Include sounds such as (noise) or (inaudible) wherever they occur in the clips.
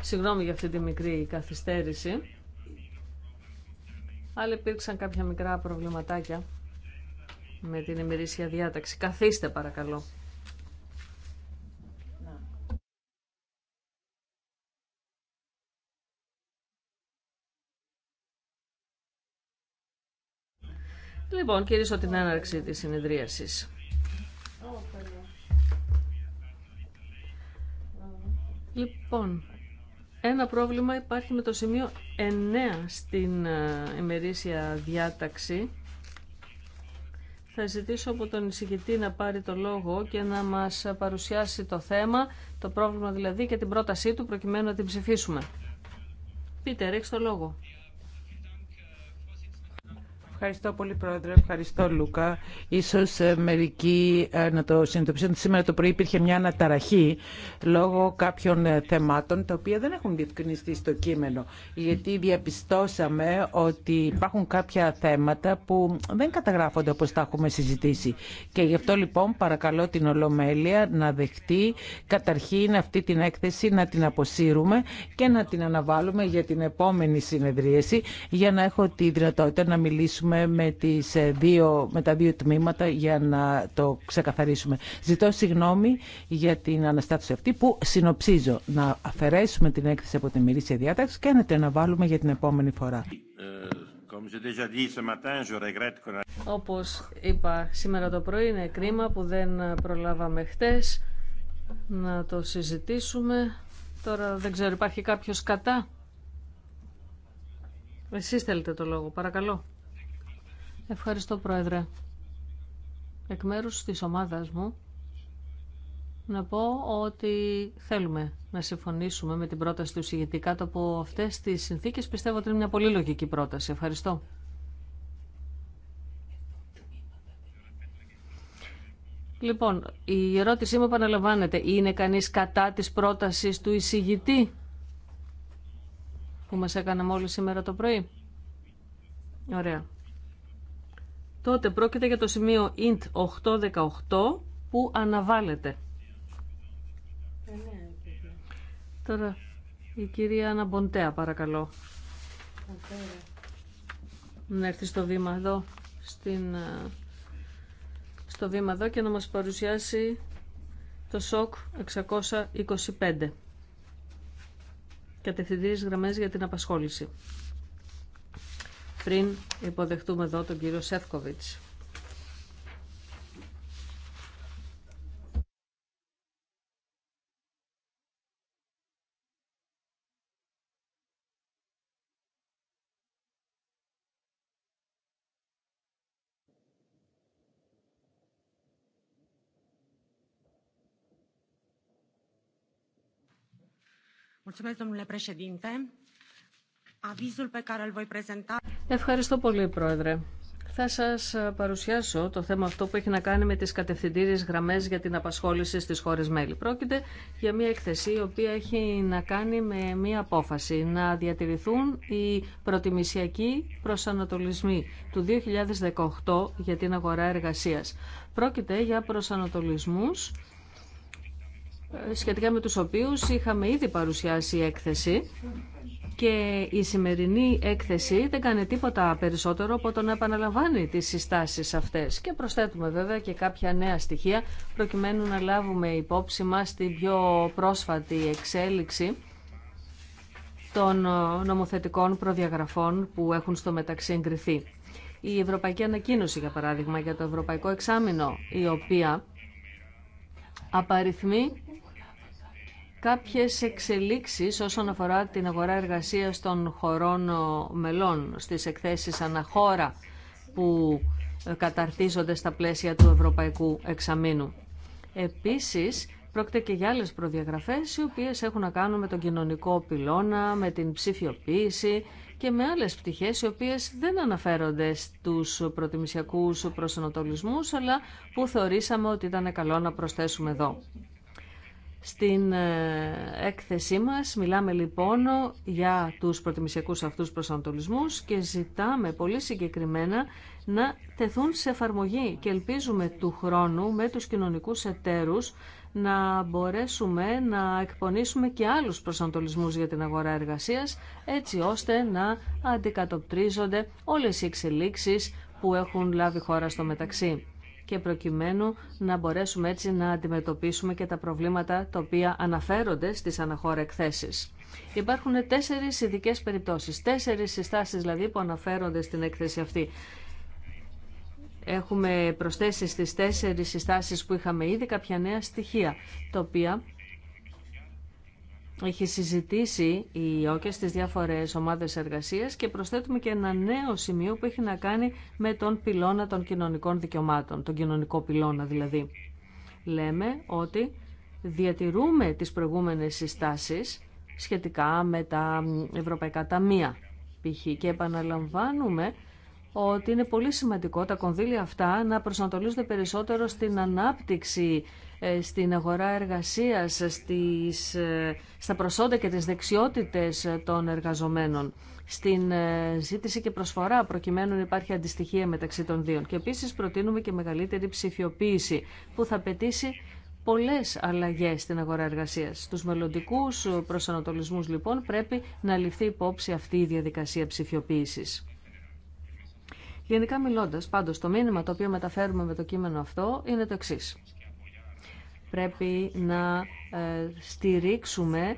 Συγγνώμη για αυτή τη μικρή καθυστέρηση. Αλλά υπήρξαν κάποια μικρά προβληματάκια με την ημερήσια διάταξη. Καθίστε παρακαλώ. Λοιπόν, ότι την έναρξη της συνεδρίασης. Λοιπόν, ένα πρόβλημα υπάρχει με το σημείο 9 στην ε, ημερήσια διάταξη. Θα ζητήσω από τον εισηγητή να πάρει το λόγο και να μας παρουσιάσει το θέμα, το πρόβλημα δηλαδή και την πρότασή του προκειμένου να την ψηφίσουμε. Πείτε, ρίξτε το λόγο. Ευχαριστώ πολύ, Πρόεδρε. Ευχαριστώ, Λούκα. Ίσως ε, μερικοί ε, να το συνειδητοποιήσουν ότι σήμερα το πρωί υπήρχε μια αναταραχή λόγω κάποιων ε, θεμάτων τα οποία δεν έχουν διευκρινιστεί στο κείμενο. Γιατί διαπιστώσαμε ότι υπάρχουν κάποια θέματα που δεν καταγράφονται όπω τα έχουμε συζητήσει. Και γι' αυτό λοιπόν παρακαλώ την Ολομέλεια να δεχτεί καταρχήν αυτή την έκθεση να την αποσύρουμε και να την αναβάλουμε για την επόμενη συνεδρίαση για να έχω τη δυνατότητα να μιλήσουμε με, τις ε, δύο, με τα δύο τμήματα για να το ξεκαθαρίσουμε. Ζητώ συγγνώμη για την αναστάτωση αυτή που συνοψίζω να αφαιρέσουμε την έκθεση από την μυρίσια διάταξη και να την αναβάλουμε για την επόμενη φορά. Όπως είπα σήμερα το πρωί, είναι κρίμα που δεν προλάβαμε χτες να το συζητήσουμε. Τώρα δεν ξέρω, υπάρχει κάποιος κατά. Εσείς θέλετε το λόγο, παρακαλώ. Ευχαριστώ Πρόεδρε. Εκ μέρους της ομάδας μου να πω ότι θέλουμε να συμφωνήσουμε με την πρόταση του εισηγητή κάτω από αυτές τις συνθήκες. Πιστεύω ότι είναι μια πολύ λογική πρόταση. Ευχαριστώ. Λοιπόν, η ερώτησή μου επαναλαμβάνεται. Είναι κανείς κατά της πρότασης του εισηγητή που μας έκανε μόλις σήμερα το πρωί. Ωραία τότε πρόκειται για το σημείο int 818 που αναβάλλεται. Τώρα η κυρία Αναμποντέα παρακαλώ. Να έρθει στο βήμα εδώ, ε, στο βήμα εδώ και να μας παρουσιάσει το ΣΟΚ 625. Κατευθυντήριες γραμμές για την απασχόληση πριν υποδεχτούμε εδώ τον κύριο Σεύκοβιτς. domnule președinte avizul pe care îl voi prezenta Ευχαριστώ πολύ, Πρόεδρε. Θα σας παρουσιάσω το θέμα αυτό που έχει να κάνει με τις κατευθυντήριες γραμμές για την απασχόληση στις χώρες μέλη. Πρόκειται για μια έκθεση η οποία έχει να κάνει με μια απόφαση να διατηρηθούν οι προτιμησιακοί προσανατολισμοί του 2018 για την αγορά εργασίας. Πρόκειται για προσανατολισμούς ε, σχετικά με τους οποίους είχαμε ήδη παρουσιάσει η έκθεση και η σημερινή έκθεση δεν κάνει τίποτα περισσότερο από το να επαναλαμβάνει τις συστάσεις αυτές. Και προσθέτουμε βέβαια και κάποια νέα στοιχεία προκειμένου να λάβουμε υπόψη μας την πιο πρόσφατη εξέλιξη των νομοθετικών προδιαγραφών που έχουν στο μεταξύ εγκριθεί. Η Ευρωπαϊκή Ανακοίνωση, για παράδειγμα, για το Ευρωπαϊκό Εξάμεινο, η οποία απαριθμεί κάποιες εξελίξεις όσον αφορά την αγορά εργασίας των χωρών μελών στις εκθέσεις αναχώρα που ε, καταρτίζονται στα πλαίσια του Ευρωπαϊκού Εξαμήνου. Επίσης, πρόκειται και για άλλες προδιαγραφές οι οποίες έχουν να κάνουν με τον κοινωνικό πυλώνα, με την ψηφιοποίηση και με άλλες πτυχές οι οποίες δεν αναφέρονται στους προτιμησιακούς προσανατολισμούς αλλά που θεωρήσαμε ότι ήταν καλό να προσθέσουμε εδώ. Στην ε, έκθεσή μας μιλάμε λοιπόν για τους προτιμησιακούς αυτούς προσανατολισμούς και ζητάμε πολύ συγκεκριμένα να τεθούν σε εφαρμογή και ελπίζουμε του χρόνου με τους κοινωνικούς εταίρους να μπορέσουμε να εκπονήσουμε και άλλους προσανατολισμούς για την αγορά εργασίας έτσι ώστε να αντικατοπτρίζονται όλες οι εξελίξεις που έχουν λάβει χώρα στο μεταξύ και προκειμένου να μπορέσουμε έτσι να αντιμετωπίσουμε και τα προβλήματα τα οποία αναφέρονται στις αναχώρα εκθέσεις. Υπάρχουν τέσσερις ειδικέ περιπτώσεις, τέσσερις συστάσεις δηλαδή που αναφέρονται στην έκθεση αυτή. Έχουμε προσθέσει στις τέσσερις συστάσεις που είχαμε ήδη κάποια νέα στοιχεία, τα οποία έχει συζητήσει η ΟΚΕ στις διάφορες ομάδες εργασίας και προσθέτουμε και ένα νέο σημείο που έχει να κάνει με τον πυλώνα των κοινωνικών δικαιωμάτων, τον κοινωνικό πυλώνα δηλαδή. Λέμε ότι διατηρούμε τις προηγούμενες συστάσεις σχετικά με τα ευρωπαϊκά ταμεία π.χ. και επαναλαμβάνουμε ότι είναι πολύ σημαντικό τα κονδύλια αυτά να προσανατολίζονται περισσότερο στην ανάπτυξη ε, στην αγορά εργασίας, στις, ε, στα προσόντα και τις δεξιότητες των εργαζομένων, στην ε, ζήτηση και προσφορά, προκειμένου να υπάρχει αντιστοιχεία μεταξύ των δύο. Και επίσης προτείνουμε και μεγαλύτερη ψηφιοποίηση, που θα απαιτήσει πολλές αλλαγές στην αγορά εργασίας. Στους μελλοντικούς προσανατολισμούς, λοιπόν, πρέπει να ληφθεί υπόψη αυτή η διαδικασία ψηφιοποίησης. Γενικά μιλώντας, πάντως, το μήνυμα το οποίο μεταφέρουμε με το κείμενο αυτό είναι το εξής πρέπει να ε, στηρίξουμε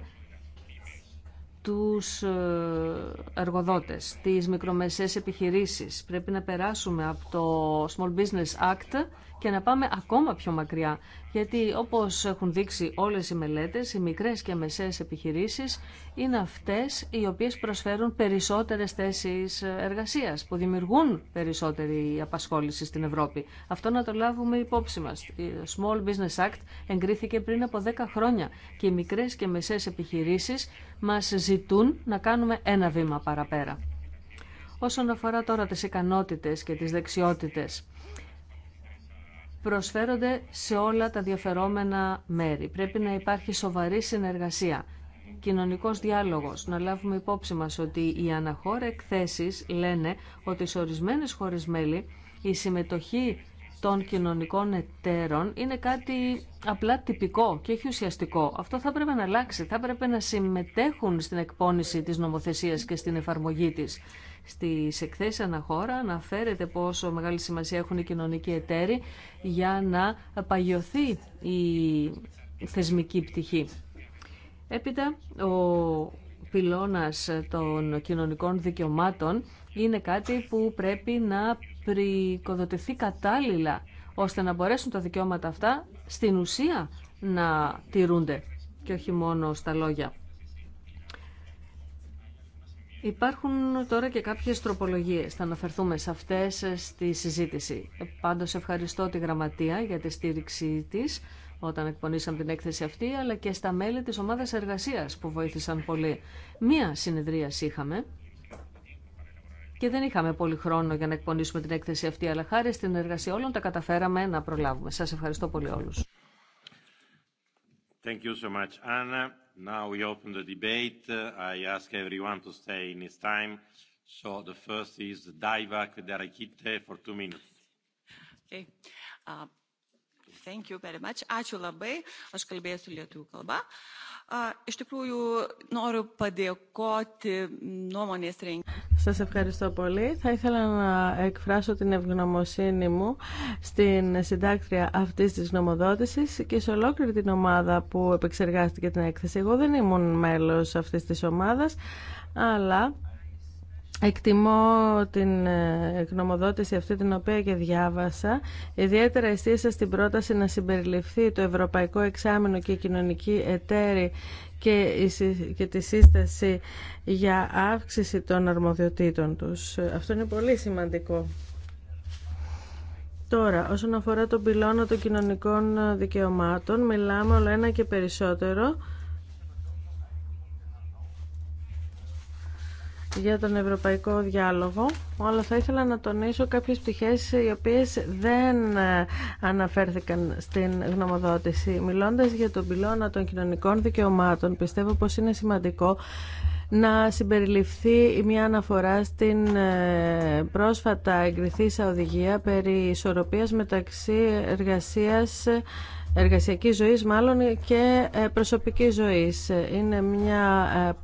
τους ε, εργοδότες, τις μικρομεσαίες επιχειρήσεις. Πρέπει να περάσουμε από το Small Business Act και να πάμε ακόμα πιο μακριά. Γιατί όπως έχουν δείξει όλες οι μελέτες, οι μικρές και μεσαίες επιχειρήσεις είναι αυτές οι οποίες προσφέρουν περισσότερες θέσεις εργασίας, που δημιουργούν περισσότερη απασχόληση στην Ευρώπη. Αυτό να το λάβουμε υπόψη μας. Το Small Business Act εγκρίθηκε πριν από 10 χρόνια και οι μικρές και μεσαίες επιχειρήσεις μας ζητούν να κάνουμε ένα βήμα παραπέρα. Όσον αφορά τώρα τις ικανότητες και τις δεξιότητες, προσφέρονται σε όλα τα διαφερόμενα μέρη. Πρέπει να υπάρχει σοβαρή συνεργασία, κοινωνικός διάλογος. Να λάβουμε υπόψη μας ότι οι αναχώρα εκθέσεις λένε ότι σε ορισμένες χώρες μέλη η συμμετοχή των κοινωνικών εταίρων είναι κάτι απλά τυπικό και έχει ουσιαστικό. Αυτό θα πρέπει να αλλάξει. Θα πρέπει να συμμετέχουν στην εκπόνηση της νομοθεσίας και στην εφαρμογή της στις εκθέσεις αναχώρα αναφέρεται πόσο μεγάλη σημασία έχουν οι κοινωνικοί εταίροι για να παγιωθεί η θεσμική πτυχή. Έπειτα, ο πυλώνας των κοινωνικών δικαιωμάτων είναι κάτι που πρέπει να πρικοδοτηθεί κατάλληλα ώστε να μπορέσουν τα δικαιώματα αυτά στην ουσία να τηρούνται και όχι μόνο στα λόγια. Υπάρχουν τώρα και κάποιες τροπολογίες. Θα αναφερθούμε σε αυτές στη συζήτηση. Πάντως ευχαριστώ τη Γραμματεία για τη στήριξή της όταν εκπονήσαμε την έκθεση αυτή, αλλά και στα μέλη της ομάδας εργασίας που βοήθησαν πολύ. Μία συνεδρίαση είχαμε και δεν είχαμε πολύ χρόνο για να εκπονήσουμε την έκθεση αυτή, αλλά χάρη στην εργασία όλων τα καταφέραμε να προλάβουμε. Σας ευχαριστώ πολύ όλους. Thank you so much, Now we open the debate. I ask everyone to stay in his time. So the first is Daivak Darakite for two minutes. Okay. thank you very much. Ačiū labai. Aš kalbėsiu lietuvių kalba. Iš tikrųjų, noriu Σας ευχαριστώ πολύ. Θα ήθελα να εκφράσω την ευγνωμοσύνη μου στην συντάκτρια αυτής της γνωμοδότησης και σε ολόκληρη την ομάδα που επεξεργάστηκε την έκθεση. Εγώ δεν ήμουν μέλος αυτής της ομάδας, αλλά Εκτιμώ την ε, γνωμοδότηση αυτή την οποία και διάβασα. Ιδιαίτερα εστίασα στην πρόταση να συμπεριληφθεί το Ευρωπαϊκό Εξάμεινο και η Κοινωνική Εταίρη και τη σύσταση για αύξηση των αρμοδιοτήτων τους. Αυτό είναι πολύ σημαντικό. Τώρα, όσον αφορά τον πυλώνα των κοινωνικών δικαιωμάτων, μιλάμε όλο ένα και περισσότερο για τον Ευρωπαϊκό Διάλογο, αλλά θα ήθελα να τονίσω κάποιες πτυχές οι οποίες δεν ε, αναφέρθηκαν στην γνωμοδότηση. Μιλώντας για τον πυλώνα των κοινωνικών δικαιωμάτων, πιστεύω πως είναι σημαντικό να συμπεριληφθεί μια αναφορά στην ε, πρόσφατα εγκριθήσα οδηγία περί ισορροπίας μεταξύ εργασίας εργασιακής ζωής μάλλον και ε, προσωπικής ζωής. Είναι μια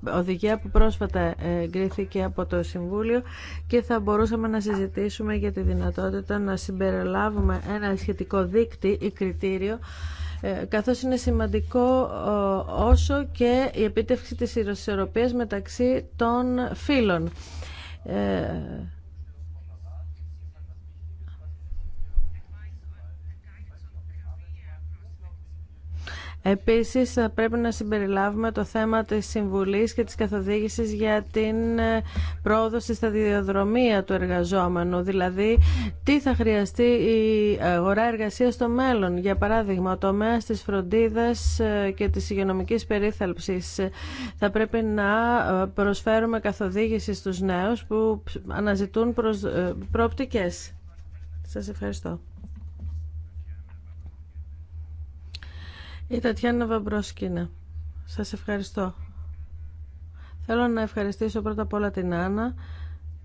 ε, οδηγία που πρόσφατα εγκρίθηκε από το Συμβούλιο και θα μπορούσαμε να συζητήσουμε για τη δυνατότητα να συμπεριλάβουμε ένα σχετικό δίκτυ ή κριτήριο ε, καθώς είναι σημαντικό όσο και η επίτευξη της ισορροπίας μεταξύ των φύλων. Επίσης θα πρέπει να συμπεριλάβουμε το θέμα της συμβουλής και της καθοδήγησης για την ε, πρόοδο στη σταδιοδρομία του εργαζόμενου, δηλαδή τι θα χρειαστεί η αγορά εργασία στο μέλλον. Για παράδειγμα, ο τομέα της φροντίδας ε, και της υγειονομικής περίθαλψης θα πρέπει να ε, προσφέρουμε καθοδήγηση στους νέους που αναζητούν προοπτικές. Σας ευχαριστώ. Η Τατιάνα Βαμπρόσκινα. Σας ευχαριστώ. Θέλω να ευχαριστήσω πρώτα απ' όλα την Άννα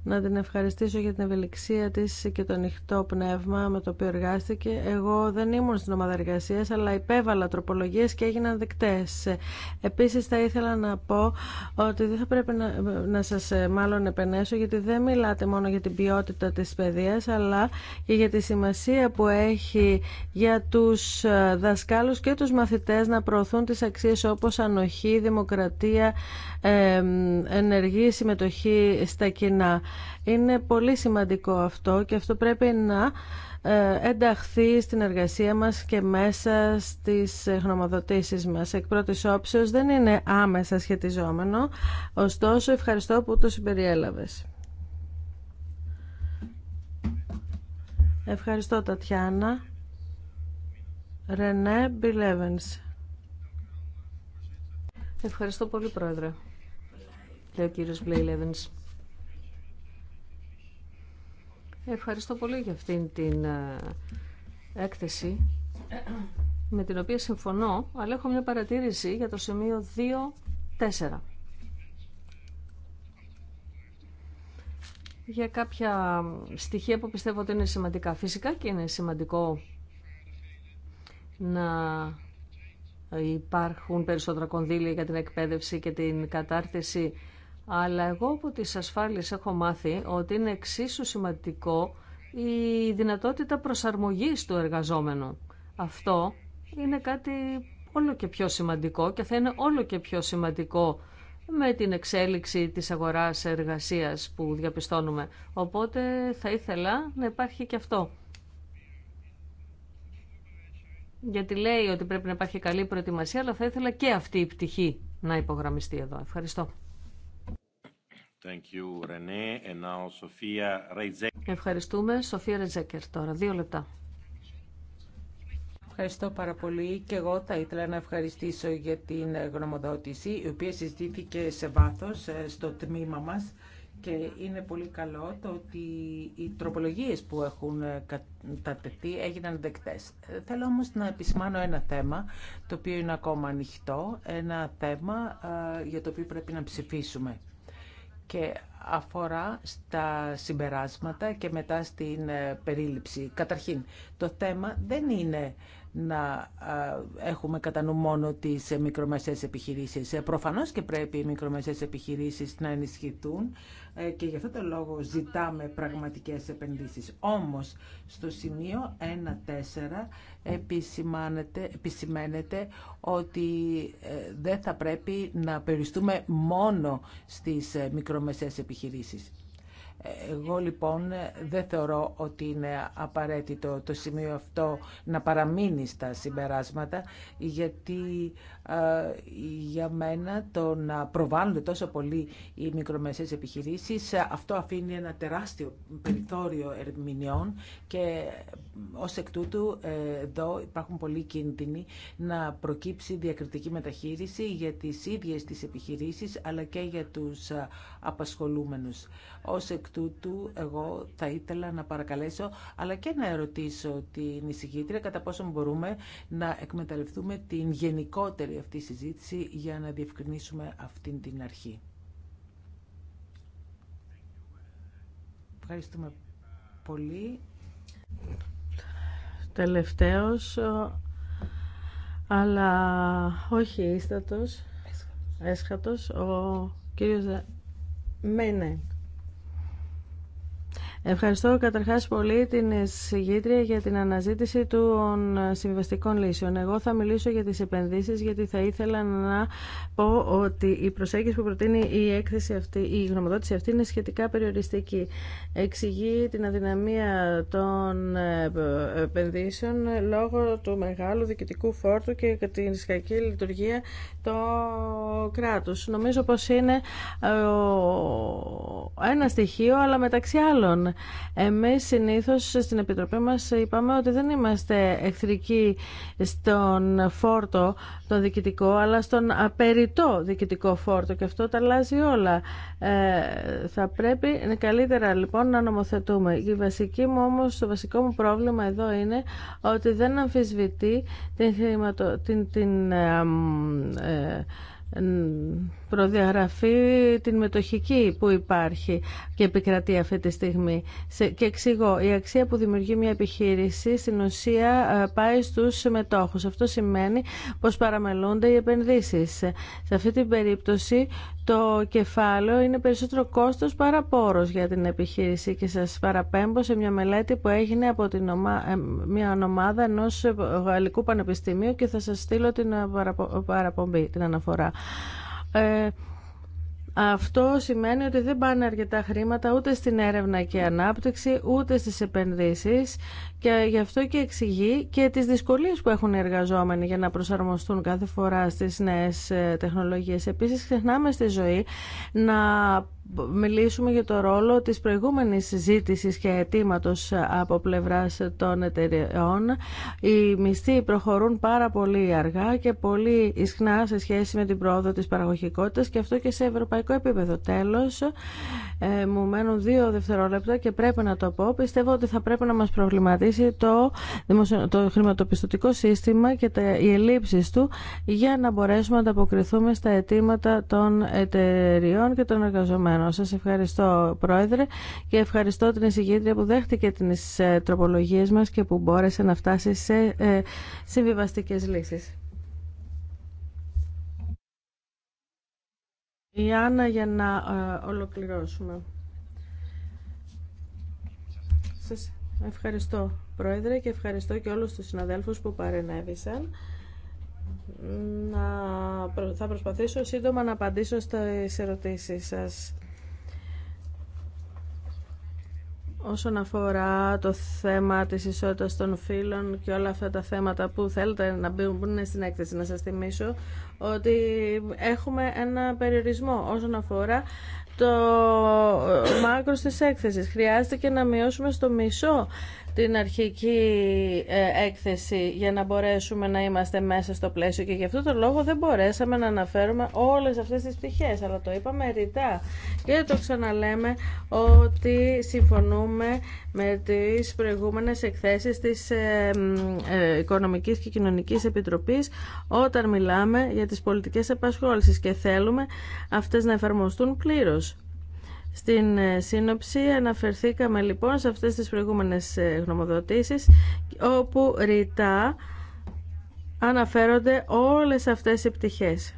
να την ευχαριστήσω για την ευελιξία της και το ανοιχτό πνεύμα με το οποίο εργάστηκε. Εγώ δεν ήμουν στην ομάδα εργασία, αλλά υπέβαλα τροπολογίες και έγιναν δεκτές. Επίσης θα ήθελα να πω ότι δεν θα πρέπει να, να σας ε, μάλλον επενέσω γιατί δεν μιλάτε μόνο για την ποιότητα της παιδείας αλλά και για τη σημασία που έχει για τους ε, δασκάλους και τους μαθητές να προωθούν τις αξίες όπως ανοχή, δημοκρατία, ε, ενεργή συμμετοχή στα κοινά. Είναι πολύ σημαντικό αυτό και αυτό πρέπει να ε, ενταχθεί στην εργασία μας και μέσα στις γνωμοδοτήσεις μας. Εκ πρώτης όψεως δεν είναι άμεσα σχετιζόμενο, ωστόσο ευχαριστώ που το συμπεριέλαβες. Ευχαριστώ Τατιάνα. Ρενέ Μπιλέβενς. Ευχαριστώ πολύ Πρόεδρε. Λέω κύριος Μπιλέβενς. Ευχαριστώ πολύ για αυτήν την ε, έκθεση με την οποία συμφωνώ, αλλά έχω μια παρατήρηση για το σημείο 2-4. για κάποια στοιχεία που πιστεύω ότι είναι σημαντικά. Φυσικά και είναι σημαντικό να υπάρχουν περισσότερα κονδύλια για την εκπαίδευση και την κατάρτιση αλλά εγώ από τις ασφάλειες έχω μάθει ότι είναι εξίσου σημαντικό η δυνατότητα προσαρμογής του εργαζόμενου. Αυτό είναι κάτι όλο και πιο σημαντικό και θα είναι όλο και πιο σημαντικό με την εξέλιξη της αγοράς εργασίας που διαπιστώνουμε. Οπότε θα ήθελα να υπάρχει και αυτό. Γιατί λέει ότι πρέπει να υπάρχει καλή προετοιμασία, αλλά θα ήθελα και αυτή η πτυχή να υπογραμμιστεί εδώ. Ευχαριστώ. Ευχαριστούμε. Σοφία Ρετζέκερ τώρα. Δύο λεπτά. Ευχαριστώ πάρα πολύ και εγώ θα ήθελα να ευχαριστήσω για την γνωμοδότηση η οποία συζητήθηκε σε βάθος ε, στο τμήμα μας και είναι πολύ καλό το ότι οι τροπολογίες που έχουν ε, κατατεθεί έγιναν δεκτές. Ε, θέλω όμως να επισημάνω ένα θέμα το οποίο είναι ακόμα ανοιχτό, ένα θέμα για το οποίο πρέπει να ψηφίσουμε και αφορά στα συμπεράσματα και μετά στην ε, περίληψη. Καταρχήν, το θέμα δεν είναι να έχουμε κατά νου μόνο τις ε, μικρομεσαίες επιχειρήσεις. Ε, προφανώς και πρέπει οι μικρομεσαίες επιχειρήσεις να ενισχυθούν ε, και γι' αυτό το λόγο ζητάμε πραγματικές επενδύσεις. Όμως, στο σημείο 1.4 επισημαίνεται ότι δεν θα πρέπει να περιστούμε μόνο στις μικρομεσαίες επιχειρήσεις. Εγώ λοιπόν δεν θεωρώ ότι είναι απαραίτητο το σημείο αυτό να παραμείνει στα συμπεράσματα γιατί ε, για μένα το να προβάλλονται τόσο πολύ οι μικρομεσαίες επιχειρήσεις, ε, αυτό αφήνει ένα τεράστιο περιθώριο ερμηνεών και ως εκ τούτου ε, εδώ υπάρχουν πολλοί κίνδυνοι να προκύψει διακριτική μεταχείριση για τις ίδιες τις επιχειρήσεις αλλά και για τους απασχολούμενους. Ως εκ τούτου εγώ θα ήθελα να παρακαλέσω αλλά και να ερωτήσω την εισηγήτρια κατά πόσο μπορούμε να εκμεταλλευτούμε την γενικότερη αυτή η συζήτηση για να διευκρινίσουμε αυτήν την αρχή. Ευχαριστούμε πολύ. Τελευταίος, αλλά όχι ίστατος, έσχατος, ο κύριος Μένε. Ευχαριστώ καταρχάς πολύ την συγγήτρια για την αναζήτηση των συμβαστικών λύσεων. Εγώ θα μιλήσω για τις επενδύσεις γιατί θα ήθελα να πω ότι η προσέγγιση που προτείνει η έκθεση αυτή, η γνωμοδότηση αυτή είναι σχετικά περιοριστική. Εξηγεί την αδυναμία των επενδύσεων λόγω του μεγάλου διοικητικού φόρτου και την σχετική λειτουργία του κράτους. Νομίζω πως είναι ένα στοιχείο αλλά μεταξύ άλλων Εμεί συνήθως στην Επιτροπή μας είπαμε ότι δεν είμαστε εχθρικοί στον φόρτο το διοικητικό, αλλά στον απεριτό διοικητικό φόρτο και αυτό τα αλλάζει όλα. Ε, θα πρέπει καλύτερα λοιπόν να νομοθετούμε. Η βασική μου όμως, το βασικό μου πρόβλημα εδώ είναι ότι δεν αμφισβητεί την, χρηματο... την, την ε, ε, προδιαγραφεί την μετοχική που υπάρχει και επικρατεί αυτή τη στιγμή. Και εξηγώ, η αξία που δημιουργεί μια επιχείρηση στην ουσία ε, πάει στους μετόχους. Αυτό σημαίνει πως παραμελούνται οι επενδύσεις. Σε αυτή την περίπτωση το κεφάλαιο είναι περισσότερο κόστος παρά για την επιχείρηση και σας παραπέμπω σε μια μελέτη που έγινε από την ε, μια ομάδα ενό Γαλλικού Πανεπιστημίου και θα σας στείλω την παραπομπή, την αναφορά. Ε, αυτό σημαίνει ότι δεν πάνε αρκετά χρήματα ούτε στην έρευνα και ανάπτυξη, ούτε στις επενδύσεις και γι' αυτό και εξηγεί και τις δυσκολίες που έχουν οι εργαζόμενοι για να προσαρμοστούν κάθε φορά στις νέες ε, τεχνολογίες. Επίσης, ξεχνάμε στη ζωή να μιλήσουμε για το ρόλο της προηγούμενης συζήτησης και αιτήματο από πλευράς των εταιρεών. Οι μισθοί προχωρούν πάρα πολύ αργά και πολύ ισχνά σε σχέση με την πρόοδο της παραγωγικότητας και αυτό και σε ευρωπαϊκό επίπεδο. Τέλος, ε, μου μένουν δύο δευτερόλεπτα και πρέπει να το πω. Πιστεύω ότι θα πρέπει να μας προβληματίσει το, το χρηματοπιστωτικό σύστημα και τα, οι ελλείψεις του για να μπορέσουμε να ανταποκριθούμε στα αιτήματα των εταιρεών και των εργαζομένων κείμενο. Σας ευχαριστώ Πρόεδρε και ευχαριστώ την εισηγήτρια που δέχτηκε τις ε, τροπολογίες μας και που μπόρεσε να φτάσει σε ε, συμβιβαστικές λύσεις. Η Άννα για να ε, ολοκληρώσουμε. Σας ευχαριστώ Πρόεδρε και ευχαριστώ και όλους τους συναδέλφους που παρενέβησαν να, θα προσπαθήσω σύντομα να απαντήσω στις ερωτήσεις σας. Όσον αφορά το θέμα της ισότητας των φύλων και όλα αυτά τα θέματα που θέλετε να μπουν στην έκθεση, να σας θυμίσω ότι έχουμε ένα περιορισμό όσον αφορά το μάκρος της έκθεσης. Χρειάζεται και να μειώσουμε στο μισό την αρχική ε, έκθεση για να μπορέσουμε να είμαστε μέσα στο πλαίσιο και γι' αυτό το λόγο δεν μπορέσαμε να αναφέρουμε όλες αυτές τις πτυχές αλλά το είπαμε ρητά και το ξαναλέμε ότι συμφωνούμε με τις προηγούμενες εκθέσεις της ε, ε, Οικονομικής και Κοινωνικής Επιτροπής όταν μιλάμε για τις πολιτικές επασχόλησεις και θέλουμε αυτές να εφαρμοστούν πλήρως. Στην ε, σύνοψη αναφερθήκαμε λοιπόν σε αυτές τις προηγούμενες ε, γνωμοδοτήσεις όπου ρητά αναφέρονται όλες αυτές οι πτυχές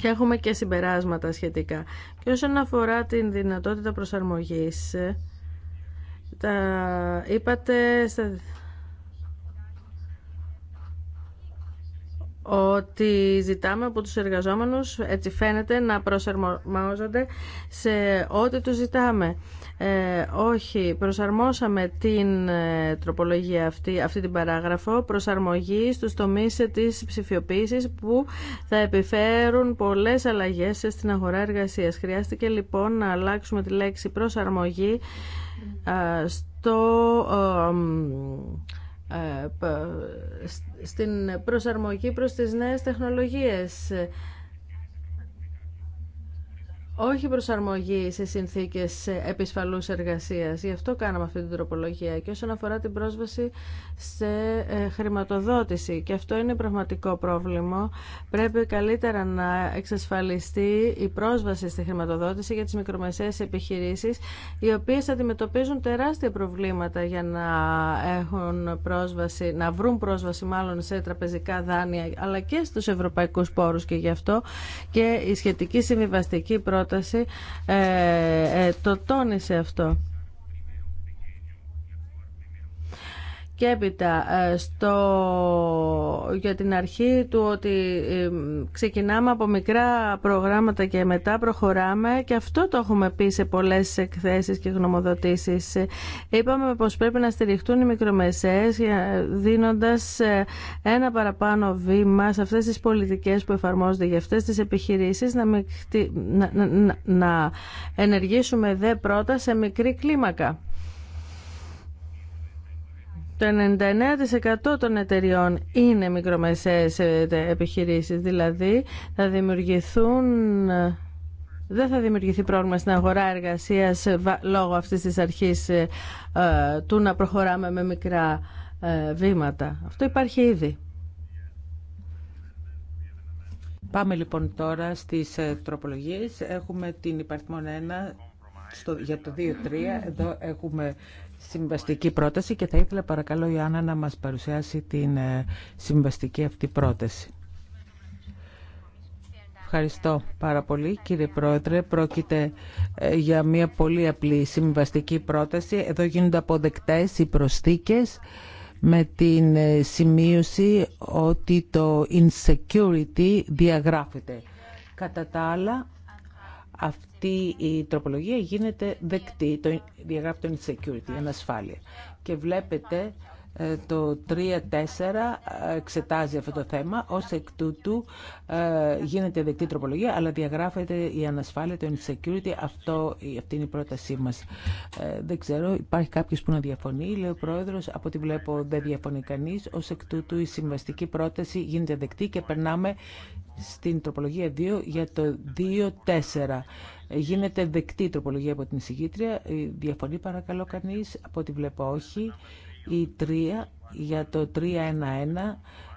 και έχουμε και συμπεράσματα σχετικά. Και όσον αφορά την δυνατότητα προσαρμογής, ε, τα είπατε ότι ζητάμε από τους εργαζόμενους, έτσι φαίνεται, να προσαρμόζονται σε ό,τι τους ζητάμε. Ε, όχι, προσαρμόσαμε την ε, τροπολογία αυτή, αυτή την παράγραφο, προσαρμογή στους τομείς της ψηφιοποίησης που θα επιφέρουν πολλές αλλαγές στην αγορά εργασίας. Χρειάστηκε λοιπόν να αλλάξουμε τη λέξη προσαρμογή ε, στο ε, στην προσαρμογή προς τις νέες τεχνολογίες. Όχι προσαρμογή σε συνθήκες επισφαλούς εργασίας. Γι' αυτό κάναμε αυτή την τροπολογία. Και όσον αφορά την πρόσβαση σε ε, χρηματοδότηση και αυτό είναι πραγματικό πρόβλημα. Πρέπει καλύτερα να εξασφαλιστεί η πρόσβαση στη χρηματοδότηση για τις μικρομεσαίες επιχειρήσεις οι οποίες αντιμετωπίζουν τεράστια προβλήματα για να έχουν πρόσβαση, να βρουν πρόσβαση μάλλον σε τραπεζικά δάνεια αλλά και στους ευρωπαϊκούς πόρους και γι' αυτό και η σχετική συμβιβαστική πρόταση ε, ε το τόνισε αυτό. και έπειτα ε, στο, για την αρχή του ότι ε, ξεκινάμε από μικρά προγράμματα και μετά προχωράμε και αυτό το έχουμε πει σε πολλές εκθέσεις και γνωμοδοτήσεις. Ε, είπαμε πως πρέπει να στηριχτούν οι μικρομεσαίες δίνοντας ένα παραπάνω βήμα σε αυτές τις πολιτικές που εφαρμόζονται για αυτές τις επιχειρήσεις να, να, να ενεργήσουμε δε πρώτα σε μικρή κλίμακα. Το 99% των εταιριών είναι μικρομεσαίες ε, επιχειρήσεις, δηλαδή θα δημιουργηθούν ε, δεν θα δημιουργηθεί πρόβλημα στην αγορά εργασίας ε, λόγω αυτής της αρχής του να προχωράμε με μικρά βήματα. Αυτό υπάρχει ήδη. Πάμε λοιπόν τώρα στις τροπολογίες. Έχουμε την υπαριθμόν 1 στο, για το 2-3. Εδώ έχουμε συμβαστική πρόταση και θα ήθελα παρακαλώ η Άννα να μας παρουσιάσει την ε, συμβαστική αυτή πρόταση. Ευχαριστώ πάρα πολύ κύριε Πρόεδρε. Πρόκειται ε, για μια πολύ απλή συμβαστική πρόταση. Εδώ γίνονται αποδεκτές οι προσθήκες με την ε, σημείωση ότι το insecurity διαγράφεται. Κατά τα άλλα, αυτή η τροπολογία γίνεται δεκτή, το διαγράφει το insecurity, ανασφάλεια. Και βλέπετε ε, το 3-4 εξετάζει αυτό το θέμα. Ως εκ τούτου ε, γίνεται δεκτή τροπολογία, αλλά διαγράφεται η ανασφάλεια, το insecurity. Αυτό, αυτή είναι η πρότασή μας. Ε, δεν ξέρω, υπάρχει κάποιο που να διαφωνεί. Λέει ο Πρόεδρος, από ό,τι βλέπω δεν διαφωνεί κανείς. Ως εκ τούτου η συμβαστική πρόταση γίνεται δεκτή και περνάμε στην τροπολογία 2 για το 2-4. Γίνεται δεκτή τροπολογία από την εισηγήτρια. Διαφωνεί παρακαλώ κανείς, από ό,τι βλέπω όχι η 3 για το 311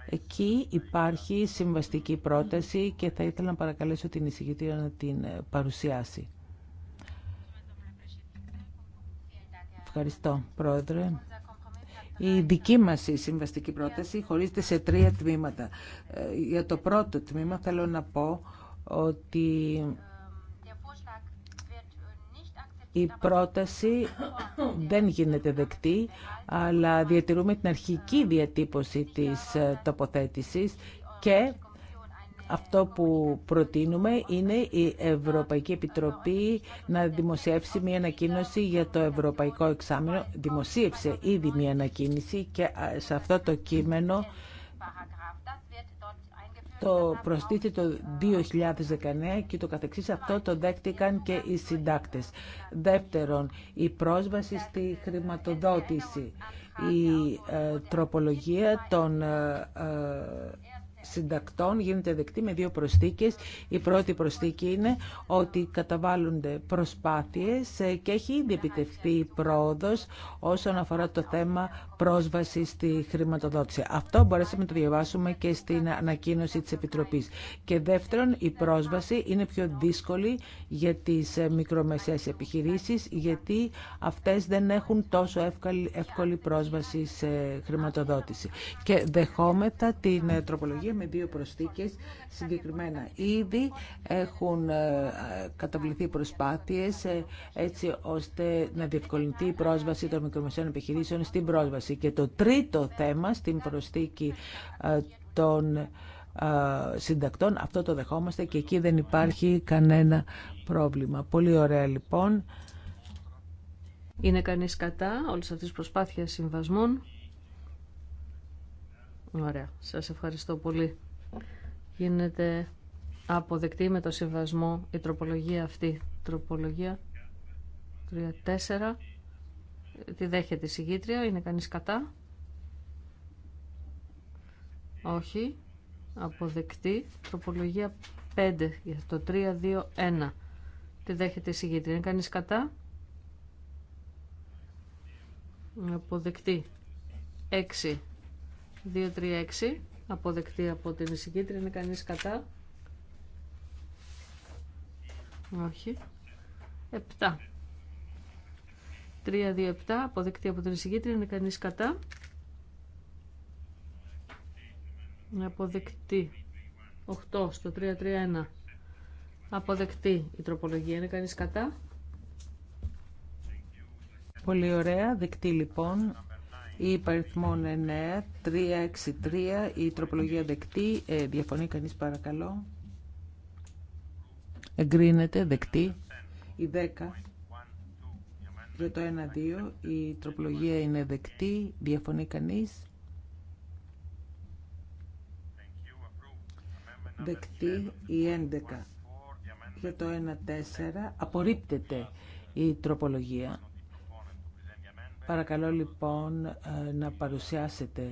εκεί υπάρχει συμβαστική πρόταση και θα ήθελα να παρακαλέσω την εισηγητήρα να την παρουσιάσει. Ευχαριστώ, Πρόεδρε. Η δική μας συμβαστική πρόταση χωρίζεται σε τρία τμήματα. Ε, για το πρώτο τμήμα θέλω να πω ότι η πρόταση δεν γίνεται δεκτή, αλλά διατηρούμε την αρχική διατύπωση της ε, τοποθέτησης και αυτό που προτείνουμε είναι η Ευρωπαϊκή Επιτροπή να δημοσιεύσει μια ανακοίνωση για το Ευρωπαϊκό Εξάμεινο. Δημοσίευσε ήδη μια ανακοίνηση και ε, σε αυτό το κείμενο το προστίθετο 2019 και το καθεξής αυτό το δέχτηκαν και οι συντάκτες. Δεύτερον, η πρόσβαση στη χρηματοδότηση, η ε, τροπολογία των ε, ε, συντακτών γίνεται δεκτή με δύο προσθήκες. Η πρώτη προσθήκη είναι ότι καταβάλλονται προσπάθειες ε, και έχει ήδη επιτευχθεί η πρόοδος όσον αφορά το θέμα πρόσβαση στη χρηματοδότηση. Αυτό μπορέσαμε να το διαβάσουμε και στην ανακοίνωση της Επιτροπής. Και δεύτερον, η πρόσβαση είναι πιο δύσκολη για τις ε, μικρομεσαίες επιχειρήσεις γιατί αυτές δεν έχουν τόσο εύκολη, πρόσβαση σε χρηματοδότηση. Και δεχόμετα την ε, τροπολογία με δύο προσθήκες. Συγκεκριμένα ήδη έχουν ε, καταβληθεί προσπάθειες ε, έτσι ώστε να διευκολυνθεί η πρόσβαση των μικρομεσαίων επιχειρήσεων στην πρόσβαση. Και το τρίτο θέμα στην προσθήκη ε, των συντακτών, αυτό το δεχόμαστε και εκεί δεν υπάρχει κανένα πρόβλημα. Πολύ ωραία λοιπόν. Είναι κανείς κατά όλες αυτές τις προσπάθειες συμβασμών. Ωραία. Σας ευχαριστώ πολύ. Γίνεται αποδεκτή με το συμβασμό η τροπολογία αυτή. Τροπολογία 3-4. Τη δέχεται η συγκήτρια. Είναι κανείς κατά. Όχι. Αποδεκτή. Τροπολογία 5. Για το 3-2-1. Τη δέχεται η συγκήτρια. Είναι κανείς κατά. Αποδεκτή. 6 2-3-6, 6 αποδεκτή από την εισηγήτρια. Είναι κανείς κατά. Όχι. 7. 3-2-7 αποδεκτή από την εισηγήτρια. Είναι κανείς κατά. Αποδεκτή. 8 στο 3-3-1. Αποδεκτή η τροπολογία. Είναι κανείς κατά. Πολύ ωραία. Δεκτή λοιπόν. Η υπαριθμόν 9, 363, η τροπολογία δεκτή. Ε, διαφωνεί κανείς παρακαλώ. Εγκρίνεται, δεκτή. Η 10. Για το 1-2 η τροπολογία είναι δεκτή, διαφωνεί κανείς. Δεκτή η 11. Για το 1-4 απορρίπτεται η τροπολογία. Παρακαλώ λοιπόν ε, να παρουσιάσετε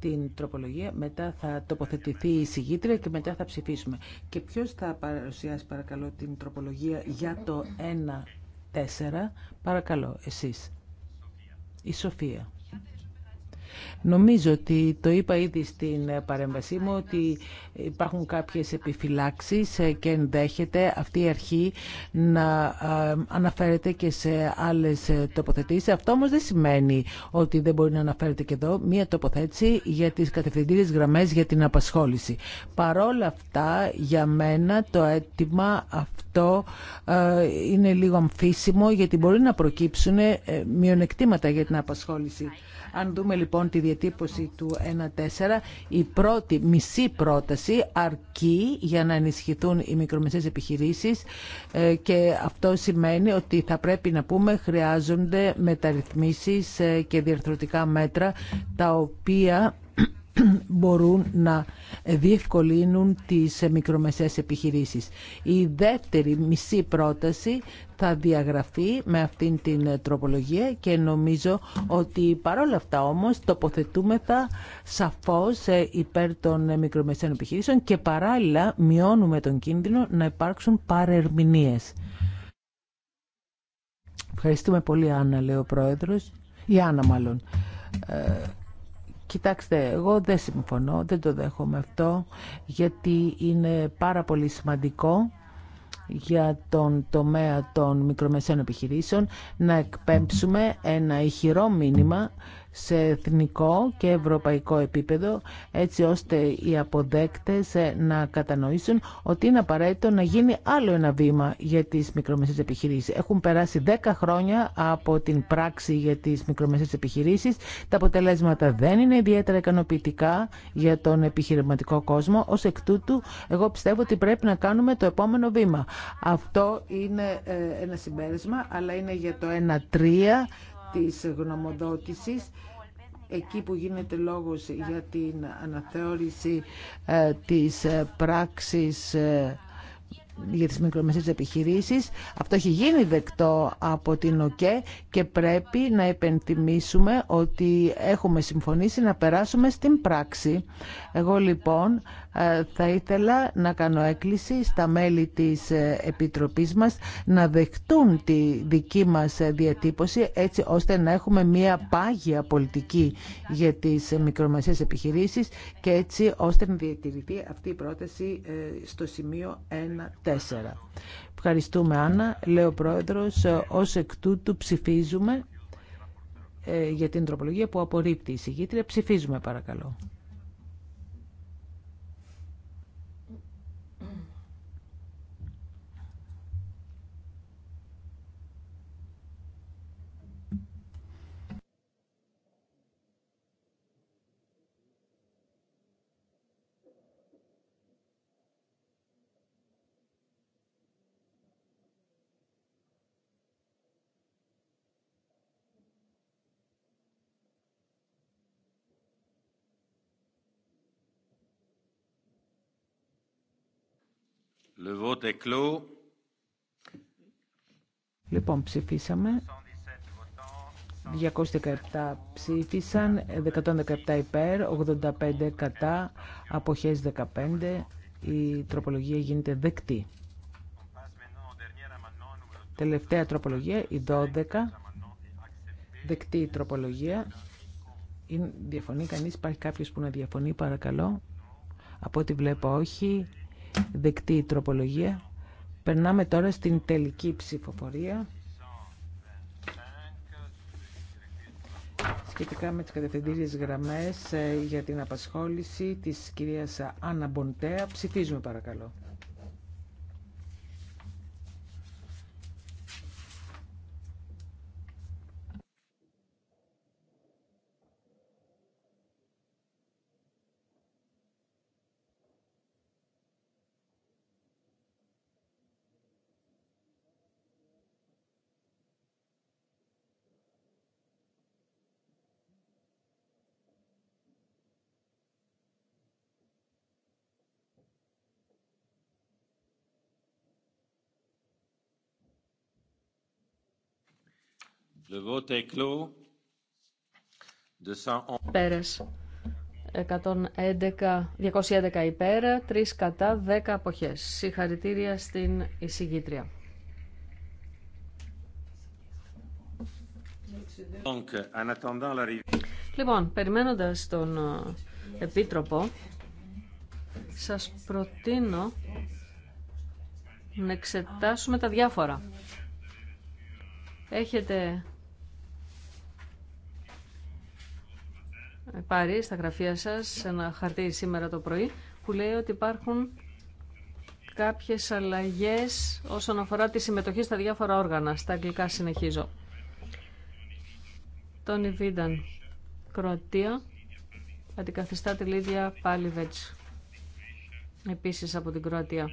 την τροπολογία, μετά θα τοποθετηθεί η συγγήτρια και μετά θα ψηφίσουμε. Και ποιος θα παρουσιάσει παρακαλώ την τροπολογία για το 1-4, παρακαλώ εσείς. Η Σοφία. Νομίζω ότι το είπα ήδη στην παρέμβασή μου ότι υπάρχουν κάποιες επιφυλάξεις και ενδέχεται αυτή η αρχή να ε, αναφέρεται και σε άλλες τοποθετήσεις. Αυτό όμως δεν σημαίνει ότι δεν μπορεί να αναφέρεται και εδώ μία τοποθέτηση για τις κατευθυντήριες γραμμές για την απασχόληση. Παρόλα αυτά, για μένα το αίτημα αυτό ε, είναι λίγο αμφίσιμο γιατί μπορεί να προκύψουν ε, μειονεκτήματα για την απασχόληση. Αν δούμε λοιπόν τη διατύπωση του 1.4, η πρώτη μισή πρόταση αρκεί για να ενισχυθούν οι μικρομεσαίες επιχειρήσεις ε, και αυτό σημαίνει ότι θα πρέπει να πούμε χρειάζονται μεταρρυθμίσεις ε, και διαρθρωτικά μέτρα τα οποία (clears throat) μπορούν να διευκολύνουν τις μικρομεσαίες επιχειρήσεις. Η δεύτερη μισή πρόταση θα διαγραφεί με αυτήν την τροπολογία και νομίζω ότι παρόλα αυτά όμως τοποθετούμεθα σαφώς ε, υπέρ των μικρομεσαίων επιχειρήσεων και παράλληλα μειώνουμε τον κίνδυνο να υπάρξουν παρερμηνίες. Ευχαριστούμε πολύ Άννα, λέει ο Πρόεδρος, η Άννα μάλλον. Ε, Κοιτάξτε, εγώ δεν συμφωνώ, δεν το δέχομαι αυτό, γιατί είναι πάρα πολύ σημαντικό για τον τομέα των μικρομεσαίων επιχειρήσεων να εκπέμψουμε ένα ηχηρό μήνυμα σε εθνικό και ευρωπαϊκό επίπεδο έτσι ώστε οι αποδέκτες ε, να κατανοήσουν ότι είναι απαραίτητο να γίνει άλλο ένα βήμα για τις μικρομεσαίες επιχειρήσεις. Έχουν περάσει 10 χρόνια από την πράξη για τις μικρομεσαίες επιχειρήσεις. Τα αποτελέσματα δεν είναι ιδιαίτερα ικανοποιητικά για τον επιχειρηματικό κόσμο. Ως εκ τούτου, εγώ πιστεύω ότι πρέπει να κάνουμε το επόμενο βήμα. Αυτό είναι ε, ένα συμπέρασμα, αλλά είναι για το 1-3 της γνωμοδότησης εκεί που γίνεται λόγος για την αναθεώρηση ε, της ε, πράξης ε, για τις μικρομεσαίες επιχειρήσεις. Αυτό έχει γίνει δεκτό από την ΟΚΕ και πρέπει να επενθυμίσουμε ότι έχουμε συμφωνήσει να περάσουμε στην πράξη. Εγώ λοιπόν ε, θα ήθελα να κάνω έκκληση στα μέλη της ε, Επιτροπής μας να δεχτούν τη δική μας ε, διατύπωση έτσι ώστε να έχουμε μία πάγια πολιτική για τις μικρομεσαίες επιχειρήσεις και έτσι ώστε να διατηρηθεί αυτή η πρόταση στο σημείο 1 1-4. Ευχαριστούμε Άννα. Λέω Πρόεδρος, ως εκ τούτου ψηφίζουμε για την τροπολογία που απορρίπτει η συγκήτρια. Ψηφίζουμε παρακαλώ. Le vote est clos. Λοιπόν, ψηφίσαμε. 217 ψήφισαν, 117 υπέρ, 85 κατά, αποχές 15. Η τροπολογία γίνεται δεκτή. Τελευταία τροπολογία, η 12. Δεκτή η τροπολογία. Διαφωνεί κανείς, υπάρχει κάποιος που να διαφωνεί, παρακαλώ. Από ό,τι βλέπω όχι δεκτή η τροπολογία. Περνάμε τώρα στην τελική ψηφοφορία. Σχετικά με τις κατευθυντήριες γραμμές ε, για την απασχόληση της κυρίας Άννα Μποντέα. Ψηφίζουμε παρακαλώ. Le 211... Πέρες. 111, 211 υπέρ, 3 κατά, 10 αποχές. Συγχαρητήρια στην εισηγήτρια. Λοιπόν, περιμένοντας τον ε, Επίτροπο, σας προτείνω να εξετάσουμε τα διάφορα. Έχετε πάρει στα γραφεία σας ένα χαρτί σήμερα το πρωί που λέει ότι υπάρχουν κάποιες αλλαγές όσον αφορά τη συμμετοχή στα διάφορα όργανα. Στα αγγλικά συνεχίζω. Τόνι Βίνταν, Κροατία, αντικαθιστά τη Λίδια Πάλιβετς, επίσης από την Κροατία,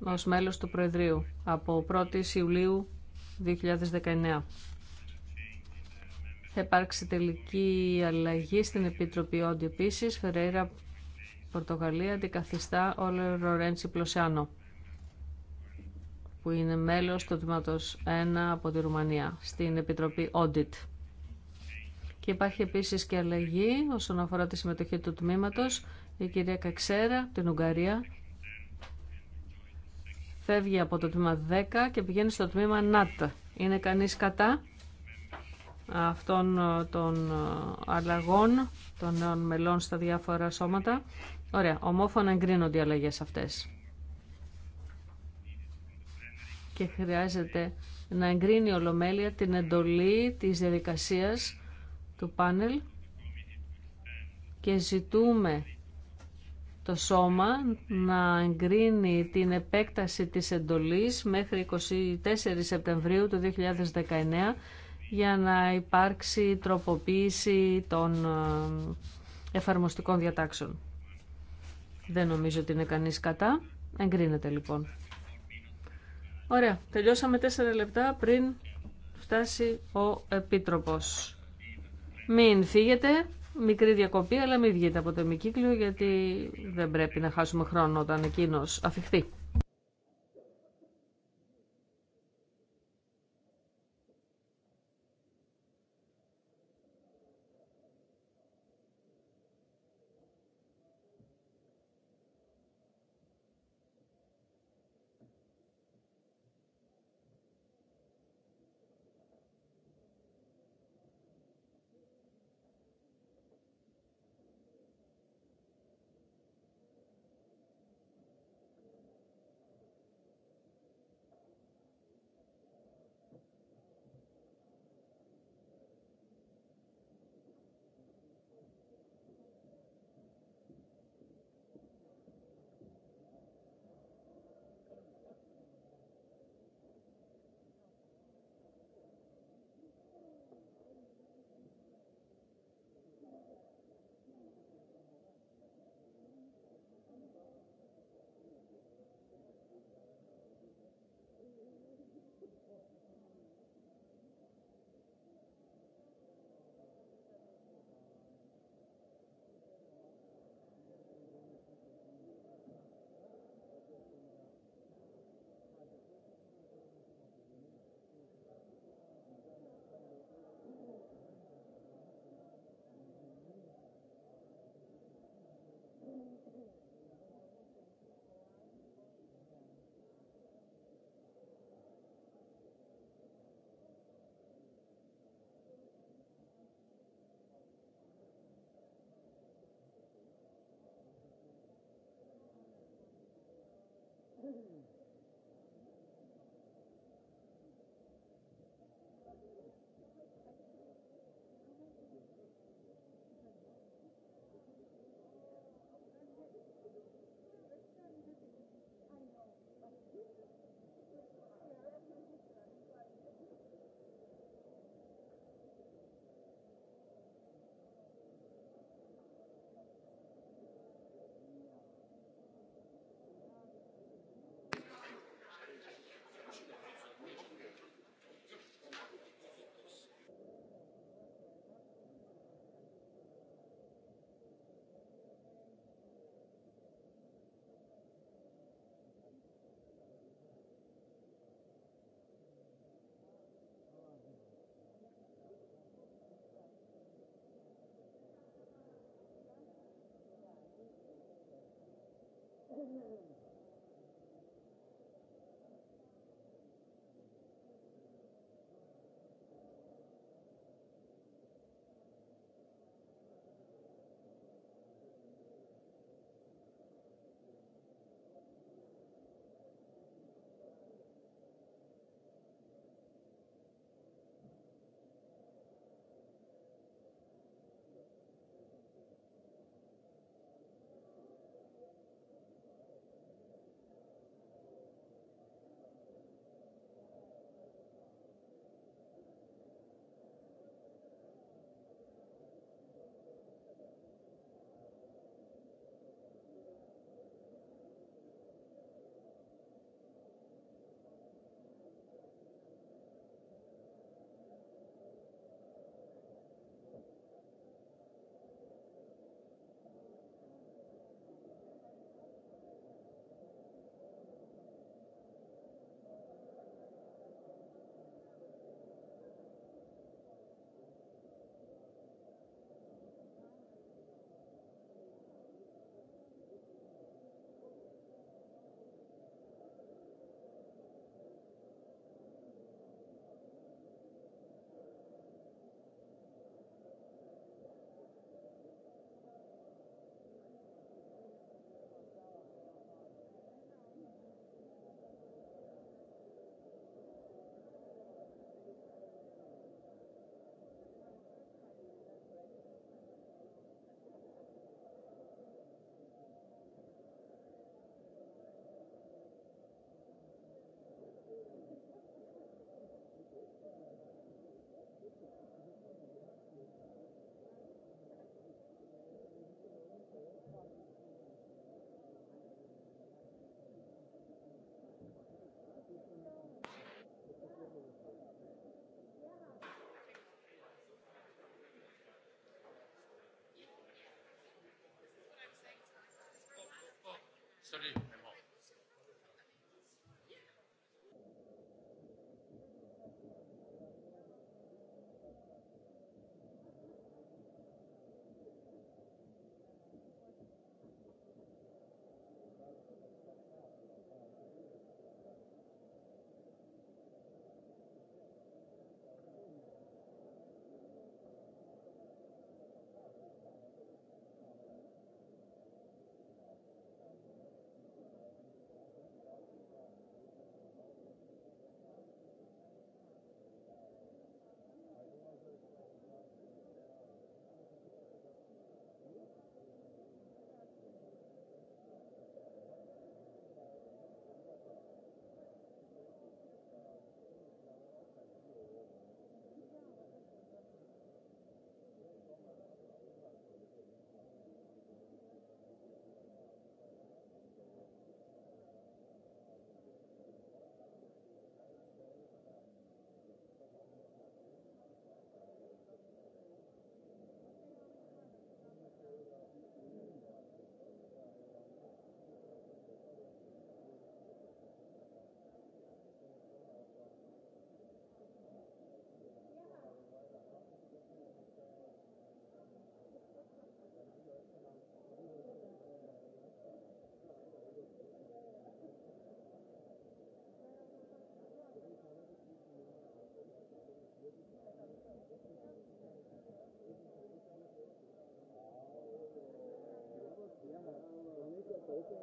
ως μέλος του Προεδρείου από 1η Ιουλίου 2019. Θα υπάρξει τελική αλλαγή στην Επίτροπη Όντι επίση. Φεραίρα Πορτογαλία αντικαθιστά όλο Ρορέντσι Πλωσιάνο που είναι μέλος του τμήματος 1 από τη Ρουμανία στην Επιτροπή Audit. Και υπάρχει επίσης και αλλαγή όσον αφορά τη συμμετοχή του τμήματος. Η κυρία Καξέρα, την Ουγγαρία, φεύγει από το τμήμα 10 και πηγαίνει στο τμήμα ΝΑΤ. Είναι κανείς κατά? αυτών ε, των ε, αλλαγών των νέων μελών στα διάφορα σώματα. Ωραία, ομόφωνα εγκρίνονται οι αλλαγές αυτές. Και χρειάζεται να εγκρίνει η Ολομέλεια την εντολή της διαδικασίας του πάνελ και ζητούμε το σώμα να εγκρίνει την επέκταση της εντολής μέχρι 24 Σεπτεμβρίου του 2019 για να υπάρξει τροποποίηση των ε, εφαρμοστικών διατάξεων. Δεν νομίζω ότι είναι κανείς κατά. Εγκρίνεται λοιπόν. Ωραία. Τελειώσαμε τέσσερα λεπτά πριν φτάσει ο Επίτροπος. Μην φύγετε. Μικρή διακοπή, αλλά μην βγείτε από το ημικύκλιο γιατί δεν πρέπει να χάσουμε χρόνο όταν εκείνος αφιχθεί. Υπότιτλοι Authorwave Salut. Thank you.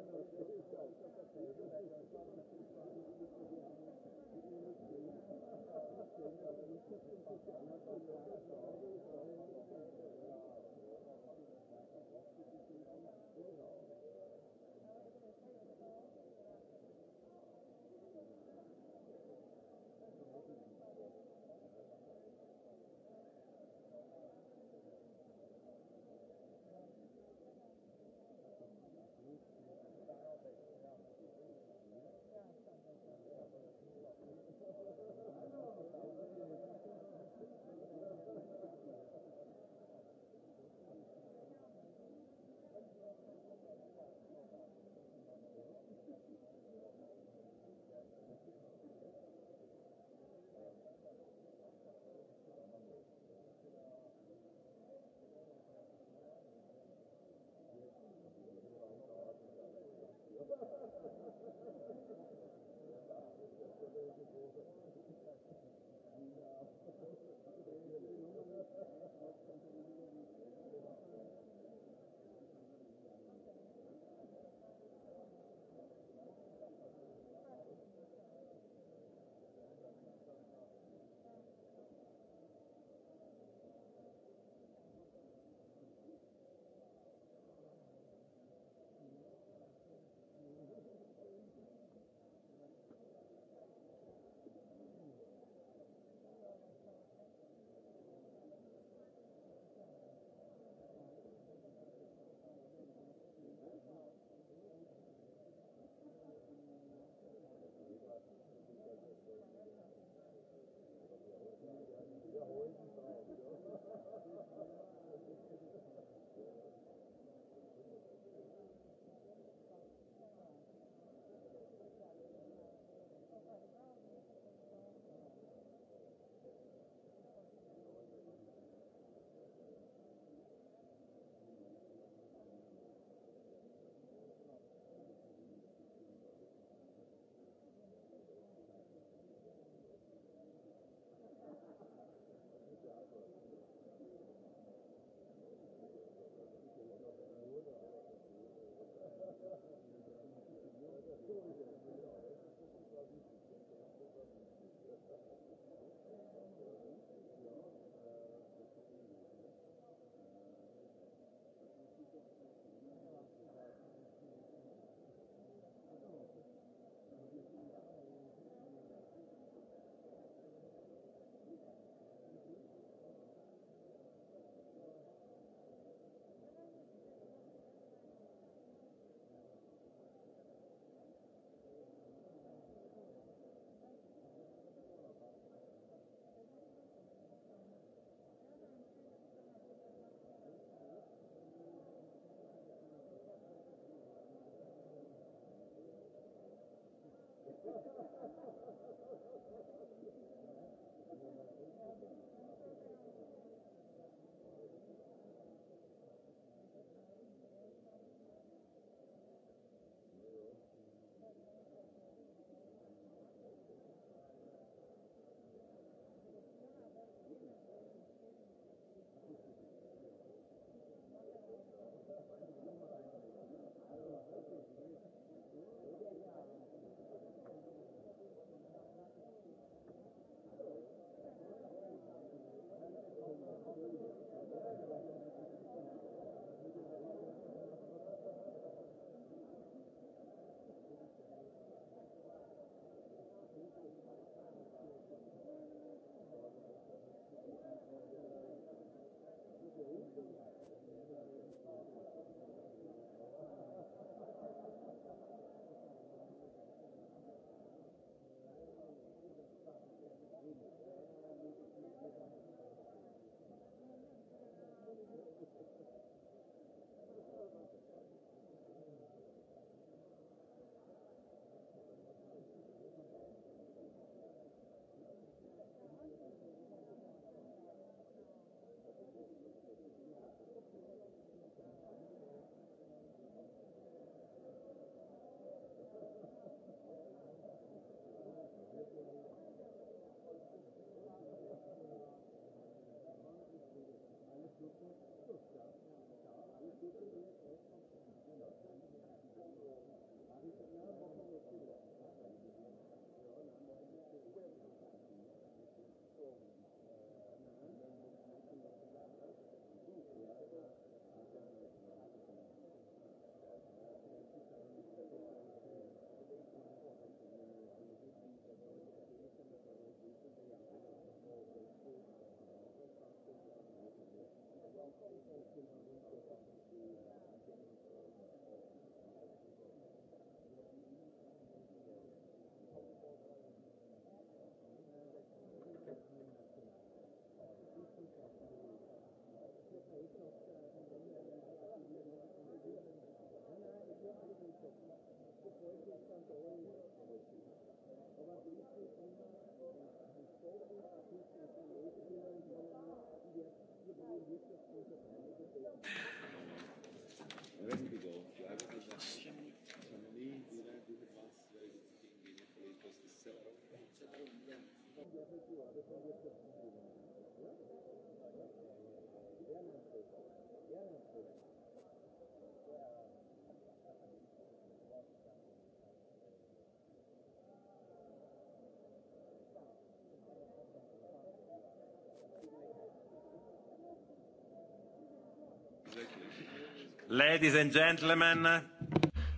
Ladies and gentlemen.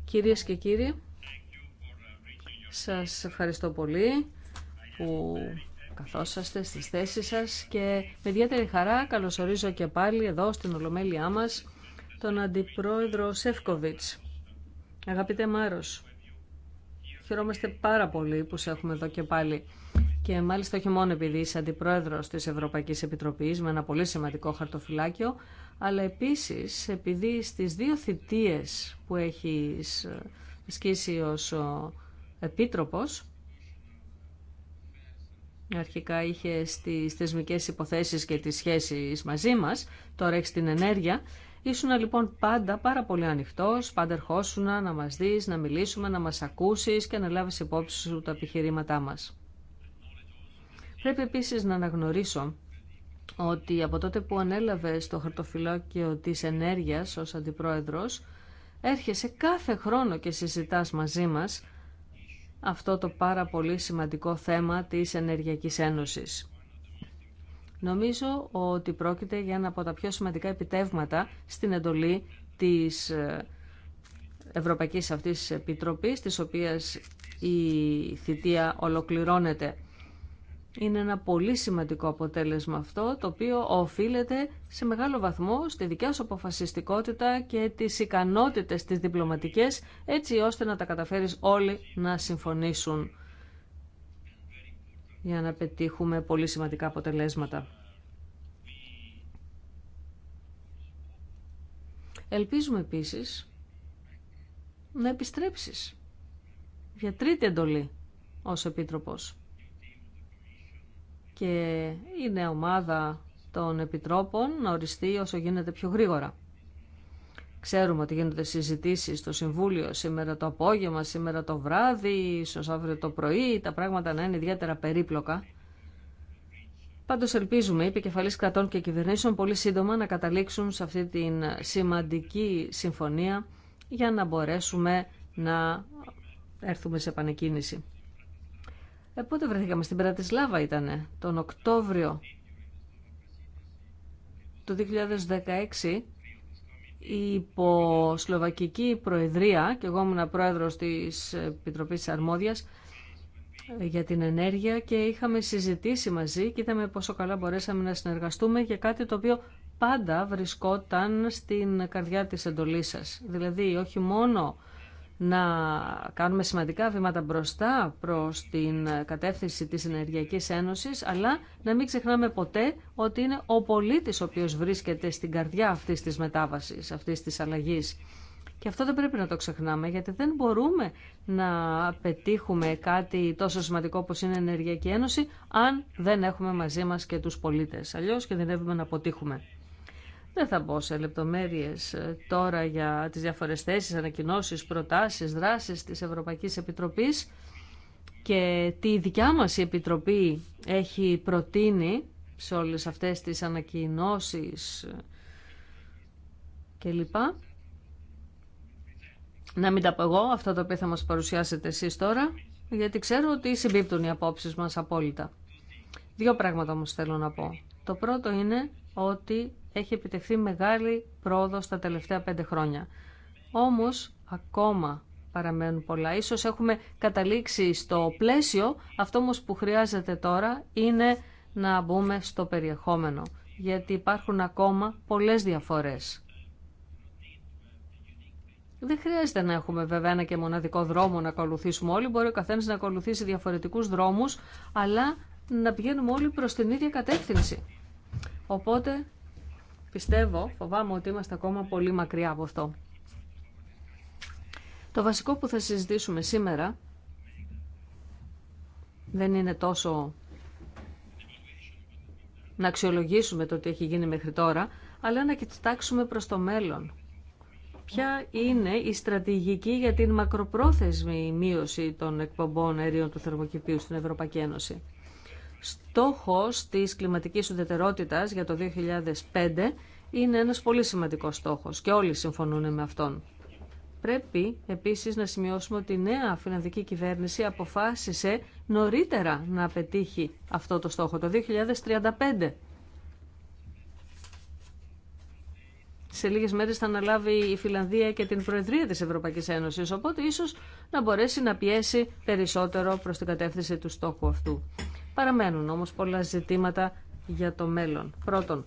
Κυρίες και κύριοι, σας ευχαριστώ πολύ που καθόσαστε στις θέσεις σας και με ιδιαίτερη χαρά καλωσορίζω και πάλι εδώ στην Ολομέλειά μας τον Αντιπρόεδρο Σεύκοβιτς. Αγαπητέ Μάρος, χαιρόμαστε πάρα πολύ που σε έχουμε εδώ και πάλι. Και μάλιστα όχι μόνο επειδή είσαι αντιπρόεδρος της Ευρωπαϊκής Επιτροπής με ένα πολύ σημαντικό χαρτοφυλάκιο, αλλά επίσης επειδή στις δύο θητείες που έχεις σκίσει ως επίτροπος αρχικά είχε στις θεσμικές υποθέσεις και τις σχέσεις μαζί μας, τώρα έχει την ενέργεια. Ήσουν λοιπόν πάντα πάρα πολύ ανοιχτός, πάντα ερχόσουν να μας δεις, να μιλήσουμε, να μας ακούσεις και να λάβεις υπόψη σου τα επιχειρήματά μας. Πρέπει επίσης να αναγνωρίσω ότι από τότε που ανέλαβε το χαρτοφυλάκιο της ενέργειας ως αντιπρόεδρος, έρχεσαι κάθε χρόνο και συζητάς μαζί μας αυτό το πάρα πολύ σημαντικό θέμα της Ενεργειακής Ένωσης. Νομίζω ότι πρόκειται για ένα από τα πιο σημαντικά επιτεύγματα στην εντολή της ε, Ευρωπαϊκής αυτής Επιτροπής, της οποίας η θητεία ολοκληρώνεται. Είναι ένα πολύ σημαντικό αποτέλεσμα αυτό, το οποίο οφείλεται σε μεγάλο βαθμό στη δικιά σου αποφασιστικότητα και τις ικανότητες τις διπλωματικές, έτσι ώστε να τα καταφέρεις όλοι να συμφωνήσουν για να πετύχουμε πολύ σημαντικά αποτελέσματα. Ελπίζουμε επίσης να επιστρέψεις για τρίτη εντολή ως Επίτροπος και η νέα ομάδα των επιτρόπων να οριστεί όσο γίνεται πιο γρήγορα. Ξέρουμε ότι γίνονται συζητήσεις στο Συμβούλιο σήμερα το απόγευμα, σήμερα το βράδυ, ίσως αύριο το πρωί, τα πράγματα να είναι ιδιαίτερα περίπλοκα. Πάντως ελπίζουμε οι επικεφαλής κρατών και κυβερνήσεων πολύ σύντομα να καταλήξουν σε αυτή την σημαντική συμφωνία για να μπορέσουμε να έρθουμε σε επανεκκίνηση. Ε, πότε βρεθήκαμε στην Πρατισλάβα ήτανε, τον Οκτώβριο του 2016 υπό Σλοβακική Προεδρία και εγώ ήμουν πρόεδρος της Επιτροπής Αρμόδιας ε, για την ενέργεια και είχαμε συζητήσει μαζί και είδαμε πόσο καλά μπορέσαμε να συνεργαστούμε για κάτι το οποίο πάντα βρισκόταν στην καρδιά της εντολής σας. Δηλαδή όχι μόνο να κάνουμε σημαντικά βήματα μπροστά προς την κατεύθυνση της Ενεργειακής Ένωσης, αλλά να μην ξεχνάμε ποτέ ότι είναι ο πολίτης ο οποίος βρίσκεται στην καρδιά αυτής της μετάβασης, αυτής της αλλαγής. Και αυτό δεν πρέπει να το ξεχνάμε, γιατί δεν μπορούμε να πετύχουμε κάτι τόσο σημαντικό όπως είναι η Ενεργειακή Ένωση, αν δεν έχουμε μαζί μας και τους πολίτες. Αλλιώς κινδυνεύουμε να αποτύχουμε. Δεν θα μπω σε λεπτομέρειες ε, τώρα για τις διαφορές θέσεις, ανακοινώσεις, προτάσεις, δράσεις της Ευρωπαϊκής Επιτροπής και τι δικιά μας η Επιτροπή έχει προτείνει σε όλες αυτές τις ανακοινώσεις ε, κλπ. Να μην τα πω εγώ, αυτά τα οποία θα μας παρουσιάσετε εσείς τώρα, γιατί ξέρω ότι συμπίπτουν οι απόψεις μας απόλυτα. Δύο πράγματα όμως θέλω να πω. Το πρώτο είναι ότι έχει επιτευχθεί μεγάλη πρόοδο τα τελευταία πέντε χρόνια. Όμως ακόμα παραμένουν πολλά. Ίσως έχουμε καταλήξει στο πλαίσιο, αυτό όμως που χρειάζεται τώρα είναι να μπούμε στο περιεχόμενο, γιατί υπάρχουν ακόμα πολλές διαφορές. Δεν χρειάζεται να έχουμε βέβαια ένα και μοναδικό δρόμο να ακολουθήσουμε όλοι, μπορεί ο καθένας να ακολουθήσει διαφορετικούς δρόμους, αλλά να πηγαίνουμε όλοι προς την ίδια κατεύθυνση. Οπότε Πιστεύω, φοβάμαι ότι είμαστε ακόμα πολύ μακριά από αυτό. Το βασικό που θα συζητήσουμε σήμερα δεν είναι τόσο να αξιολογήσουμε το τι έχει γίνει μέχρι τώρα, αλλά να κοιτάξουμε προς το μέλλον. Ποια είναι η στρατηγική για την μακροπρόθεσμη μείωση των εκπομπών αερίων του θερμοκηπίου στην Ευρωπαϊκή Ένωση. Στόχος της κλιματικής ουδετερότητας για το 2005 είναι ένας πολύ σημαντικός στόχος και όλοι συμφωνούν με αυτόν. Πρέπει επίσης να σημειώσουμε ότι η νέα φιλανδική κυβέρνηση αποφάσισε νωρίτερα να πετύχει αυτό το στόχο, το 2035. Σε λίγες μέρες θα αναλάβει η Φιλανδία και την Προεδρία της Ευρωπαϊκής Ένωσης, οπότε ίσως να μπορέσει να πιέσει περισσότερο προς την κατεύθυνση του στόχου αυτού. Παραμένουν όμως πολλά ζητήματα για το μέλλον. Πρώτον,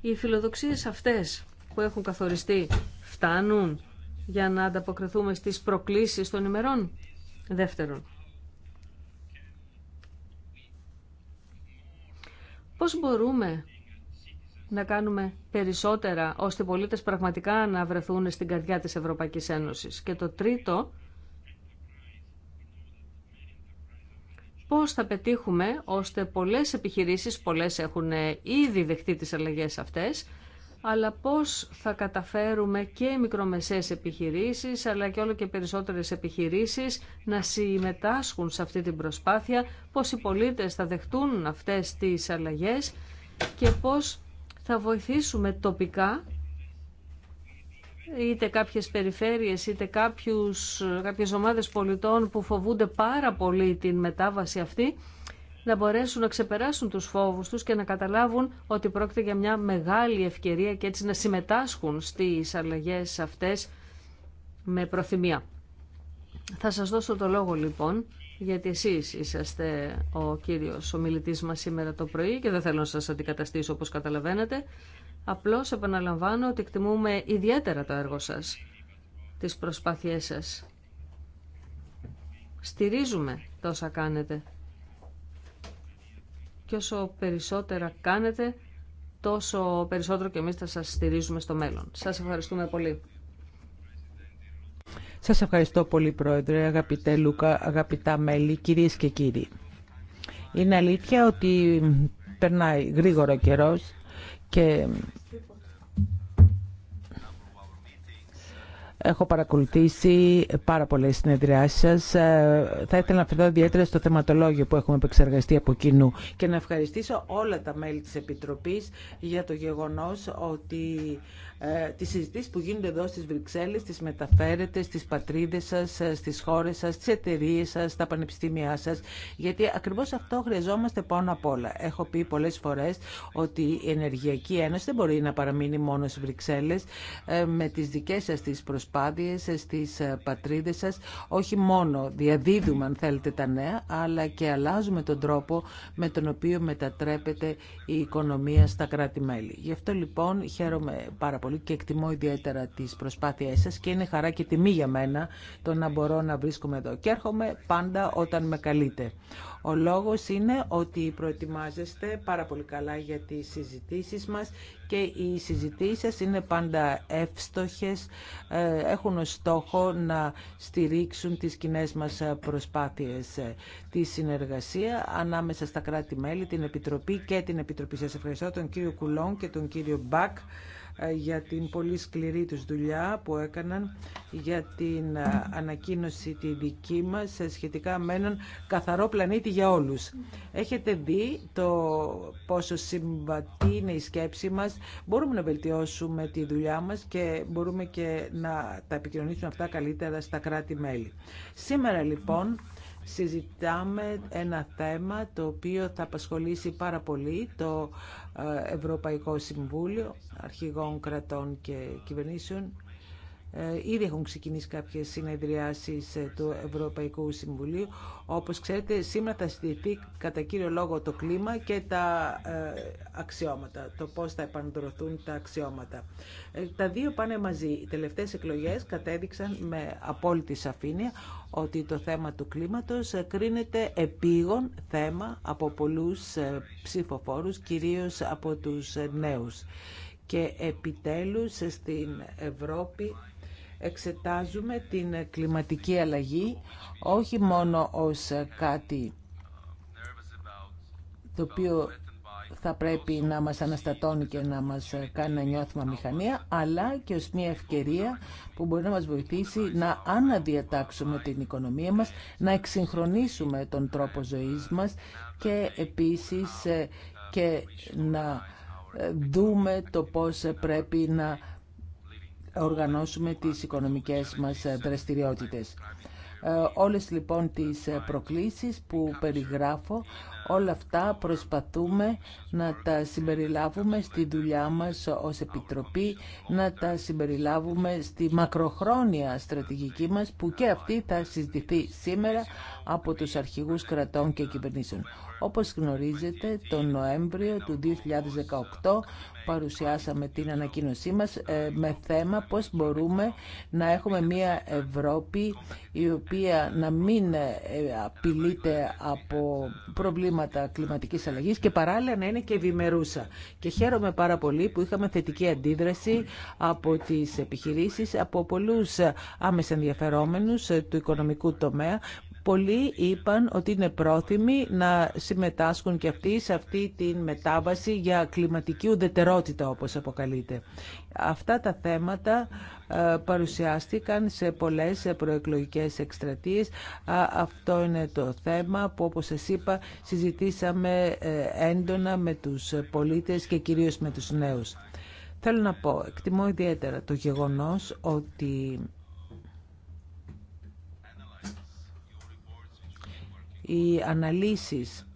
οι φιλοδοξίες αυτές που έχουν καθοριστεί φτάνουν για να ανταποκριθούμε στις προκλήσεις των ημερών. Δεύτερον, πώς μπορούμε να κάνουμε περισσότερα ώστε οι πολίτες πραγματικά να βρεθούν στην καρδιά της Ευρωπαϊκής Ένωσης. Και το τρίτο πώς θα πετύχουμε ώστε πολλές επιχειρήσεις, πολλές έχουν ε, ήδη δεχτεί τις αλλαγές αυτές, αλλά πώς θα καταφέρουμε και οι μικρομεσαίες επιχειρήσεις, αλλά και όλο και περισσότερες επιχειρήσεις να συμμετάσχουν σε αυτή την προσπάθεια, πώς οι πολίτες θα δεχτούν αυτές τις αλλαγές και πώς θα βοηθήσουμε τοπικά είτε κάποιες περιφέρειες είτε κάποιους, κάποιες ομάδες πολιτών που φοβούνται πάρα πολύ την μετάβαση αυτή να μπορέσουν να ξεπεράσουν τους φόβους τους και να καταλάβουν ότι πρόκειται για μια μεγάλη ευκαιρία και έτσι να συμμετάσχουν στις αλλαγές αυτές με προθυμία. Θα σας δώσω το λόγο λοιπόν, γιατί εσείς είσαστε ο κύριος ομιλητής μας σήμερα το πρωί και δεν θέλω να σας αντικαταστήσω όπως καταλαβαίνετε. Απλώς επαναλαμβάνω ότι εκτιμούμε ιδιαίτερα το έργο σας, τις προσπάθειές σας. Στηρίζουμε τόσα κάνετε. Και όσο περισσότερα κάνετε, τόσο περισσότερο και εμείς θα σας στηρίζουμε στο μέλλον. Σας ευχαριστούμε πολύ. Σας ευχαριστώ πολύ, Πρόεδρε, αγαπητέ Λούκα, αγαπητά μέλη, κυρίες και κύριοι. Είναι αλήθεια ότι περνάει γρήγορο καιρός και Έχω παρακολουθήσει πάρα πολλέ συνεδριάσει σα. Ε, θα ήθελα να φερθώ ιδιαίτερα στο θεματολόγιο που έχουμε επεξεργαστεί από κοινού και να ευχαριστήσω όλα τα μέλη τη Επιτροπή για το γεγονό ότι ε, τις συζητήσεις που γίνονται εδώ στις Βρυξέλλες, τις μεταφέρετε στις πατρίδες σας, ε, στις χώρες σας, στις εταιρείες σας, στα πανεπιστήμια σας, γιατί ακριβώς αυτό χρειαζόμαστε πάνω απ' όλα. Έχω πει πολλές φορές ότι η Ενεργειακή Ένωση δεν μπορεί να παραμείνει μόνο στις Βρυξέλλες, ε, με τις δικές σας τις προσπάθειες, στις πατρίδες σας, όχι μόνο διαδίδουμε αν θέλετε τα νέα, αλλά και αλλάζουμε τον τρόπο με τον οποίο μετατρέπεται η οικονομία στα κράτη-μέλη. Γι' αυτό λοιπόν χαίρομαι πάρα πολύ πολύ και εκτιμώ ιδιαίτερα τι προσπάθειές σα και είναι χαρά και τιμή για μένα το να μπορώ να βρίσκομαι εδώ. Και έρχομαι πάντα όταν με καλείτε. Ο λόγο είναι ότι προετοιμάζεστε πάρα πολύ καλά για τι συζητήσει μα και οι συζητήσει σας είναι πάντα εύστοχε. Ε, έχουν ως στόχο να στηρίξουν τι κοινέ μα προσπάθειε ε, τη συνεργασία ανάμεσα στα κράτη-μέλη, την Επιτροπή και την Επιτροπή. Σα ευχαριστώ τον κύριο Κουλόν και τον κύριο Μπακ ε, για την πολύ σκληρή τους δουλειά που έκαναν για την ε, ανακοίνωση τη δική μας ε, σχετικά με έναν καθαρό πλανήτη για όλους. Έχετε δει το πόσο συμβατή είναι η σκέψη μας. Μπορούμε να βελτιώσουμε τη δουλειά μας και μπορούμε και να τα επικοινωνήσουμε αυτά καλύτερα στα κράτη-μέλη. Σήμερα λοιπόν συζητάμε ένα θέμα το οποίο θα απασχολήσει πάρα πολύ το ε, Ευρωπαϊκό Συμβούλιο Αρχηγών Κρατών και Κυβερνήσεων. Ε, ήδη έχουν ξεκινήσει κάποιες συνεδριάσεις ε, του Ευρωπαϊκού Συμβουλίου. Όπως ξέρετε, σήμερα θα συζητηθεί κατά κύριο λόγο το κλίμα και τα ε, αξιώματα, το πώς θα επανδρωθούν τα αξιώματα. Τα δύο πάνε μαζί. Οι τελευταίες εκλογές κατέδειξαν με απόλυτη σαφήνεια ότι το θέμα του κλίματος κρίνεται επίγον θέμα από πολλούς ψηφοφόρους, κυρίως από τους νέους. Και επιτέλους στην Ευρώπη εξετάζουμε την κλιματική αλλαγή όχι μόνο ως κάτι το οποίο θα πρέπει να μας αναστατώνει και να μας κάνει να νιώθουμε μηχανία, αλλά και ως μια ευκαιρία που μπορεί να μας βοηθήσει να αναδιατάξουμε την οικονομία μας, να εξυγχρονίσουμε τον τρόπο ζωής μας και επίσης ε, και να ε, δούμε το πώς πρέπει να οργανώσουμε τις οικονομικές μας δραστηριότητες. Ε, όλες λοιπόν τις ε, προκλήσεις που περιγράφω Όλα αυτά προσπαθούμε να τα συμπεριλάβουμε στη δουλειά μας ως Επιτροπή, να τα συμπεριλάβουμε στη μακροχρόνια στρατηγική μας που και αυτή θα συζητηθεί σήμερα από τους αρχηγούς κρατών και κυβερνήσεων. Όπως γνωρίζετε, τον Νοέμβριο του 2018 παρουσιάσαμε την ανακοίνωσή μας ε, με θέμα πώς μπορούμε να έχουμε μια Ευρώπη η οποία να μην ε, απειλείται από προβλήματα προβλήματα κλιματικής αλλαγής και παράλληλα να είναι και ευημερούσα. Και χαίρομαι πάρα πολύ που είχαμε θετική αντίδραση από τι επιχειρήσει από πολλού άμεσα ενδιαφερόμενου του οικονομικού τομέα Πολλοί είπαν ότι είναι πρόθυμοι να συμμετάσχουν και αυτοί σε αυτή τη μετάβαση για κλιματική ουδετερότητα όπως αποκαλείται. Αυτά τα θέματα ε, παρουσιάστηκαν σε πολλές προεκλογικές εκστρατείες. Αυτό είναι το θέμα που όπως σας είπα συζητήσαμε ε, έντονα με τους πολίτες και κυρίως με τους νέους. Θέλω να πω, εκτιμώ ιδιαίτερα το γεγονός ότι οι αναλύσεις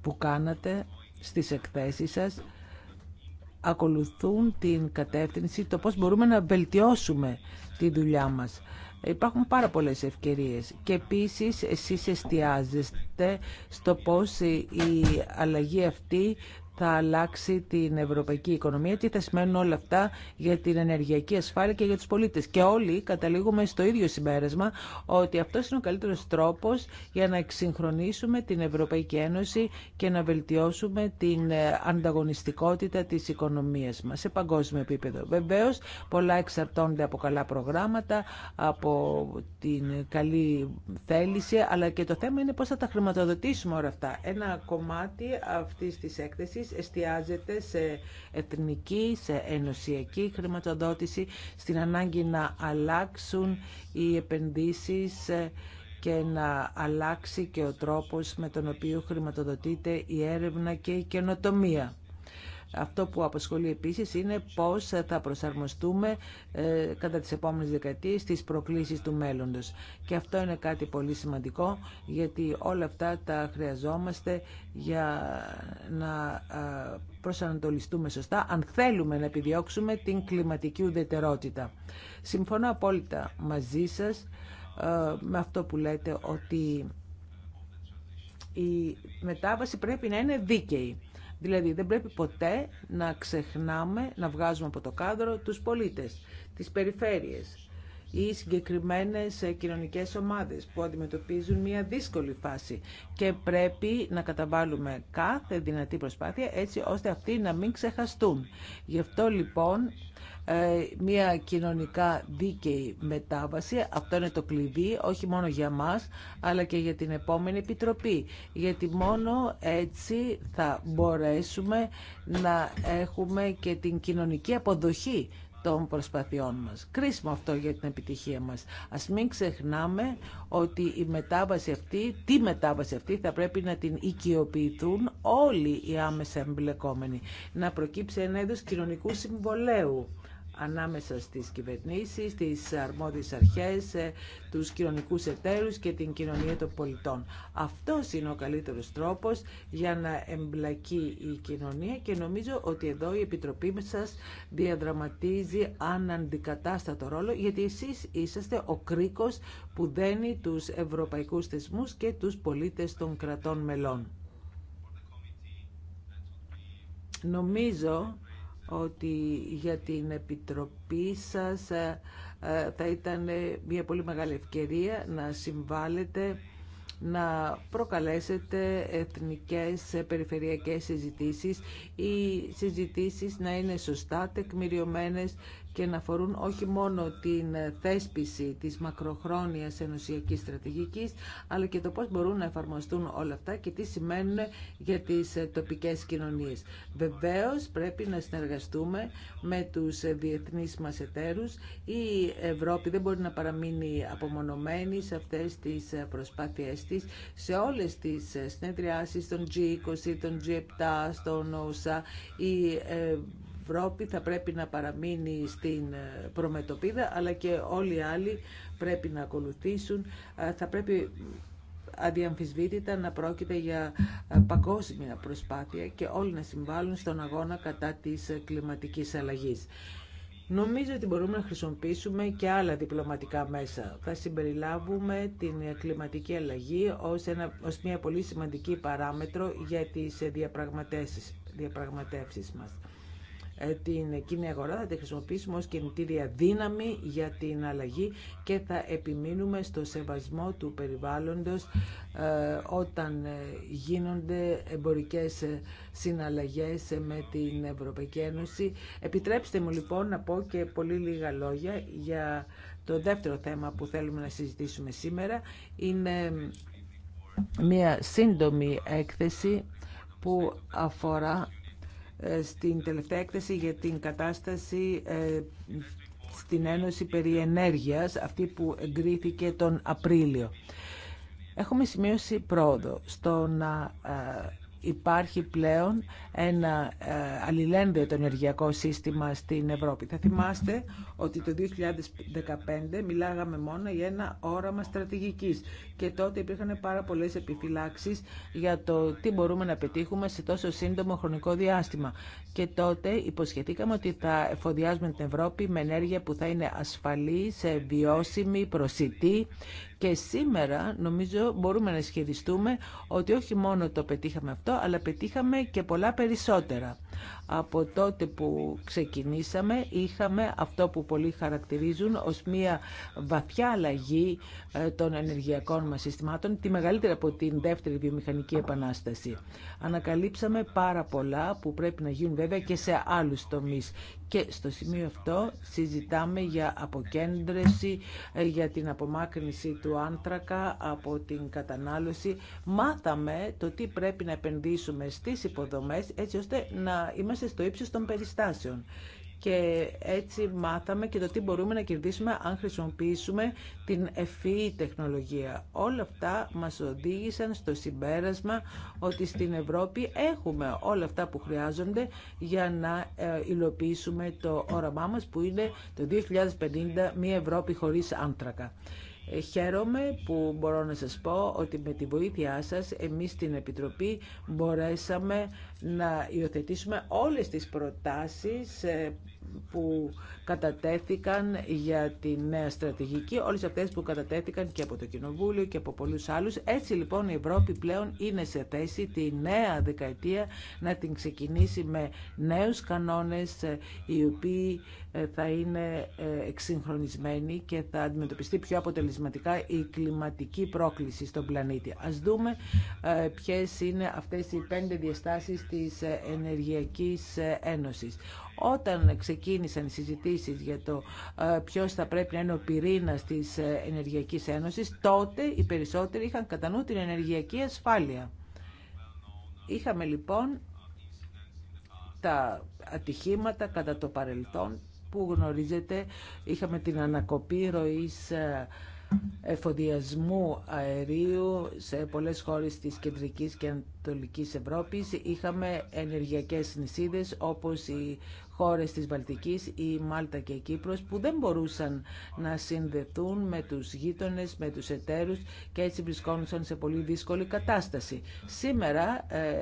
που κάνατε στις εκθέσεις σας ακολουθούν την κατεύθυνση το πώς μπορούμε να βελτιώσουμε τη δουλειά μας. Υπάρχουν πάρα πολλές ευκαιρίες και επίσης εσείς εστιάζεστε στο πώς η αλλαγή αυτή θα αλλάξει την ευρωπαϊκή οικονομία, τι θα σημαίνουν όλα αυτά για την ενεργειακή ασφάλεια και για τους πολίτες. Και όλοι καταλήγουμε στο ίδιο συμπέρασμα ότι αυτό είναι ο καλύτερος τρόπος για να εξυγχρονίσουμε την Ευρωπαϊκή Ένωση και να βελτιώσουμε την ανταγωνιστικότητα της οικονομίας μας σε παγκόσμιο επίπεδο. Βεβαίως, πολλά εξαρτώνται από καλά προγράμματα, από την καλή θέληση, αλλά και το θέμα είναι πώς θα τα χρηματοδοτήσουμε όλα αυτά. Ένα κομμάτι αυτή τη έκθεση εστιάζεται σε εθνική, σε ενωσιακή χρηματοδότηση, στην ανάγκη να αλλάξουν οι επενδύσεις ε, και να αλλάξει και ο τρόπος με τον οποίο χρηματοδοτείται η έρευνα και η καινοτομία. Αυτό που απασχολεί επίσης είναι πώς θα προσαρμοστούμε ε, κατά τις επόμενες δεκαετίες στις προκλήσεις του μέλλοντος. Και αυτό είναι κάτι πολύ σημαντικό γιατί όλα αυτά τα χρειαζόμαστε για να ε, προσανατολιστούμε σωστά αν θέλουμε να επιδιώξουμε την κλιματική ουδετερότητα. Συμφωνώ απόλυτα μαζί σας ε, με αυτό που λέτε ότι η μετάβαση πρέπει να είναι δίκαιη. Δηλαδή δεν πρέπει ποτέ να ξεχνάμε να βγάζουμε από το κάδρο τους πολίτες, τις περιφέρειες ή συγκεκριμένες ε, κοινωνικές ομάδες που αντιμετωπίζουν μια δύσκολη φάση και πρέπει να καταβάλουμε κάθε δυνατή προσπάθεια έτσι ώστε αυτοί να μην ξεχαστούν. Γι' αυτό λοιπόν ε, μια κοινωνικά δίκαιη μετάβαση. Αυτό είναι το κλειδί, όχι μόνο για μας, αλλά και για την επόμενη Επιτροπή. Γιατί μόνο έτσι θα μπορέσουμε να έχουμε και την κοινωνική αποδοχή των προσπαθειών μας. Κρίσιμο αυτό για την επιτυχία μας. Ας μην ξεχνάμε ότι η μετάβαση αυτή, τη μετάβαση αυτή θα πρέπει να την οικειοποιηθούν όλοι οι άμεσα εμπλεκόμενοι. Να προκύψει ένα είδος κοινωνικού συμβολέου ανάμεσα στις κυβερνήσεις, στις αρμόδιες αρχές, ε, τους κοινωνικούς εταίρους και την κοινωνία των πολιτών. Αυτό είναι ο καλύτερος τρόπος για να εμπλακεί η κοινωνία και νομίζω ότι εδώ η Επιτροπή σας διαδραματίζει αναντικατάστατο ρόλο γιατί εσείς είσαστε ο κρίκος που δένει τους ευρωπαϊκούς θεσμούς και τους πολίτες των κρατών μελών. Νομίζω ότι για την Επιτροπή σας ε, ε, θα ήταν μια πολύ μεγάλη ευκαιρία να συμβάλλετε να προκαλέσετε εθνικές ε, περιφερειακές συζητήσεις ή συζητήσεις να είναι σωστά τεκμηριωμένες και να αφορούν όχι μόνο την θέσπιση της μακροχρόνιας ενωσιακής στρατηγικής, αλλά και το πώς μπορούν να εφαρμοστούν όλα αυτά και τι σημαίνουν για τις τοπικές κοινωνίες. Βεβαίως πρέπει να συνεργαστούμε με τους διεθνείς μας εταίρους. Η Ευρώπη δεν μπορεί να παραμείνει απομονωμένη σε αυτές τις προσπάθειές της, σε όλες τις συνεδριάσεις των G20, τον G7, στον ΩΣΑ. Η ε, Ευρώπη θα πρέπει να παραμείνει στην ε, προμετωπίδα, αλλά και όλοι οι άλλοι πρέπει να ακολουθήσουν. Ε, θα πρέπει αδιαμφισβήτητα να πρόκειται για ε, παγκόσμια προσπάθεια και όλοι να συμβάλλουν στον αγώνα κατά της κλιματικής αλλαγής. Νομίζω ότι μπορούμε να χρησιμοποιήσουμε και άλλα διπλωματικά μέσα. Θα συμπεριλάβουμε την κλιματική αλλαγή ως, ένα, ως μια πολύ σημαντική παράμετρο για τις διαπραγματεύσεις, διαπραγματεύσεις μας. Ε, την κοινή αγορά, θα τη χρησιμοποιήσουμε ως κινητήρια δύναμη για την αλλαγή και θα επιμείνουμε στο σεβασμό του περιβάλλοντος ε, όταν ε, γίνονται εμπορικές συναλλαγές με την Ευρωπαϊκή Ένωση. Επιτρέψτε μου λοιπόν να πω και πολύ λίγα λόγια για το δεύτερο θέμα που θέλουμε να συζητήσουμε σήμερα. Είναι μια σύντομη έκθεση που αφορά στην τελευταία έκθεση για την κατάσταση ε, στην Ένωση περί ενέργειας, αυτή που εγκρίθηκε τον Απρίλιο. Έχουμε σημείωση πρόοδο στο να ε, υπάρχει πλέον ένα ε, αλληλένδετο ενεργειακό σύστημα στην Ευρώπη. Θα θυμάστε ότι το 2015 μιλάγαμε μόνο για ένα όραμα στρατηγικής και τότε υπήρχαν πάρα πολλές επιφυλάξεις για το τι μπορούμε να πετύχουμε σε τόσο σύντομο χρονικό διάστημα. Και τότε υποσχεθήκαμε ότι θα εφοδιάζουμε την Ευρώπη με ενέργεια που θα είναι ασφαλή, σε βιώσιμη, προσιτή και σήμερα νομίζω μπορούμε να ισχυριστούμε ότι όχι μόνο το πετύχαμε αυτό, αλλά πετύχαμε και πολλά περισσότερα. Από τότε που ξεκινήσαμε είχαμε αυτό που που πολλοί χαρακτηρίζουν ως μια βαθιά αλλαγή ε, των ενεργειακών μας συστημάτων, τη μεγαλύτερη από την δεύτερη βιομηχανική επανάσταση. Ανακαλύψαμε πάρα πολλά που πρέπει να γίνουν βέβαια και σε άλλους τομείς. Και στο σημείο αυτό συζητάμε για αποκέντρωση, ε, για την απομάκρυνση του άνθρακα από την κατανάλωση. Μάθαμε το τι πρέπει να επενδύσουμε στις υποδομές έτσι ώστε να είμαστε στο ύψος των περιστάσεων και έτσι μάθαμε και το τι μπορούμε να κερδίσουμε αν χρησιμοποιήσουμε την ευφυή τεχνολογία. Όλα αυτά μας οδήγησαν στο συμπέρασμα ότι στην Ευρώπη έχουμε όλα αυτά που χρειάζονται για να ε, υλοποιήσουμε το όραμά μας που είναι το 2050 μια Ευρώπη χωρίς άνθρακα. Χαίρομαι που μπορώ να σας πω ότι με τη βοήθειά σας εμείς στην Επιτροπή μπορέσαμε να υιοθετήσουμε όλες τις προτάσεις ε, που κατατέθηκαν για τη νέα στρατηγική, όλες αυτές που κατατέθηκαν και από το Κοινοβούλιο και από πολλούς άλλους. Έτσι λοιπόν η Ευρώπη πλέον είναι σε θέση τη νέα δεκαετία να την ξεκινήσει με νέους κανόνες ε, οι οποίοι ε, θα είναι ε, εξυγχρονισμένοι και θα αντιμετωπιστεί πιο αποτελεσματικά η κλιματική πρόκληση στον πλανήτη. Ας δούμε ποιες είναι αυτές οι πέντε διαστάσεις της Ενεργειακής Ένωσης. Όταν ξεκίνησαν οι συζητήσεις για το ε, ποιος θα πρέπει να είναι ο πυρήνας της ε, Ενεργειακής Ένωσης, τότε οι περισσότεροι είχαν κατά νου την ενεργειακή ασφάλεια. Είχαμε λοιπόν τα ατυχήματα κατά το παρελθόν που γνωρίζετε. Είχαμε την ανακοπή ροής ε, εφοδιασμού αερίου σε πολλές χώρες της Κεντρικής και Ανατολικής Ευρώπης. Είχαμε ενεργειακές νησίδες όπως η χώρες της Βαλτικής, η Μάλτα και η Κύπρος, που δεν μπορούσαν να συνδεθούν με τους γείτονες, με τους εταίρους και έτσι βρισκόντουσαν σε πολύ δύσκολη κατάσταση. Σήμερα ε,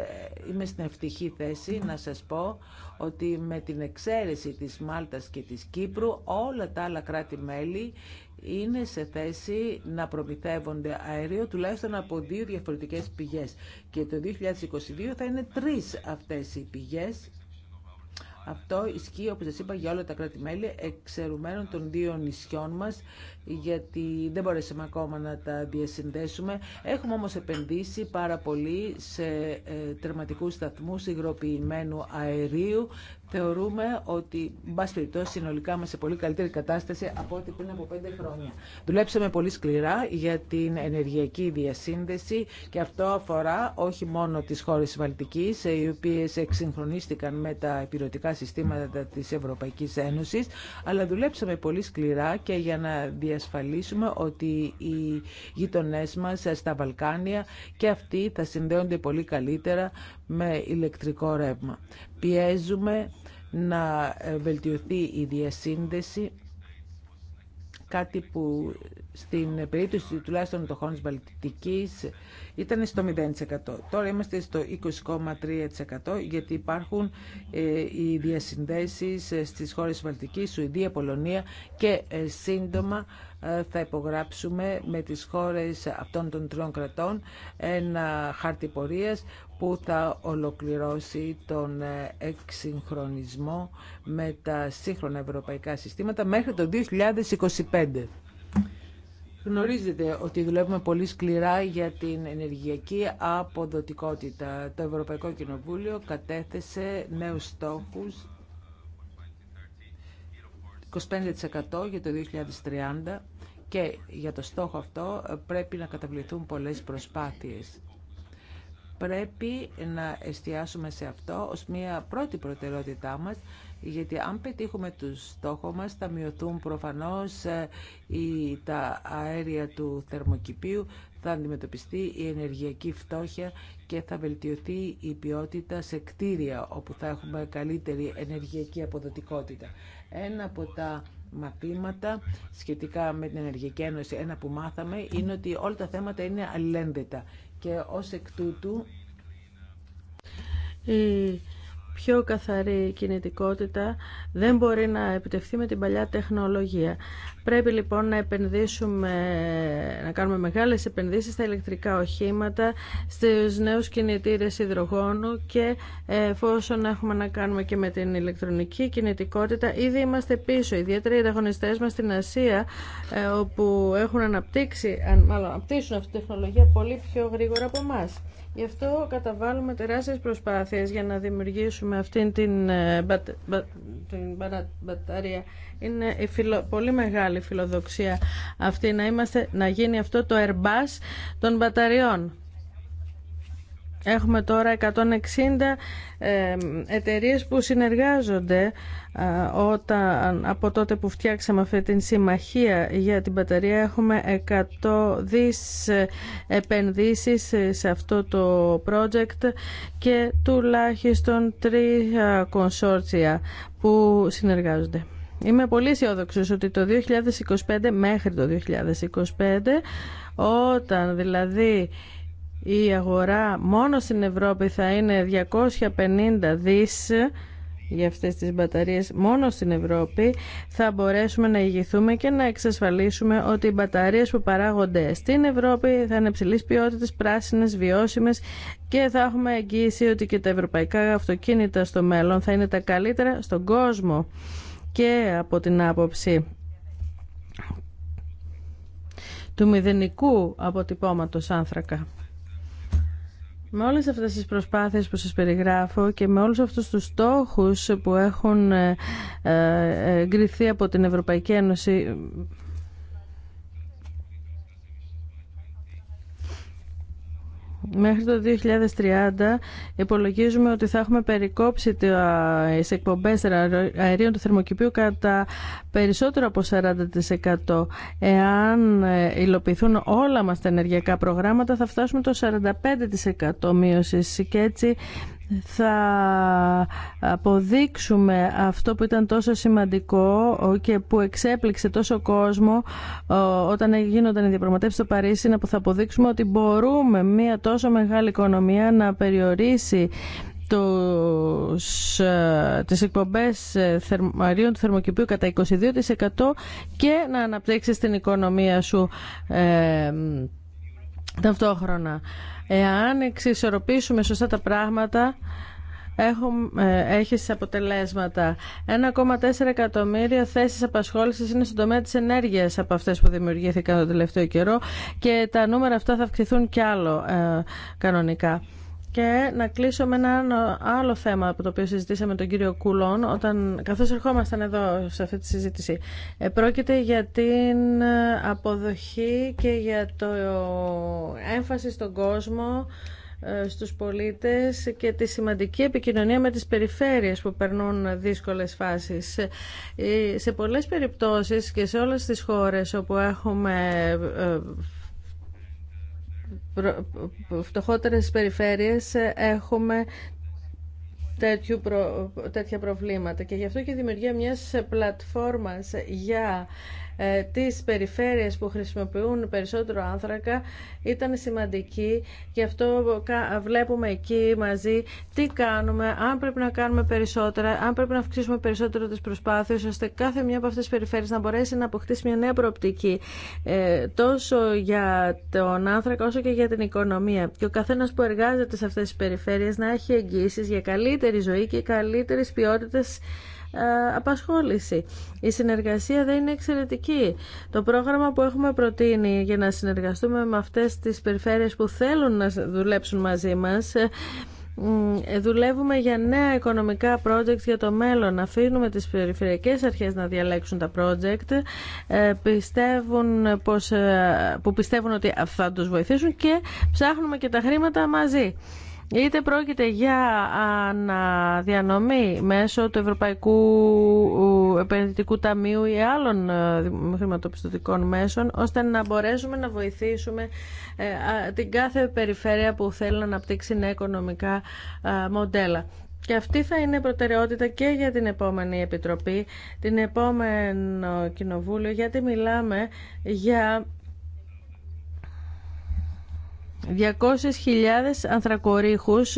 είμαι στην ευτυχή θέση να σας πω ότι με την εξαίρεση της Μάλτας και της Κύπρου όλα τα άλλα κράτη-μέλη είναι σε θέση να προμηθεύονται αέριο τουλάχιστον από δύο διαφορετικές πηγές και το 2022 θα είναι τρεις αυτές οι πηγές αυτό ισχύει, όπως σας είπα, για όλα τα κράτη-μέλη, εξαιρουμένων των δύο νησιών μας γιατί δεν μπορέσαμε ακόμα να τα διασυνδέσουμε. Έχουμε όμως επενδύσει πάρα πολύ σε ε, τερματικούς σταθμούς υγροποιημένου αερίου. Θεωρούμε ότι, μπας περιπτώσει, συνολικά είμαστε σε πολύ καλύτερη κατάσταση από ό,τι πριν από πέντε χρόνια. Δουλέψαμε πολύ σκληρά για την ενεργειακή διασύνδεση και αυτό αφορά όχι μόνο τις χώρες της Βαλτικής, οι οποίες εξυγχρονίστηκαν με τα επιρροτικά συστήματα της Ευρωπαϊκής Ένωσης, αλλά δουλέψαμε πολύ σκληρά και για να διασφαλίσουμε ότι οι γειτονές μας στα Βαλκάνια και αυτοί θα συνδέονται πολύ καλύτερα με ηλεκτρικό ρεύμα. Πιέζουμε να ε, βελτιωθεί η διασύνδεση, κάτι που στην περίπτωση τουλάχιστον των χώρων της Βαλτικής ήταν στο 0%. Τώρα είμαστε στο 20,3% γιατί υπάρχουν ε, οι διασυνδέσεις ε, στις χώρες της Βαλτικής, Σουηδία, Πολωνία και ε, σύντομα θα υπογράψουμε με τις χώρες αυτών των τριών κρατών ένα χάρτη πορείας που θα ολοκληρώσει τον εξυγχρονισμό με τα σύγχρονα ευρωπαϊκά συστήματα μέχρι το 2025. Γνωρίζετε ότι δουλεύουμε πολύ σκληρά για την ενεργειακή αποδοτικότητα. Το Ευρωπαϊκό Κοινοβούλιο κατέθεσε νέους στόχους 25% για το 2030 και για το στόχο αυτό πρέπει να καταβληθούν πολλές προσπάθειες. Πρέπει να εστιάσουμε σε αυτό ως μια πρώτη προτεραιότητά μας γιατί αν πετύχουμε τους στόχο μας θα μειωθούν προφανώς ε, η, τα αέρια του θερμοκηπίου, θα αντιμετωπιστεί η ενεργειακή φτώχεια και θα βελτιωθεί η ποιότητα σε κτίρια όπου θα έχουμε καλύτερη ενεργειακή αποδοτικότητα. Ένα από τα μαθήματα σχετικά με την Ενεργειακή Ένωση, ένα που μάθαμε, είναι ότι όλα τα θέματα είναι αλληλένδετα και ως εκ τούτου ε, πιο καθαρή κινητικότητα δεν μπορεί να επιτευχθεί με την παλιά τεχνολογία. Πρέπει λοιπόν να επενδύσουμε, να κάνουμε μεγάλες επενδύσεις στα ηλεκτρικά οχήματα, στους νέους κινητήρες υδρογόνου και ε, εφόσον έχουμε να κάνουμε και με την ηλεκτρονική κινητικότητα, ήδη είμαστε πίσω. Ιδιαίτερα οι ανταγωνιστέ μας στην Ασία, ε, όπου έχουν αναπτύξει, μάλλον αναπτύσσουν αυτή τη τεχνολογία πολύ πιο γρήγορα από εμάς. Γι' αυτό καταβάλουμε τεράστιες προσπάθειες για να δημιουργήσουμε αυτήν την, ε, την μπαταρία. Είναι η πολύ μεγάλη φιλοδοξία αυτή να, είμαστε, να γίνει αυτό το Airbus των μπαταριών. Έχουμε τώρα 160 εταιρείε που συνεργάζονται όταν, από τότε που φτιάξαμε αυτή την συμμαχία για την μπαταρία. Έχουμε 100 δις ε, επενδύσεις σε αυτό το project και τουλάχιστον τρία κονσόρτσια που συνεργάζονται. Είμαι πολύ αισιόδοξο ότι το 2025 μέχρι το 2025 όταν δηλαδή η αγορά μόνο στην Ευρώπη θα είναι 250 δις για αυτές τις μπαταρίες μόνο στην Ευρώπη θα μπορέσουμε να ηγηθούμε και να εξασφαλίσουμε ότι οι μπαταρίες που παράγονται στην Ευρώπη θα είναι ψηλή ποιότητα, πράσινες, βιώσιμες και θα έχουμε εγγύηση ότι και τα ευρωπαϊκά αυτοκίνητα στο μέλλον θα είναι τα καλύτερα στον κόσμο και από την άποψη του μηδενικού αποτυπώματος άνθρακα. Με όλες αυτές τις προσπάθειες που σας περιγράφω και με όλους αυτούς τους στόχους που έχουν ε, ε, εγκριθεί από την Ευρωπαϊκή Ένωση Μέχρι το 2030 υπολογίζουμε ότι θα έχουμε περικόψει τις εκπομπές αερίων του θερμοκηπίου κατά περισσότερο από 40%. Εάν ε, υλοποιηθούν όλα μας τα ενεργειακά προγράμματα θα φτάσουμε το 45% μείωσης και έτσι θα αποδείξουμε αυτό που ήταν τόσο σημαντικό και που εξέπληξε τόσο κόσμο όταν γίνονταν οι διαπραγματεύσει στο Παρίσι να θα αποδείξουμε ότι μπορούμε μια τόσο μεγάλη οικονομία να περιορίσει τους, ε, τις εκπομπές ε, αερίων του θερμοκηπίου κατά 22% και να αναπτύξεις την οικονομία σου ε, ταυτόχρονα. Εάν εξισορροπήσουμε σωστά τα πράγματα, έχουμε, ε, έχεις αποτελέσματα. 1,4 εκατομμύρια θέσεις απασχόλησης είναι στον τομέα της ενέργειας από αυτές που δημιουργήθηκαν το τελευταίο καιρό και τα νούμερα αυτά θα αυξηθούν κι άλλο ε, κανονικά. Και να κλείσω με ένα άλλο θέμα από το οποίο συζητήσαμε τον κύριο Κούλον, όταν, καθώς ερχόμασταν εδώ σε αυτή τη συζήτηση. Ε, πρόκειται για την ε, αποδοχή και για το έμφαση στον κόσμο, ε, στους πολίτες και τη σημαντική επικοινωνία με τις περιφέρειες που περνούν δύσκολες φάσεις. Σε πολλές περιπτώσεις και σε όλες τις χώρες όπου έχουμε φτωχότερες περιφέρειες ε, έχουμε τέτοιου προ... τέτοια προβλήματα και γι' αυτό και η δημιουργία μιας πλατφόρμας για ε, τις περιφέρειες που χρησιμοποιούν περισσότερο άνθρακα ήταν σημαντική. και αυτό βλέπουμε εκεί μαζί τι κάνουμε, αν πρέπει να κάνουμε περισσότερα, αν πρέπει να αυξήσουμε περισσότερο τις προσπάθειες, ώστε κάθε μια από αυτές τις περιφέρειες να μπορέσει να αποκτήσει μια νέα προοπτική, ε, τόσο για τον άνθρακα όσο και για την οικονομία. Και ο καθένας που εργάζεται σε αυτές τις περιφέρειες να έχει εγγύσεις για καλύτερη ζωή και καλύτερες ποιότητες ε, απασχόληση. Η συνεργασία δεν είναι εξαιρετική. Το πρόγραμμα που έχουμε προτείνει για να συνεργαστούμε με αυτές τις περιφέρειες που θέλουν να δουλέψουν μαζί μας ε, ε, δουλεύουμε για νέα οικονομικά project για το μέλλον. Αφήνουμε τις περιφερειακές αρχές να διαλέξουν τα project πιστεύουν πως, που πιστεύουν ότι θα τους βοηθήσουν και ψάχνουμε και τα χρήματα μαζί. Είτε πρόκειται για αναδιανομή μέσω του Ευρωπαϊκού ε, Επενδυτικού Ταμείου ή άλλων ε, χρηματοπιστωτικών μέσων, ώστε να μπορέσουμε να βοηθήσουμε ε, την κάθε περιφέρεια που θέλει να αναπτύξει νέα οικονομικά μοντέλα. Και αυτή θα είναι προτεραιότητα και για την επόμενη Επιτροπή, την επόμενο Κοινοβούλιο, γιατί μιλάμε για 200.000 ανθρακορίχους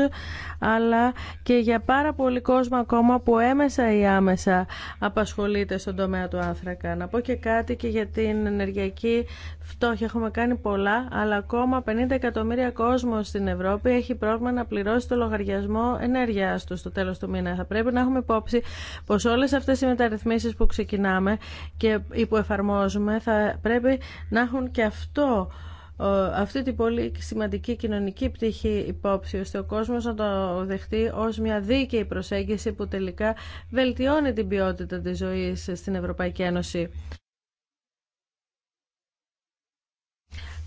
αλλά και για πάρα πολύ κόσμο ακόμα που έμεσα ή άμεσα απασχολείται στον τομέα του άνθρακα. Να πω και κάτι και για την ενεργειακή φτώχεια. Έχουμε κάνει πολλά, αλλά ακόμα 50 εκατομμύρια κόσμο στην Ευρώπη έχει πρόβλημα να πληρώσει το λογαριασμό ενέργειά του στο τέλο του μήνα. Θα πρέπει να έχουμε υπόψη πω όλε αυτέ οι μεταρρυθμίσει που ξεκινάμε και που εφαρμόζουμε θα πρέπει να έχουν και αυτό αυτή την πολύ σημαντική κοινωνική πτυχή υπόψη, ώστε ο κόσμος να το δεχτεί ως μια δίκαιη προσέγγιση που τελικά βελτιώνει την ποιότητα της ζωής στην Ευρωπαϊκή Ένωση.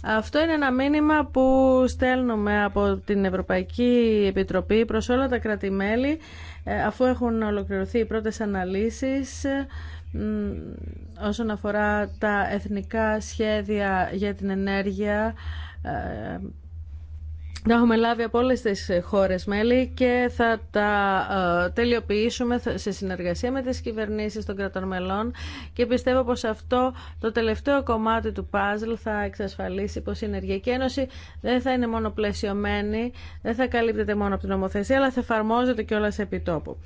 Αυτό είναι ένα μήνυμα που στέλνουμε από την Ευρωπαϊκή Επιτροπή προς όλα τα κράτη-μέλη ε, αφού έχουν ολοκληρωθεί οι πρώτες αναλύσεις όσον αφορά τα εθνικά σχέδια για την ενέργεια ε, τα έχουμε λάβει από όλες τις χώρες μέλη και θα τα ε, τελειοποιήσουμε σε συνεργασία με τις κυβερνήσεις των κρατών μελών και πιστεύω πως αυτό το τελευταίο κομμάτι του παζλ θα εξασφαλίσει πως η Ενεργειακή Ένωση δεν θα είναι μόνο πλαισιωμένη, δεν θα καλύπτεται μόνο από την νομοθεσία αλλά θα εφαρμόζεται όλα σε επιτόπου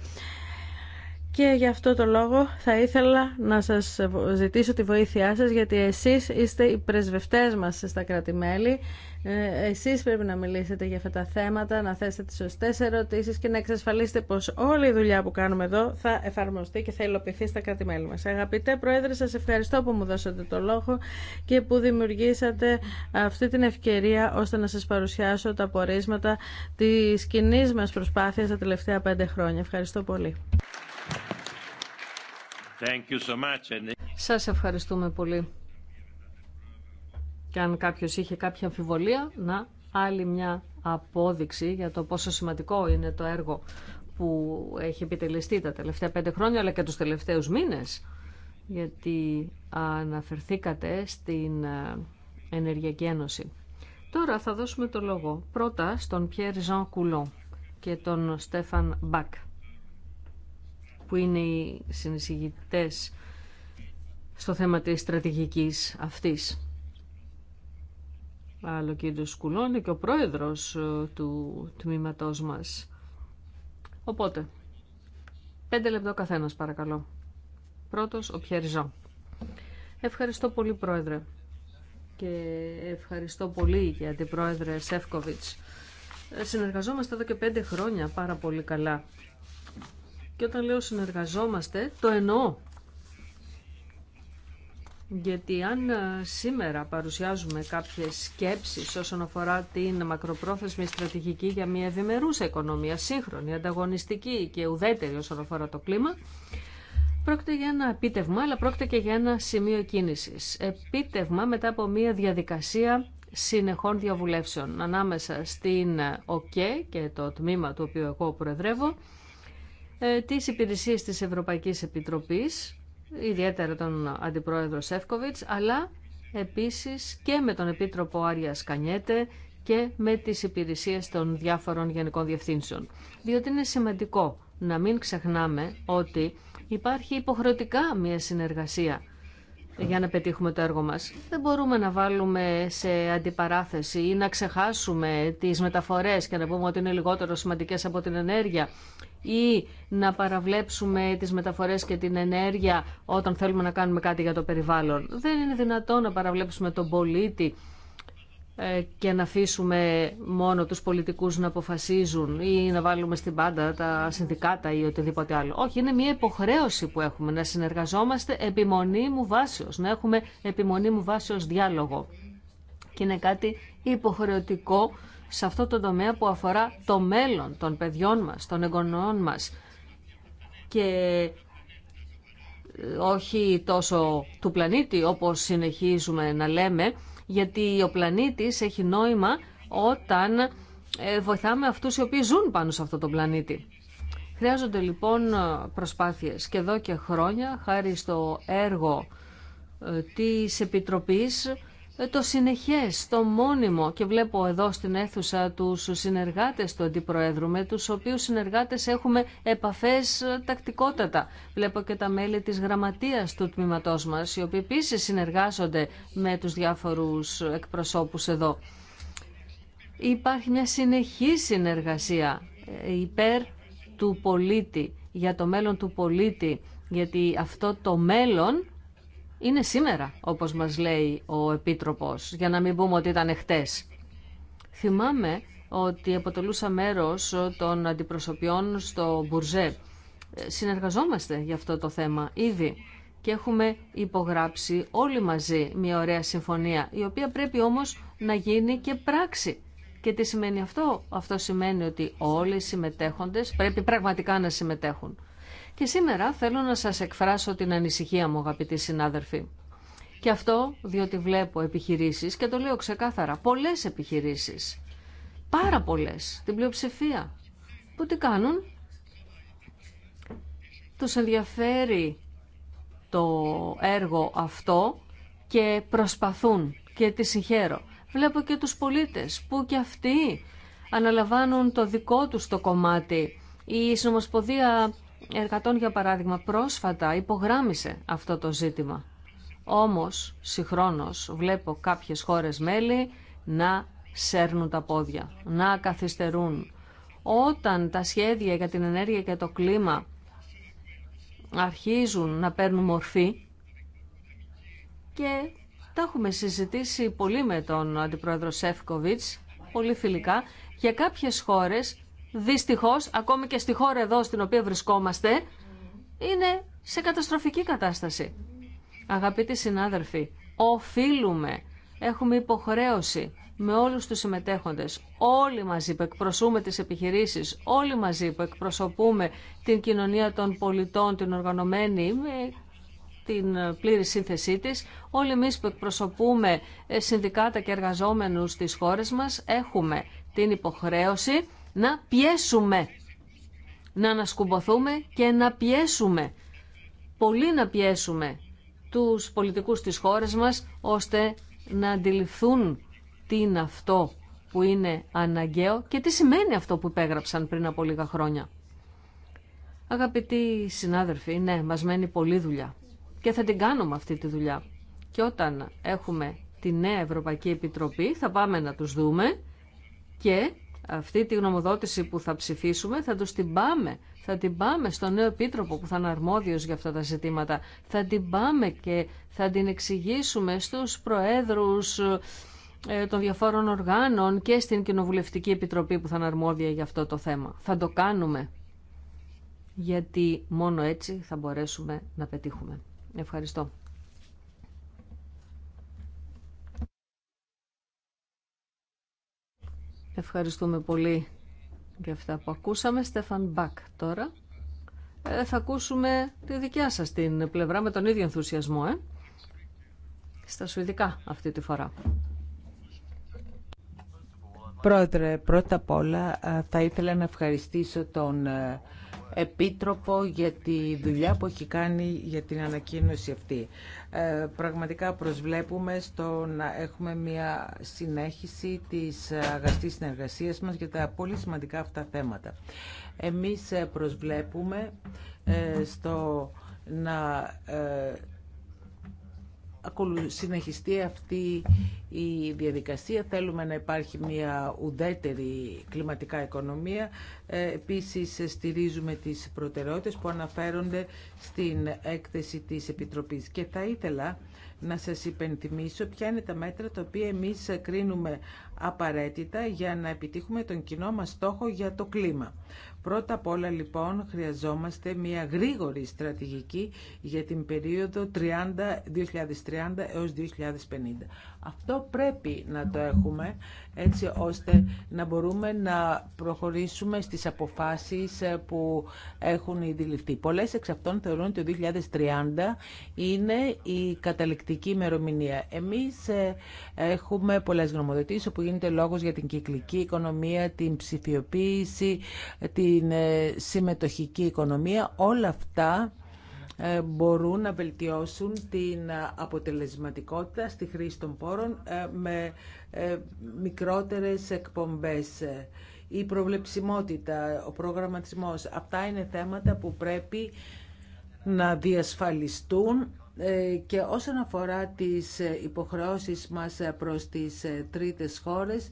και γι' αυτό το λόγο θα ήθελα να σας ζητήσω τη βοήθειά σας γιατί εσείς είστε οι πρεσβευτές μας στα κράτη-μέλη. Ε, εσείς πρέπει να μιλήσετε για αυτά τα θέματα, να θέσετε τις σωστές ερωτήσεις και να εξασφαλίσετε πως όλη η δουλειά που κάνουμε εδώ θα εφαρμοστεί και θα υλοποιηθεί στα κράτη-μέλη μας. Αγαπητέ Πρόεδρε, σας ευχαριστώ που μου δώσατε το λόγο και που δημιουργήσατε αυτή την ευκαιρία ώστε να σας παρουσιάσω τα πορίσματα της κοινή μας προσπάθειας τα τελευταία πέντε χρόνια. Ευχαριστώ πολύ. Thank Σας ευχαριστούμε πολύ. Και αν κάποιος είχε κάποια αμφιβολία, να άλλη μια απόδειξη για το πόσο σημαντικό είναι το έργο που έχει επιτελεστεί τα τελευταία πέντε χρόνια, αλλά και τους τελευταίους μήνες, γιατί αναφερθήκατε στην ε, Ενεργειακή Ένωση. Τώρα θα δώσουμε το λόγο πρώτα στον Πιέρ Ζαν Κουλό και τον Στέφαν Μπακ που είναι οι συνεισηγητές στο θέμα της στρατηγικής αυτής. Άλλο ο Σκουλών και ο πρόεδρος ε, του τμήματός μας. Οπότε, πέντε λεπτό καθένας παρακαλώ. Πρώτος, ο Πιεριζό. Ευχαριστώ πολύ πρόεδρε και ευχαριστώ πολύ για την πρόεδρε Σεύκοβιτς. Ε, συνεργαζόμαστε εδώ και πέντε χρόνια πάρα πολύ καλά και όταν λέω συνεργαζόμαστε, το εννοώ. Γιατί αν ε, σήμερα παρουσιάζουμε κάποιες σκέψεις όσον αφορά την μακροπρόθεσμη στρατηγική για μια ευημερούσα οικονομία, σύγχρονη, ανταγωνιστική και ουδέτερη όσον αφορά το κλίμα, πρόκειται για ένα επίτευγμα, αλλά πρόκειται και για ένα σημείο κίνησης. Επίτευγμα μετά από μια διαδικασία συνεχών διαβουλεύσεων ανάμεσα στην ΟΚΕ και το τμήμα του οποίου εγώ προεδρεύω, ε, τις υπηρεσίες της Ευρωπαϊκής Επιτροπής, ιδιαίτερα τον Αντιπρόεδρο Σεύκοβιτς, αλλά επίσης και με τον Επίτροπο Άρια κανιέτε και με τις υπηρεσίες των διάφορων γενικών διευθύνσεων. Διότι είναι σημαντικό να μην ξεχνάμε ότι υπάρχει υποχρεωτικά μια συνεργασία για να πετύχουμε το έργο μας. Δεν μπορούμε να βάλουμε σε αντιπαράθεση ή να ξεχάσουμε τις μεταφορές και να πούμε ότι είναι λιγότερο σημαντικές από την ενέργεια ή να παραβλέψουμε τις μεταφορές και την ενέργεια όταν θέλουμε να κάνουμε κάτι για το περιβάλλον. Δεν είναι δυνατόν να παραβλέψουμε τον πολίτη ε, και να αφήσουμε μόνο τους πολιτικούς να αποφασίζουν ή να βάλουμε στην πάντα τα συνδικάτα ή οτιδήποτε άλλο. Όχι, είναι μια υποχρέωση που έχουμε να συνεργαζόμαστε επιμονή μου βάσεως, να έχουμε επιμονή μου βάσεως διάλογο. Και είναι κάτι υποχρεωτικό σε αυτό το τομέα που αφορά το μέλλον των παιδιών μας, των εγγονών μας και όχι τόσο του πλανήτη όπως συνεχίζουμε να λέμε γιατί ο πλανήτης έχει νόημα όταν ε, βοηθάμε αυτούς οι οποίοι ζουν πάνω σε αυτό το πλανήτη. Χρειάζονται λοιπόν προσπάθειες και εδώ και χρόνια χάρη στο έργο ε, της Επιτροπής ε, το συνεχές, το μόνιμο και βλέπω εδώ στην αίθουσα τους συνεργάτες του Αντιπροέδρου με τους οποίους συνεργάτες έχουμε επαφές ε, τακτικότατα. Βλέπω και τα μέλη της γραμματείας του τμήματός μας οι οποίοι επίση συνεργάζονται με τους διάφορους εκπροσώπους εδώ. Υπάρχει μια συνεχή συνεργασία ε, υπέρ του πολίτη, για το μέλλον του πολίτη, γιατί αυτό το μέλλον είναι σήμερα, όπως μας λέει ο Επίτροπος, για να μην πούμε ότι ήταν χτες. Θυμάμαι ότι αποτελούσα μέρος των αντιπροσωπιών στο Μπουρζέ. Ε, συνεργαζόμαστε για αυτό το θέμα ήδη και έχουμε υπογράψει όλοι μαζί μια ωραία συμφωνία, η οποία πρέπει όμως να γίνει και πράξη. Και τι σημαίνει αυτό. Αυτό σημαίνει ότι όλοι οι συμμετέχοντες πρέπει πραγματικά να συμμετέχουν. Και σήμερα θέλω να σας εκφράσω την ανησυχία μου, αγαπητοί συνάδελφοι. Και αυτό διότι βλέπω επιχειρήσεις, και το λέω ξεκάθαρα, πολλές επιχειρήσεις, πάρα πολλές, την πλειοψηφία, που τι κάνουν, τους ενδιαφέρει το έργο αυτό και προσπαθούν και τη συγχαίρω. Βλέπω και τους πολίτες που και αυτοί αναλαμβάνουν το δικό τους το κομμάτι. Η Συνομοσποδία εργατών, για παράδειγμα, πρόσφατα υπογράμμισε αυτό το ζήτημα. Όμως, συγχρόνως, βλέπω κάποιες χώρες μέλη να σέρνουν τα πόδια, να καθυστερούν. Όταν τα σχέδια για την ενέργεια και το κλίμα αρχίζουν να παίρνουν μορφή και τα έχουμε συζητήσει πολύ με τον Αντιπρόεδρο Σεφκοβιτς, πολύ φιλικά, για κάποιες χώρες δυστυχώς, ακόμη και στη χώρα εδώ στην οποία βρισκόμαστε, είναι σε καταστροφική κατάσταση. Αγαπητοί συνάδελφοι, οφείλουμε, έχουμε υποχρέωση με όλους τους συμμετέχοντες, όλοι μαζί που εκπροσούμε τις επιχειρήσεις, όλοι μαζί που εκπροσωπούμε την κοινωνία των πολιτών, την οργανωμένη, την πλήρη σύνθεσή της, όλοι εμείς που εκπροσωπούμε ε, συνδικάτα και εργαζόμενους στις χώρες μας, έχουμε την υποχρέωση να πιέσουμε, να ανασκουμποθούμε και να πιέσουμε, πολύ να πιέσουμε τους πολιτικούς της χώρας μας, ώστε να αντιληφθούν τι είναι αυτό που είναι αναγκαίο και τι σημαίνει αυτό που υπέγραψαν πριν από λίγα χρόνια. Αγαπητοί συνάδελφοι, ναι, μας μένει πολλή δουλειά και θα την κάνουμε αυτή τη δουλειά. Και όταν έχουμε τη νέα Ευρωπαϊκή Επιτροπή θα πάμε να τους δούμε και αυτή τη γνωμοδότηση που θα ψηφίσουμε θα το την πάμε. Θα την πάμε στο νέο επίτροπο που θα είναι αρμόδιος για αυτά τα ζητήματα. Θα την πάμε και θα την εξηγήσουμε στους προέδρους ε, των διαφόρων οργάνων και στην Κοινοβουλευτική Επιτροπή που θα είναι αρμόδια για αυτό το θέμα. Θα το κάνουμε. Γιατί μόνο έτσι θα μπορέσουμε να πετύχουμε. Ευχαριστώ. Ευχαριστούμε πολύ για αυτά που ακούσαμε. Στέφαν Μπακ τώρα. Ε, θα ακούσουμε τη δικιά σας την πλευρά με τον ίδιο ενθουσιασμό, ε? στα Σουηδικά αυτή τη φορά. Πρόεδρε, πρώτα απ' όλα ε, θα ήθελα να ευχαριστήσω τον ε, Επίτροπο για τη δουλειά που έχει κάνει για την ανακοίνωση αυτή. Ε, πραγματικά προσβλέπουμε στο να έχουμε μια συνέχιση της αγαστής συνεργασίας μας για τα πολύ σημαντικά αυτά θέματα. Εμείς ε, προσβλέπουμε ε, στο να συνεχιστεί αυτή η διαδικασία. Θέλουμε να υπάρχει μια ουδέτερη κλιματικά οικονομία. Ε, επίσης στηρίζουμε τις προτεραιότητες που αναφέρονται στην έκθεση της Επιτροπής. Και θα ήθελα να σας υπενθυμίσω ποια είναι τα μέτρα τα οποία εμείς κρίνουμε απαραίτητα για να επιτύχουμε τον κοινό μας στόχο για το κλίμα. Πρώτα απ' όλα λοιπόν χρειαζόμαστε μια γρήγορη στρατηγική για την περίοδο 30, 2030 έως 2050. Αυτό πρέπει να το έχουμε έτσι ώστε να μπορούμε να προχωρήσουμε στις αποφάσεις ε, που έχουν ληφθεί. Πολλές εξ αυτών θεωρούν ότι το 2030 είναι η καταληκτική ημερομηνία. Εμείς ε, έχουμε πολλές γνωμοδοτήσεις όπου γίνεται λόγος για την κυκλική οικονομία, την ψηφιοποίηση, την ε, συμμετοχική οικονομία. Όλα αυτά ε, μπορούν να βελτιώσουν την αποτελεσματικότητα στη χρήση των πόρων ε, με ε, μικρότερες εκπομπές. Η προβλεψιμότητα, ο προγραμματισμός, αυτά είναι θέματα που πρέπει να διασφαλιστούν και όσον αφορά τις υποχρεώσεις μας προς τις τρίτες χώρες,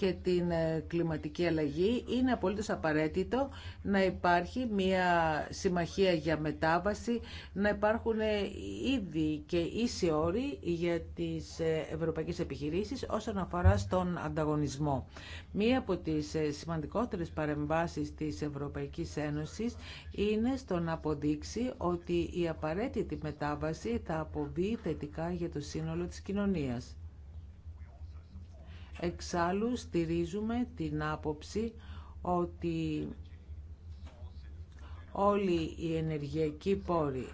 και την ε, κλιματική αλλαγή, είναι απολύτως απαραίτητο να υπάρχει μια συμμαχία για μετάβαση, να υπάρχουν ε, ήδη και ίσοι όροι για τις ε, ευρωπαϊκές επιχειρήσεις όσον αφορά στον ανταγωνισμό. Μία από τις σημαντικότερες παρεμβάσεις της Ευρωπαϊκής Ένωσης είναι στο να αποδείξει ότι η απαραίτητη μετάβαση θα αποβεί θετικά για το σύνολο της κοινωνίας. Εξάλλου στηρίζουμε την άποψη ότι όλοι οι ενεργειακοί πόροι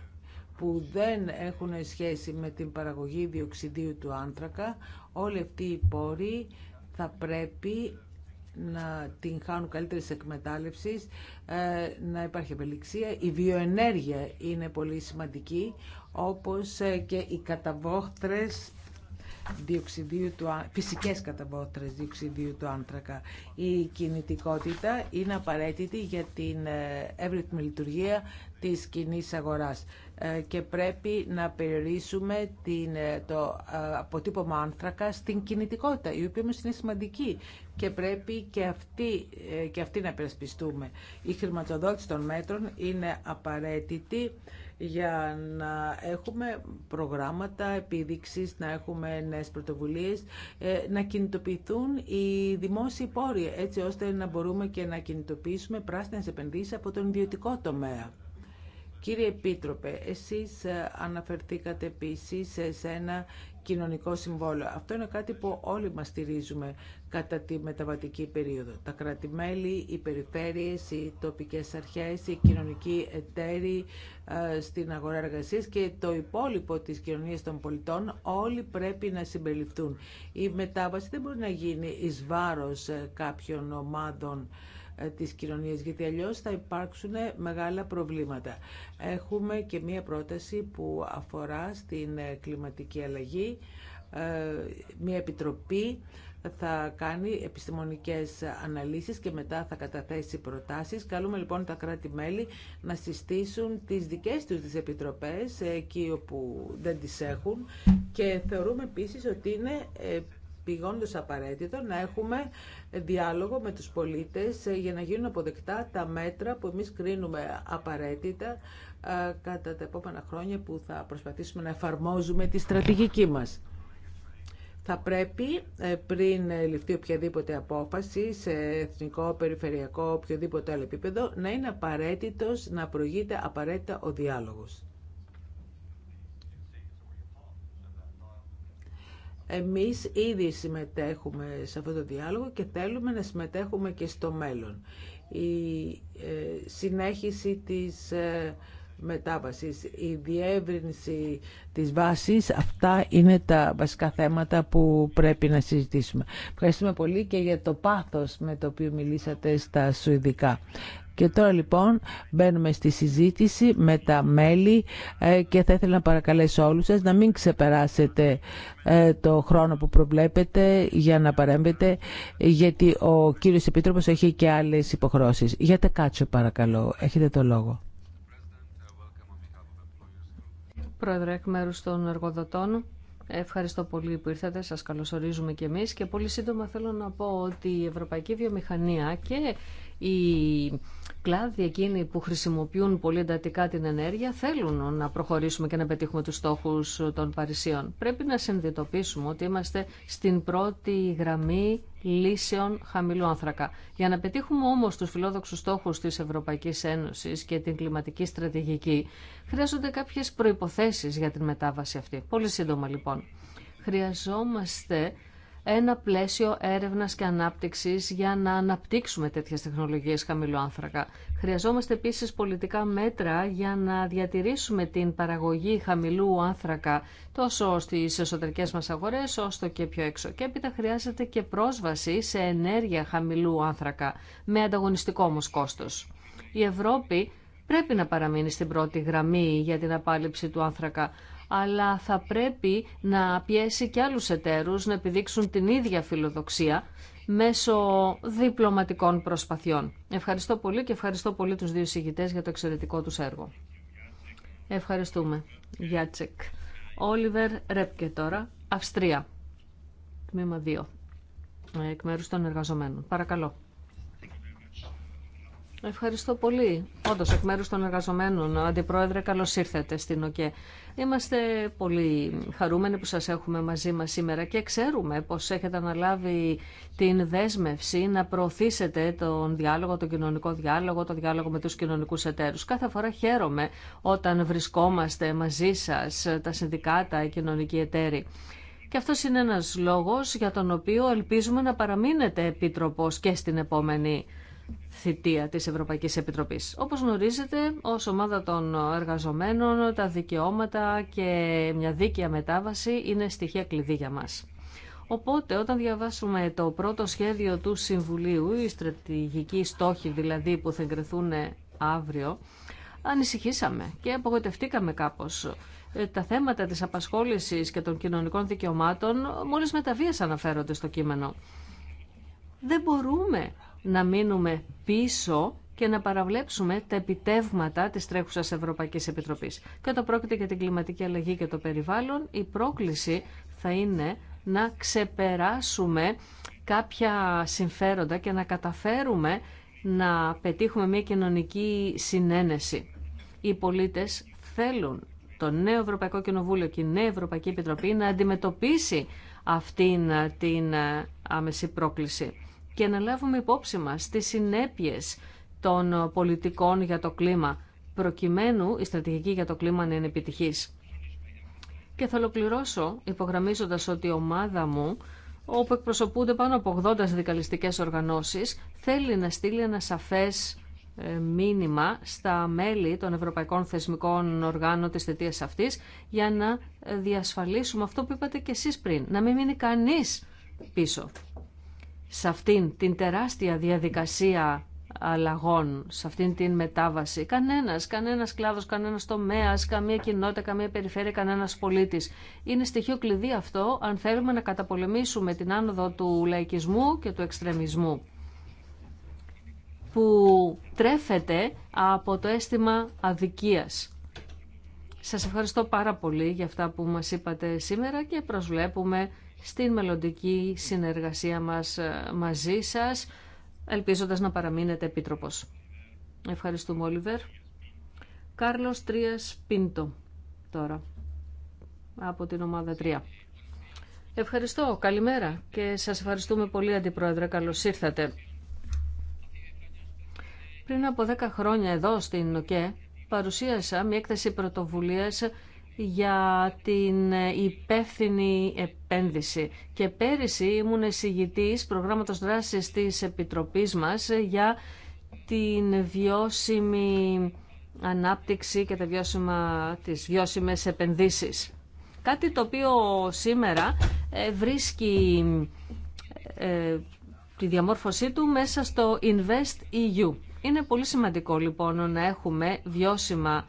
που δεν έχουν σχέση με την παραγωγή διοξιδίου του άνθρακα, όλοι αυτοί οι πόροι θα πρέπει να την χάνουν καλύτερη εκμετάλλευση, ε, να υπάρχει ευελιξία. Η βιοενέργεια είναι πολύ σημαντική, όπως ε, και οι καταβόχτρες διοξιδίου του, φυσικές διοξιδίου του άνθρακα. Η κινητικότητα είναι απαραίτητη για την ε, εύρυθμη λειτουργία της κοινή αγοράς ε, και πρέπει να περιορίσουμε την, ε, το αποτύπωμα άνθρακα στην κινητικότητα, η οποία μας είναι σημαντική και πρέπει και αυτή, και αυτή να περασπιστούμε. Η χρηματοδότηση των μέτρων είναι απαραίτητη για να έχουμε προγράμματα επίδειξης, να έχουμε νέες πρωτοβουλίες, ε, να κινητοποιηθούν οι δημόσιοι πόροι, έτσι ώστε να μπορούμε και να κινητοποιήσουμε πράσινες επενδύσεις από τον ιδιωτικό τομέα. Κύριε Επίτροπε, εσείς ε, αναφερθήκατε επίσης σε ένα κοινωνικό συμβόλαιο. Αυτό είναι κάτι που όλοι μας στηρίζουμε κατά τη μεταβατική περίοδο. Τα κρατημέλη, οι περιφέρειες, οι τοπικές αρχές, οι κοινωνικοί εταίροι ε, στην αγορά εργασίας και το υπόλοιπο της κοινωνίας των πολιτών όλοι πρέπει να συμπεριληφθούν. Η μετάβαση δεν μπορεί να γίνει εις βάρος ε, κάποιων ομάδων ε, της κοινωνίας, γιατί αλλιώς θα υπάρξουν μεγάλα προβλήματα. Έχουμε και μία πρόταση που αφορά στην ε, κλιματική αλλαγή, ε, μία επιτροπή θα κάνει επιστημονικές αναλύσεις και μετά θα καταθέσει προτάσεις. Καλούμε λοιπόν τα κράτη-μέλη να συστήσουν τις δικές τους τις επιτροπές εκεί όπου δεν τις έχουν και θεωρούμε επίσης ότι είναι επιγόντως απαραίτητο να έχουμε διάλογο με τους πολίτες ε, για να γίνουν αποδεκτά τα μέτρα που εμείς κρίνουμε απαραίτητα ε, κατά τα επόμενα χρόνια που θα προσπαθήσουμε να εφαρμόζουμε τη στρατηγική μας. Θα πρέπει ε, πριν ληφθεί οποιαδήποτε απόφαση σε εθνικό, περιφερειακό, οποιοδήποτε άλλο επίπεδο να είναι απαραίτητος, να προηγείται απαραίτητα ο διάλογος. Εμείς ήδη συμμετέχουμε σε αυτό το διάλογο και θέλουμε να συμμετέχουμε και στο μέλλον. Η ε, συνέχιση της ε, μετάβασης, η διεύρυνση της βάσης, αυτά είναι τα βασικά θέματα που πρέπει να συζητήσουμε. Ευχαριστούμε πολύ και για το πάθος με το οποίο μιλήσατε στα Σουηδικά. Και τώρα λοιπόν μπαίνουμε στη συζήτηση με τα μέλη ε, και θα ήθελα να παρακαλέσω όλους σας να μην ξεπεράσετε ε, το χρόνο που προβλέπετε για να παρέμβετε γιατί ο κύριος Επίτροπος έχει και άλλες υποχρώσεις. Για τα κάτσο παρακαλώ, έχετε το λόγο. Πρόεδρε, εκ μέρου των εργοδοτών, Ευχαριστώ πολύ που ήρθατε, σας καλωσορίζουμε και εμείς και πολύ σύντομα θέλω να πω ότι η Ευρωπαϊκή Βιομηχανία και οι κλάδοι εκείνοι που χρησιμοποιούν πολύ εντατικά την ενέργεια θέλουν να προχωρήσουμε και να πετύχουμε τους στόχους των Παρισίων. Πρέπει να συνειδητοποιήσουμε ότι είμαστε στην πρώτη γραμμή λύσεων χαμηλού άνθρακα. Για να πετύχουμε όμως τους φιλόδοξους στόχους της Ευρωπαϊκής Ένωσης και την κλιματική στρατηγική, χρειάζονται κάποιες προϋποθέσεις για την μετάβαση αυτή. Πολύ σύντομα λοιπόν. Χρειαζόμαστε ένα πλαίσιο έρευνας και ανάπτυξης για να αναπτύξουμε τέτοιες τεχνολογίες χαμηλού άνθρακα. Χρειαζόμαστε επίσης πολιτικά μέτρα για να διατηρήσουμε την παραγωγή χαμηλού άνθρακα τόσο στις εσωτερικές μας αγορές όσο και πιο έξω. Και έπειτα χρειάζεται και πρόσβαση σε ενέργεια χαμηλού άνθρακα με ανταγωνιστικό όμω. κόστος. Η Ευρώπη πρέπει να παραμείνει στην πρώτη γραμμή για την απάλληψη του άνθρακα, αλλά θα πρέπει να πιέσει και άλλους εταίρους να επιδείξουν την ίδια φιλοδοξία μέσω διπλωματικών προσπαθειών. Ευχαριστώ πολύ και ευχαριστώ πολύ τους δύο συγητές για το εξαιρετικό τους έργο. Ευχαριστούμε. Γιάτσεκ. Όλιβερ Ρέπκε τώρα, Αυστρία. Τμήμα 2. Ε, εκ μέρους των εργαζομένων. Παρακαλώ. Ευχαριστώ πολύ. Όντω, εκ μέρου των εργαζομένων, Αντιπρόεδρε, καλώ ήρθατε στην ΟΚΕ. Είμαστε πολύ χαρούμενοι που σα έχουμε μαζί μα σήμερα και ξέρουμε πω έχετε αναλάβει την δέσμευση να προωθήσετε τον διάλογο, τον κοινωνικό διάλογο, τον διάλογο με του κοινωνικού εταίρου. Κάθε φορά χαίρομαι όταν βρισκόμαστε μαζί σα, τα συνδικάτα, οι κοινωνικοί εταίροι. Και αυτό είναι ένα λόγο για τον οποίο ελπίζουμε να παραμείνετε επίτροπο και στην επόμενη θητεία της Ευρωπαϊκής Επιτροπής. Όπως γνωρίζετε, ως ομάδα των εργαζομένων, τα δικαιώματα και μια δίκαια μετάβαση είναι στοιχεία κλειδί για μας. Οπότε, όταν διαβάσουμε το πρώτο σχέδιο του Συμβουλίου, οι στρατηγικοί στόχοι δηλαδή που θα εγκριθούν αύριο, ανησυχήσαμε και απογοητευτήκαμε κάπως. Ε, τα θέματα της απασχόλησης και των κοινωνικών δικαιωμάτων μόλις μεταβίας αναφέρονται στο κείμενο. Δεν μπορούμε να μείνουμε πίσω και να παραβλέψουμε τα επιτεύγματα της τρέχουσας Ευρωπαϊκής Επιτροπής. Και όταν πρόκειται για την κλιματική αλλαγή και το περιβάλλον, η πρόκληση θα είναι να ξεπεράσουμε κάποια συμφέροντα και να καταφέρουμε να πετύχουμε μια κοινωνική συνένεση. Οι πολίτες θέλουν το νέο Ευρωπαϊκό Κοινοβούλιο και η νέα Ευρωπαϊκή Επιτροπή να αντιμετωπίσει αυτήν την ε, άμεση πρόκληση και να λάβουμε υπόψη μας τις συνέπειες των πολιτικών για το κλίμα, προκειμένου η στρατηγική για το κλίμα να είναι επιτυχής. Και θα ολοκληρώσω υπογραμμίζοντας ότι η ομάδα μου, όπου εκπροσωπούνται πάνω από 80 συνδικαλιστικές οργανώσεις, θέλει να στείλει ένα σαφές ε, μήνυμα στα μέλη των Ευρωπαϊκών Θεσμικών Οργάνων της θετίας αυτής για να ε, διασφαλίσουμε αυτό που είπατε και εσείς πριν, να μην μείνει κανείς πίσω σε αυτήν την τεράστια διαδικασία αλλαγών, σε αυτήν την μετάβαση. Κανένας, κανένας κλάδος, κανένας τομέας, καμία κοινότητα, καμία περιφέρεια, κανένας πολίτης. Είναι στοιχείο κλειδί αυτό αν θέλουμε να καταπολεμήσουμε την άνοδο του λαϊκισμού και του εξτρεμισμού που τρέφεται από το αίσθημα αδικίας. Σας ευχαριστώ πάρα πολύ για αυτά που μας είπατε σήμερα και προσβλέπουμε στην μελλοντική συνεργασία μας ε, μαζί σας, ελπίζοντας να παραμείνετε επίτροπος. Ευχαριστούμε, Όλιβερ. Κάρλος Τρίας Πίντο, τώρα, από την ομάδα 3. Ευχαριστώ, καλημέρα και σας ευχαριστούμε πολύ, Αντιπρόεδρε, καλώς ήρθατε. Πριν από 10 χρόνια εδώ στην ΟΚΕ, παρουσίασα μια έκθεση πρωτοβουλίας για την υπεύθυνη επένδυση. Και πέρυσι ήμουν εισηγητής προγράμματος δράσης της Επιτροπής μας για την βιώσιμη ανάπτυξη και τα βιώσιμα, τις βιώσιμες επενδύσεις. Κάτι το οποίο σήμερα ε, βρίσκει ε, τη διαμόρφωσή του μέσα στο Invest EU. Είναι πολύ σημαντικό λοιπόν να έχουμε βιώσιμα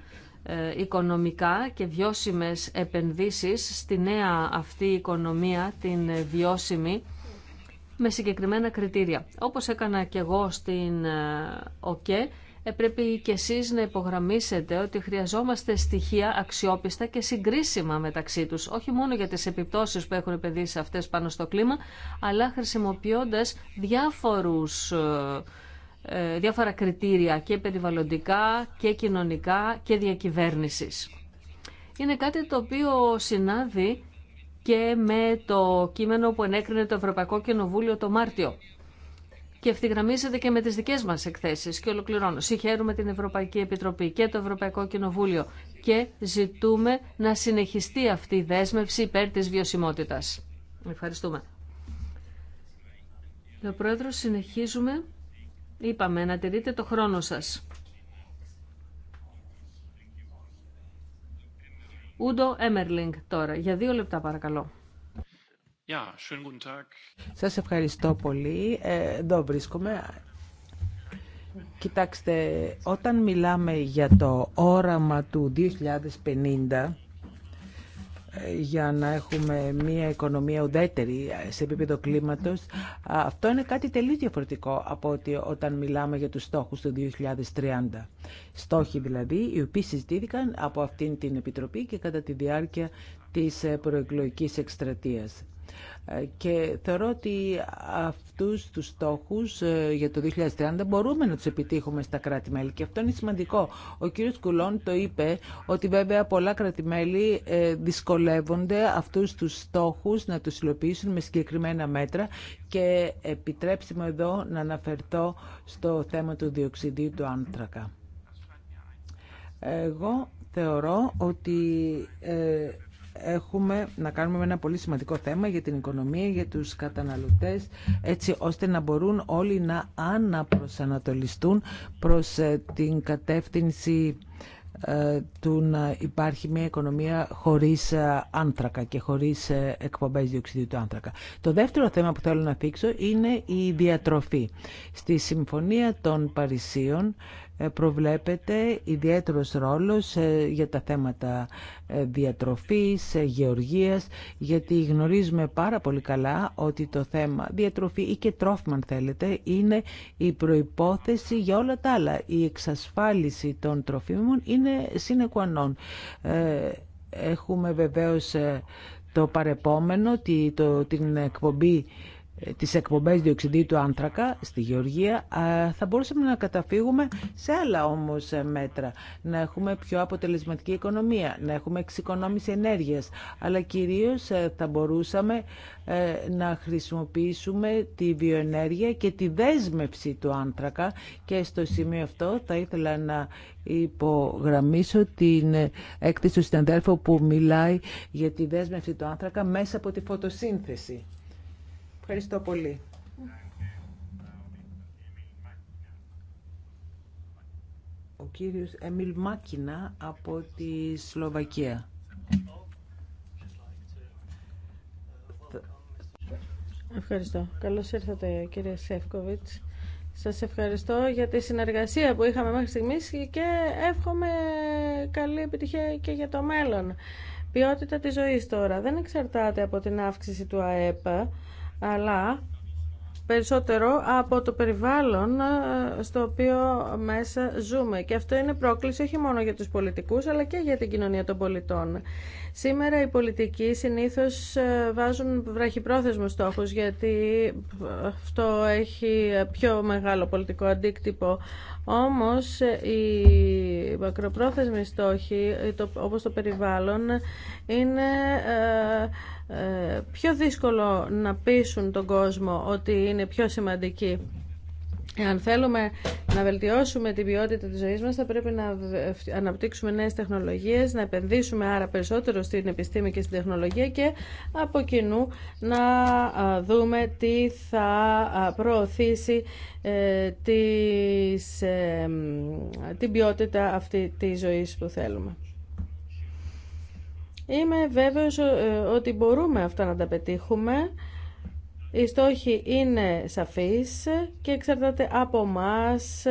ε, οικονομικά και βιώσιμες επενδύσεις στη νέα αυτή οικονομία, την βιώσιμη, με συγκεκριμένα κριτήρια. Όπως έκανα και εγώ στην ε, ΟΚΕ, ε, πρέπει και εσείς να υπογραμμίσετε ότι χρειαζόμαστε στοιχεία αξιόπιστα και συγκρίσιμα μεταξύ τους, όχι μόνο για τις επιπτώσεις που έχουν επενδύσει αυτές πάνω στο κλίμα, αλλά χρησιμοποιώντας διάφορους ε, διάφορα κριτήρια και περιβαλλοντικά και κοινωνικά και διακυβέρνησης. Είναι κάτι το οποίο συνάδει και με το κείμενο που ενέκρινε το Ευρωπαϊκό Κοινοβούλιο το Μάρτιο. Και ευθυγραμμίζεται και με τις δικές μας εκθέσεις Και ολοκληρώνω. Συγχαίρουμε την Ευρωπαϊκή Επιτροπή και το Ευρωπαϊκό Κοινοβούλιο και ζητούμε να συνεχιστεί αυτή η δέσμευση υπέρ της βιωσιμότητας. Ευχαριστούμε. Ο συνεχίζουμε Είπαμε να τηρείτε το χρόνο σας. Ούντο Έμερλινγκ τώρα. Για δύο λεπτά παρακαλώ. Σας ευχαριστώ πολύ. Ε, εδώ βρίσκομαι. Κοιτάξτε, όταν μιλάμε για το όραμα του 2050 για να έχουμε μια οικονομία ουδέτερη σε επίπεδο κλίματος. Αυτό είναι κάτι τελείως διαφορετικό από ότι όταν μιλάμε για τους στόχους του 2030. Στόχοι δηλαδή οι οποίοι συζητήθηκαν από αυτήν την Επιτροπή και κατά τη διάρκεια της προεκλογικής εκστρατείας και θεωρώ ότι αυτούς τους στόχους ε, για το 2030 μπορούμε να τους επιτύχουμε στα κράτη-μέλη και αυτό είναι σημαντικό. Ο κύριος Κουλόν το είπε ότι βέβαια πολλά κράτη-μέλη ε, δυσκολεύονται αυτούς τους στόχους να τους υλοποιήσουν με συγκεκριμένα μέτρα και επιτρέψτε μου εδώ να αναφερθώ στο θέμα του διοξιδίου του άνθρακα. Εγώ θεωρώ ότι ε, έχουμε να κάνουμε ένα πολύ σημαντικό θέμα για την οικονομία, για τους καταναλωτές, έτσι ώστε να μπορούν όλοι να αναπροσανατολιστούν προς ε, την κατεύθυνση ε, του να υπάρχει μια οικονομία χωρίς ε, άνθρακα και χωρίς εκπομπές διοξιδίου του άνθρακα. Το δεύτερο θέμα που θέλω να θίξω είναι η διατροφή. Στη Συμφωνία των Παρισίων ε, προβλέπεται ιδιαίτερος ρόλος ε, για τα θέματα ε, διατροφής, γεωργίας, γιατί γνωρίζουμε πάρα πολύ καλά ότι το θέμα διατροφή ή και τρόφιμα αν θέλετε είναι η προϋπόθεση για όλα τα άλλα. Η εξασφάλιση των τροφίμων είναι συνεκουανών. Έχουμε βεβαίως το παρεπόμενο, την εκπομπή ε, τις εκπομπές διοξιδίου του άνθρακα στη Γεωργία θα μπορούσαμε να καταφύγουμε σε άλλα όμως ε, μέτρα να έχουμε πιο αποτελεσματική οικονομία να έχουμε εξοικονόμηση ενέργειας αλλά κυρίως ε, θα μπορούσαμε να χρησιμοποιήσουμε τη βιοενέργεια και τη δέσμευση του άνθρακα και στο σημείο αυτό θα ήθελα να υπογραμμίσω την έκθεση του συναντέλφου που μιλάει για τη δέσμευση του άνθρακα μέσα από τη φωτοσύνθεση Ευχαριστώ πολύ. Ο κύριος Εμίλ Μάκινα από τη Σλοβακία. Ευχαριστώ. Καλώς ήρθατε κύριε Σεύκοβιτς. Σας ευχαριστώ για τη συνεργασία που είχαμε μέχρι στιγμής και εύχομαι καλή επιτυχία και για το μέλλον. Ποιότητα της ζωής τώρα δεν εξαρτάται από την αύξηση του ΑΕΠΑ αλλά περισσότερο από το περιβάλλον ε, στο οποίο μέσα ζούμε. Και αυτό είναι πρόκληση όχι μόνο για τους πολιτικούς, αλλά και για την κοινωνία των πολιτών. Σήμερα οι πολιτικοί συνήθως ε, βάζουν βραχυπρόθεσμους στόχους, γιατί αυτό έχει πιο μεγάλο πολιτικό αντίκτυπο όμως ε, οι μακροπρόθεσμοι στόχοι, ε, όπως το περιβάλλον, είναι ε, πιο δύσκολο να πείσουν τον κόσμο ότι είναι πιο σημαντικοί. Αν θέλουμε να βελτιώσουμε την ποιότητα της ζωής μας θα πρέπει να αναπτύξουμε νέες τεχνολογίες, να επενδύσουμε άρα περισσότερο στην επιστήμη και στην τεχνολογία και από κοινού να δούμε τι θα προωθήσει ε, ε, την ποιότητα αυτή της ζωής που θέλουμε. Είμαι βέβαιος ε, ότι μπορούμε αυτά να τα πετύχουμε οι στόχοι είναι σαφείς και εξαρτάται από μας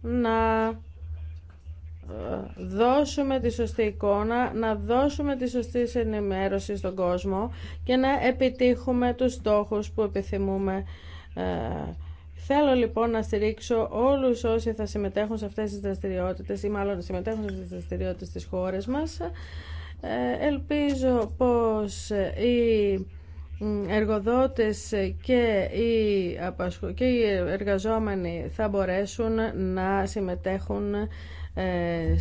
να ε, δώσουμε τη σωστή εικόνα, να δώσουμε τη σωστή ενημέρωση στον κόσμο και να επιτύχουμε τους στόχους που επιθυμούμε. Ε, θέλω λοιπόν να στηρίξω όλους όσοι θα συμμετέχουν σε αυτές τις δραστηριότητες ή μάλλον συμμετέχουν σε αυτές τις δραστηριότητες στις χώρες μας. Ε, ελπίζω πως η εργοδότες και οι, απασχο... και οι εργαζόμενοι θα μπορέσουν να συμμετέχουν ε,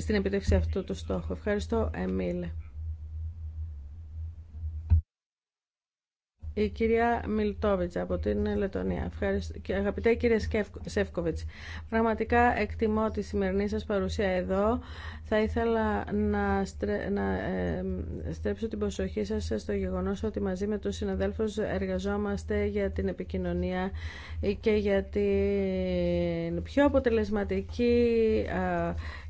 στην επιτεύξη αυτού του στόχου. Ευχαριστώ, Εμίλ. η κυρία Μιλτόβιτς από την Λετωνία. Ευχαριστώ. αγαπητέ κύριε Σεύκοβιτς, πραγματικά εκτιμώ τη σημερινή σας παρουσία εδώ. Θα ήθελα να, να στρέψω την προσοχή σας στο γεγονός ότι μαζί με τους συναδέλφους εργαζόμαστε για την επικοινωνία και για την πιο αποτελεσματική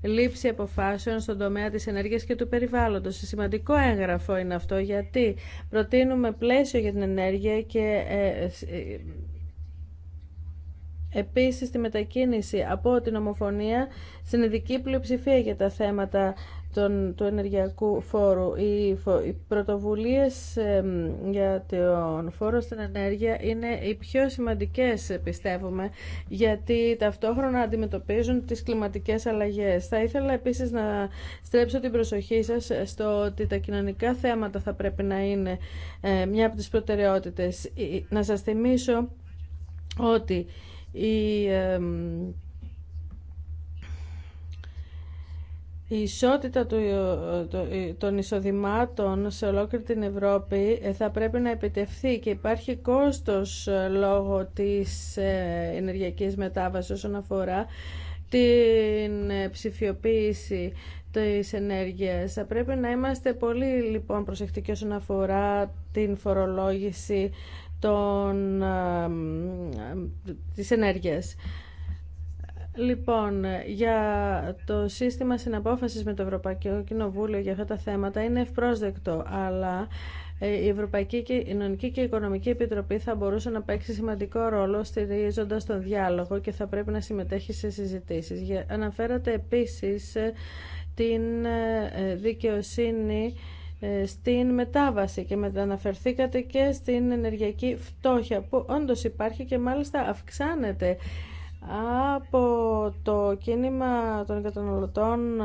λήψη αποφάσεων στον τομέα της ενέργειας και του περιβάλλοντος. Σημαντικό έγγραφο είναι αυτό γιατί προτείνουμε πλαίσιο για την ενέργεια και ε, ε, Επίσης, τη μετακίνηση από την ομοφωνία στην ειδική πλειοψηφία για τα θέματα τον του ενεργειακού φόρου. Οι, οι πρωτοβουλίες για τον φόρο στην ενέργεια είναι οι πιο σημαντικές, πιστεύουμε, γιατί ταυτόχρονα αντιμετωπίζουν τις κλιματικές αλλαγές. Θα ήθελα επίσης να στρέψω την προσοχή σας στο ότι τα κοινωνικά θέματα θα πρέπει να είναι ε, μια από τις προτεραιότητες. Να σας θυμίσω ότι η Η ισότητα ε, ε, των εισοδημάτων σε ολόκληρη την Ευρώπη ε, θα πρέπει να επιτευχθεί και υπάρχει κόστος λόγω της ενεργειακής μετάβασης όσον αφορά την ψηφιοποίηση της ενέργειας. Θα πρέπει να είμαστε πολύ λοιπόν προσεκτικοί όσον αφορά την φορολόγηση των, της ενέργειας. Λοιπόν, για το σύστημα συναπόφασης με το Ευρωπαϊκό Κοινοβούλιο για αυτά τα θέματα είναι ευπρόσδεκτο, αλλά ε, η Ευρωπαϊκή Κοινωνική και Οικονομική Επιτροπή θα μπορούσε να παίξει σημαντικό ρόλο στηρίζοντα τον διάλογο και θα πρέπει να συμμετέχει σε συζητήσεις. Αναφέρατε επίσης ε, την ε, δικαιοσύνη στην μετάβαση και μεταναφερθήκατε και στην ενεργειακή φτώχεια που όντως υπάρχει και μάλιστα αυξάνεται από το κίνημα των καταναλωτών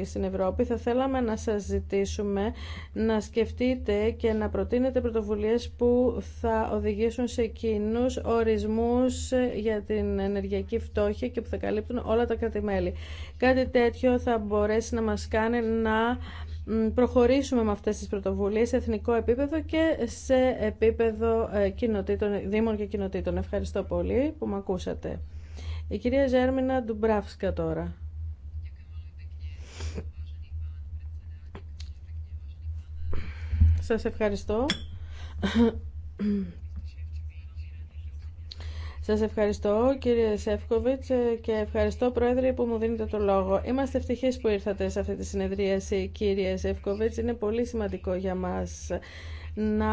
ε, στην Ευρώπη θα θέλαμε να σας ζητήσουμε να σκεφτείτε και να προτείνετε πρωτοβουλίες που θα οδηγήσουν σε κοινού ορισμούς ε, για την ενεργειακή φτώχεια και που θα καλύπτουν όλα τα κράτη-μέλη. Κάτι τέτοιο θα μπορέσει να μας κάνει να προχωρήσουμε με αυτές τις πρωτοβουλίες σε εθνικό επίπεδο και σε επίπεδο ε, κοινοτήτων, δήμων και κοινοτήτων. Ευχαριστώ πολύ που με ακούσατε. Η κυρία Ζέρμινα Ντουμπράφσκα τώρα. Σας ευχαριστώ. Σας ευχαριστώ κύριε Σεύκοβιτς και ευχαριστώ πρόεδρε που μου δίνετε το λόγο. Είμαστε ευτυχείς που ήρθατε σε αυτή τη συνεδρίαση κύριε Σεύκοβιτς. Είναι πολύ σημαντικό για μας να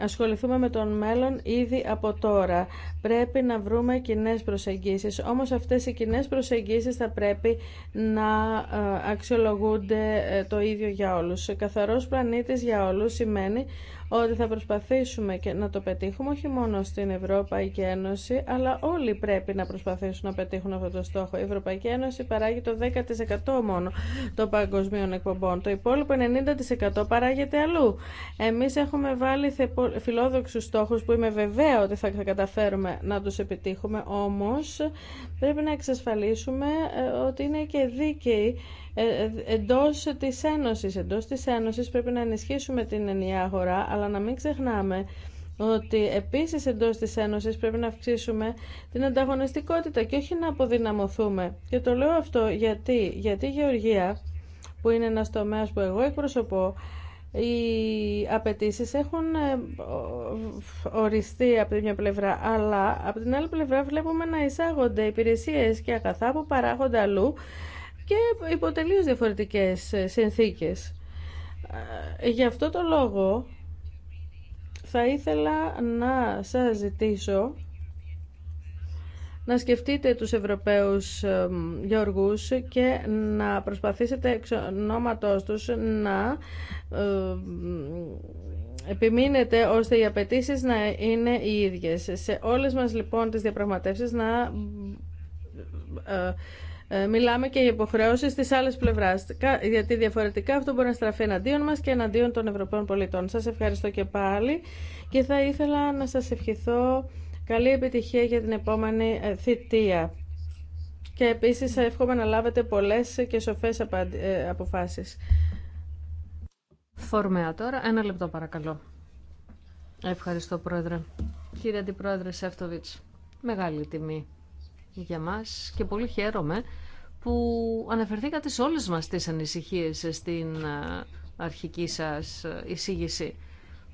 ασχοληθούμε με τον μέλλον ήδη από τώρα. Πρέπει να βρούμε κοινέ προσεγγίσεις. Όμως αυτές οι κοινέ προσεγγίσεις θα πρέπει να ε, αξιολογούνται ε, το ίδιο για όλους. Καθαρός πλανήτης για όλους σημαίνει ότι θα προσπαθήσουμε και να το πετύχουμε όχι μόνο στην Ευρωπαϊκή Ένωση, αλλά όλοι πρέπει να προσπαθήσουν να πετύχουν αυτό το στόχο. Η Ευρωπαϊκή Ένωση παράγει το 10% μόνο των παγκοσμίων εκπομπών. Το υπόλοιπο 90% παράγεται αλλού. Εμείς έχουμε βάλει φιλόδοξους στόχους που είμαι βεβαία ότι θα καταφέρουμε να τους επιτύχουμε, όμως πρέπει να εξασφαλίσουμε ε, ότι είναι και δίκαιοι ε, ε, εντός της Ένωσης. Εντός της Ένωσης πρέπει να ενισχύσουμε την ενιαία αγορά, αλλά να μην ξεχνάμε ότι επίσης εντός της Ένωσης πρέπει να αυξήσουμε την ανταγωνιστικότητα και όχι να αποδυναμωθούμε. Και το λέω αυτό γιατί, γιατί η γεωργία, που είναι ένας τομέας που εγώ εκπροσωπώ, οι απαιτήσει έχουν ε, οριστεί από τη μια πλευρά, αλλά από την άλλη πλευρά βλέπουμε να εισάγονται υπηρεσίες και αγαθά που παράγονται αλλού και υποτελείως διαφορετικές συνθήκες. Ε, γι' αυτό το λόγο θα ήθελα να σας ζητήσω να σκεφτείτε τους Ευρωπαίους γεωργούς και να προσπαθήσετε εξ ονόματός τους να επιμείνετε ώστε οι απαιτήσει να είναι οι ίδιες. Σε όλες μας λοιπόν τις διαπραγματεύσεις να ε, ε, μιλάμε και για υποχρεώσει τη άλλη πλευρά. Γιατί διαφορετικά αυτό μπορεί να στραφεί εναντίον μα και εναντίον των Ευρωπαίων πολιτών. Σα ευχαριστώ και πάλι και θα ήθελα να σα ευχηθώ καλή επιτυχία για την επόμενη ε, θητεία. Και επίση εύχομαι να λάβετε πολλές και σοφές ε, αποφάσεις. Φορμαία τώρα. Ένα λεπτό παρακαλώ. Ευχαριστώ Πρόεδρε. Κύριε Αντιπρόεδρε Σεφτοβίτς, μεγάλη τιμή για μας και πολύ χαίρομαι που αναφερθήκατε σε όλες μας τις ανησυχίες στην ε, αρχική σας ε, εισήγηση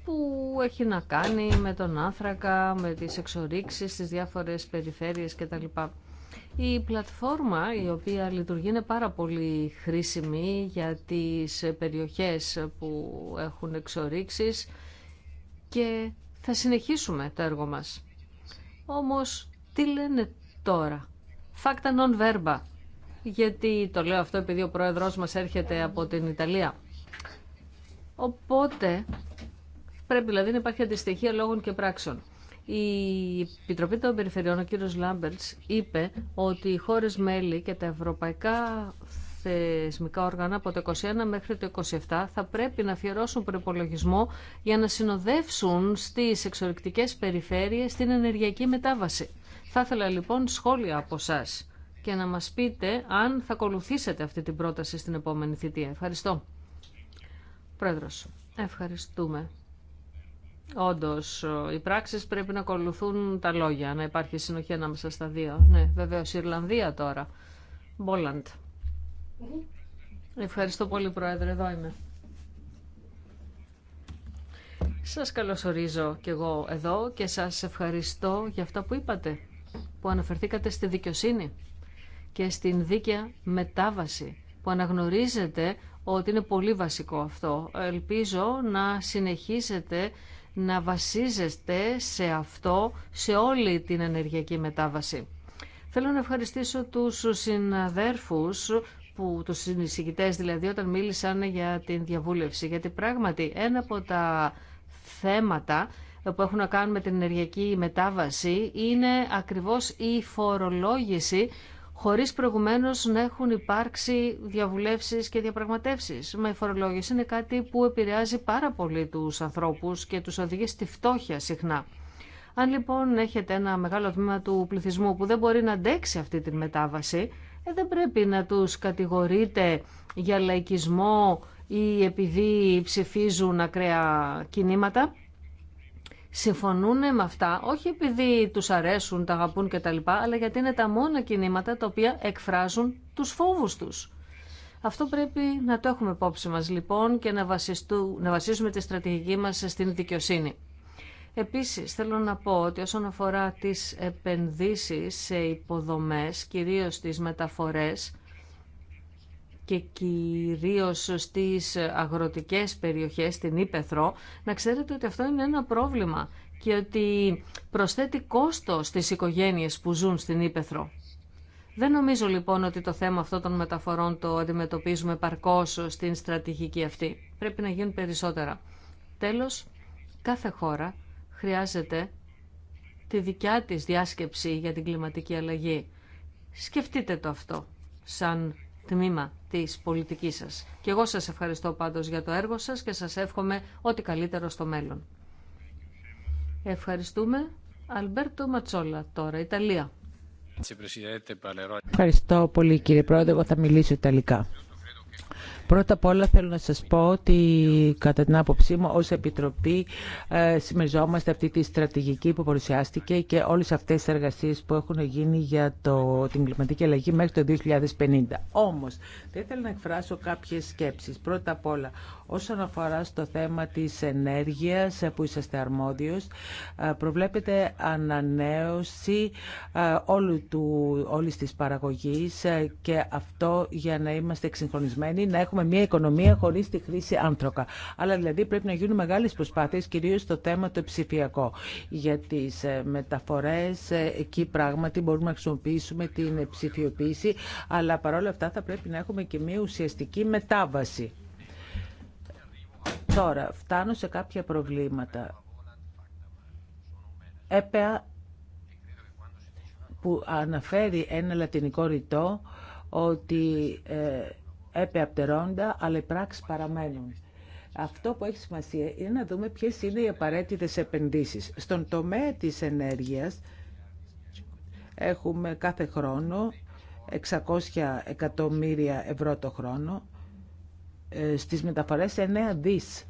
που έχει να κάνει με τον άνθρακα, με τις εξορίξεις τις διάφορες περιφέρειες κτλ. Η πλατφόρμα η οποία λειτουργεί είναι πάρα πολύ χρήσιμη για τις περιοχές που έχουν εξορίξεις και θα συνεχίσουμε το έργο μας. Όμως τι λένε Τώρα, φάκτα non verba. Γιατί το λέω αυτό επειδή ο πρόεδρος μας έρχεται από την Ιταλία. Οπότε, πρέπει δηλαδή να υπάρχει αντιστοιχεία λόγων και πράξεων. Η Επιτροπή των Περιφερειών, ο κύριος Λάμπερτς, είπε ότι οι χώρες μέλη και τα ευρωπαϊκά θεσμικά όργανα από το 21 μέχρι το 27 θα πρέπει να αφιερώσουν προπολογισμό για να συνοδεύσουν στις εξορρυκτικές περιφέρειες την ενεργειακή μετάβαση. Θα ήθελα λοιπόν σχόλια από εσά και να μας πείτε αν θα ακολουθήσετε αυτή την πρόταση στην επόμενη θητεία. Ευχαριστώ. Πρόεδρος, ευχαριστούμε. Όντω, οι πράξεις πρέπει να ακολουθούν τα λόγια, να υπάρχει συνοχή ανάμεσα στα δύο. Ναι, βεβαίω, Ιρλανδία τώρα. Μπόλαντ. Ευχαριστώ πολύ, Πρόεδρε. Εδώ είμαι. Σας καλωσορίζω κι εγώ εδώ και σας ευχαριστώ για αυτά που είπατε που αναφερθήκατε στη δικαιοσύνη και στην δίκαια μετάβαση που αναγνωρίζετε ότι είναι πολύ βασικό αυτό. Ελπίζω να συνεχίσετε να βασίζεστε σε αυτό, σε όλη την ενεργειακή μετάβαση. Θέλω να ευχαριστήσω τους συναδέρφους που τους συνεισηγητές δηλαδή όταν μίλησαν για την διαβούλευση γιατί πράγματι ένα από τα θέματα που έχουν να κάνουν με την ενεργειακή μετάβαση είναι ακριβώς η φορολόγηση χωρίς προηγουμένως να έχουν υπάρξει διαβουλεύσεις και διαπραγματεύσεις. Με η φορολόγηση είναι κάτι που επηρεάζει πάρα πολύ τους ανθρώπους και τους οδηγεί στη φτώχεια συχνά. Αν λοιπόν έχετε ένα μεγάλο τμήμα του πληθυσμού που δεν μπορεί να αντέξει αυτή τη μετάβαση, ε, δεν πρέπει να τους κατηγορείτε για λαϊκισμό ή επειδή ψηφίζουν ακραία κινήματα συμφωνούν με αυτά όχι επειδή τους αρέσουν, τα αγαπούν κτλ, αλλά γιατί είναι τα μόνα κινήματα τα οποία εκφράζουν τους φόβους τους. Αυτό πρέπει να το έχουμε υπόψη μας λοιπόν και να, να βασίσουμε τη στρατηγική μας στην δικαιοσύνη. Επίσης θέλω να πω ότι όσον αφορά τις επενδύσεις σε υποδομές, κυρίως τις μεταφορές, και κυρίως στις αγροτικές περιοχές, στην Ήπεθρο, να ξέρετε ότι αυτό είναι ένα πρόβλημα και ότι προσθέτει κόστος στις οικογένειες που ζουν στην Ήπεθρο. Δεν νομίζω λοιπόν ότι το θέμα αυτό των μεταφορών το αντιμετωπίζουμε παρκώς στην στρατηγική αυτή. Πρέπει να γίνουν περισσότερα. Τέλος, κάθε χώρα χρειάζεται τη δικιά της διάσκεψη για την κλιματική αλλαγή. Σκεφτείτε το αυτό σαν τμήμα της πολιτικής σας. Και εγώ σας ευχαριστώ πάντως για το έργο σας και σας εύχομαι ό,τι καλύτερο στο μέλλον. Ευχαριστούμε. Αλμπέρτο Ματσόλα τώρα, Ιταλία. Ευχαριστώ πολύ κύριε Πρόεδρε, εγώ θα μιλήσω Ιταλικά. Πρώτα απ' όλα θέλω να σας πω ότι κατά την άποψή μου ως Επιτροπή ε, συμμεριζόμαστε αυτή τη στρατηγική που παρουσιάστηκε και όλες αυτές τις εργασίες που έχουν γίνει για το, την κλιματική αλλαγή μέχρι το 2050. Όμως, θα ήθελα να εκφράσω κάποιες σκέψεις. Πρώτα απ' όλα, όσον αφορά στο θέμα της ενέργειας ε, που είσαστε αρμόδιος, ε, προβλέπετε ανανέωση όλου του, όλης της παραγωγής και αυτό για να είμαστε εξυγχρονισμένοι, να έχουμε έχουμε μια οικονομία χωρί τη χρήση άνθρωκα. Αλλά δηλαδή πρέπει να γίνουν μεγάλε προσπάθειε, κυρίω στο θέμα το ψηφιακό. Για τι ε, μεταφορέ, ε, εκεί πράγματι μπορούμε να χρησιμοποιήσουμε την ψηφιοποίηση, αλλά παρόλα αυτά θα πρέπει να έχουμε και μια ουσιαστική μετάβαση. Τώρα, φτάνω σε κάποια προβλήματα. Έπεα που αναφέρει ένα λατινικό ρητό ότι ε, επεαπτερώντα, αλλά οι πράξεις παραμένουν. Αυτό που έχει σημασία είναι να δούμε ποιες είναι οι απαραίτητες επενδύσεις. Στον τομέα της ενέργειας έχουμε κάθε χρόνο 600 εκατομμύρια ευρώ το χρόνο, ε, στις μεταφορές 9 δις.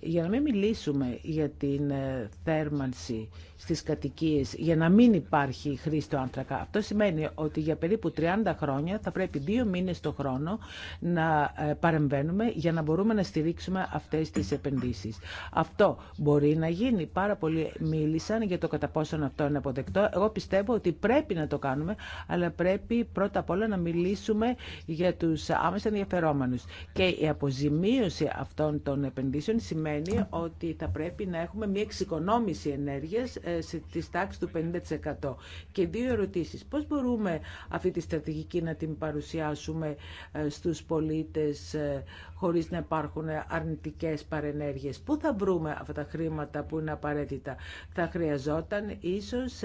Για να μην μιλήσουμε για την ε, θέρμανση στις κατοικίες για να μην υπάρχει χρήση του άνθρακα. Αυτό σημαίνει ότι για περίπου 30 χρόνια θα πρέπει δύο μήνες το χρόνο να ε, παρεμβαίνουμε για να μπορούμε να στηρίξουμε αυτές τις επενδύσεις. Αυτό μπορεί να γίνει. Πάρα πολλοί μίλησαν για το κατά πόσο αυτό είναι αποδεκτό. Εγώ πιστεύω ότι πρέπει να το κάνουμε, αλλά πρέπει πρώτα απ' όλα να μιλήσουμε για τους άμεσα ενδιαφερόμενους. Και η αποζημίωση αυτών των επενδύσεων σημαίνει ότι θα πρέπει να έχουμε μια εξοικονόμηση ενέργειας ε, τη τάξη του 50%. Και δύο ερωτήσεις. Πώς μπορούμε αυτή τη στρατηγική να την παρουσιάσουμε ε, στους πολίτες ε, χωρίς να υπάρχουν αρνητικές παρενέργειες. Πού θα βρούμε αυτά τα χρήματα που είναι απαραίτητα. Θα χρειαζόταν ίσως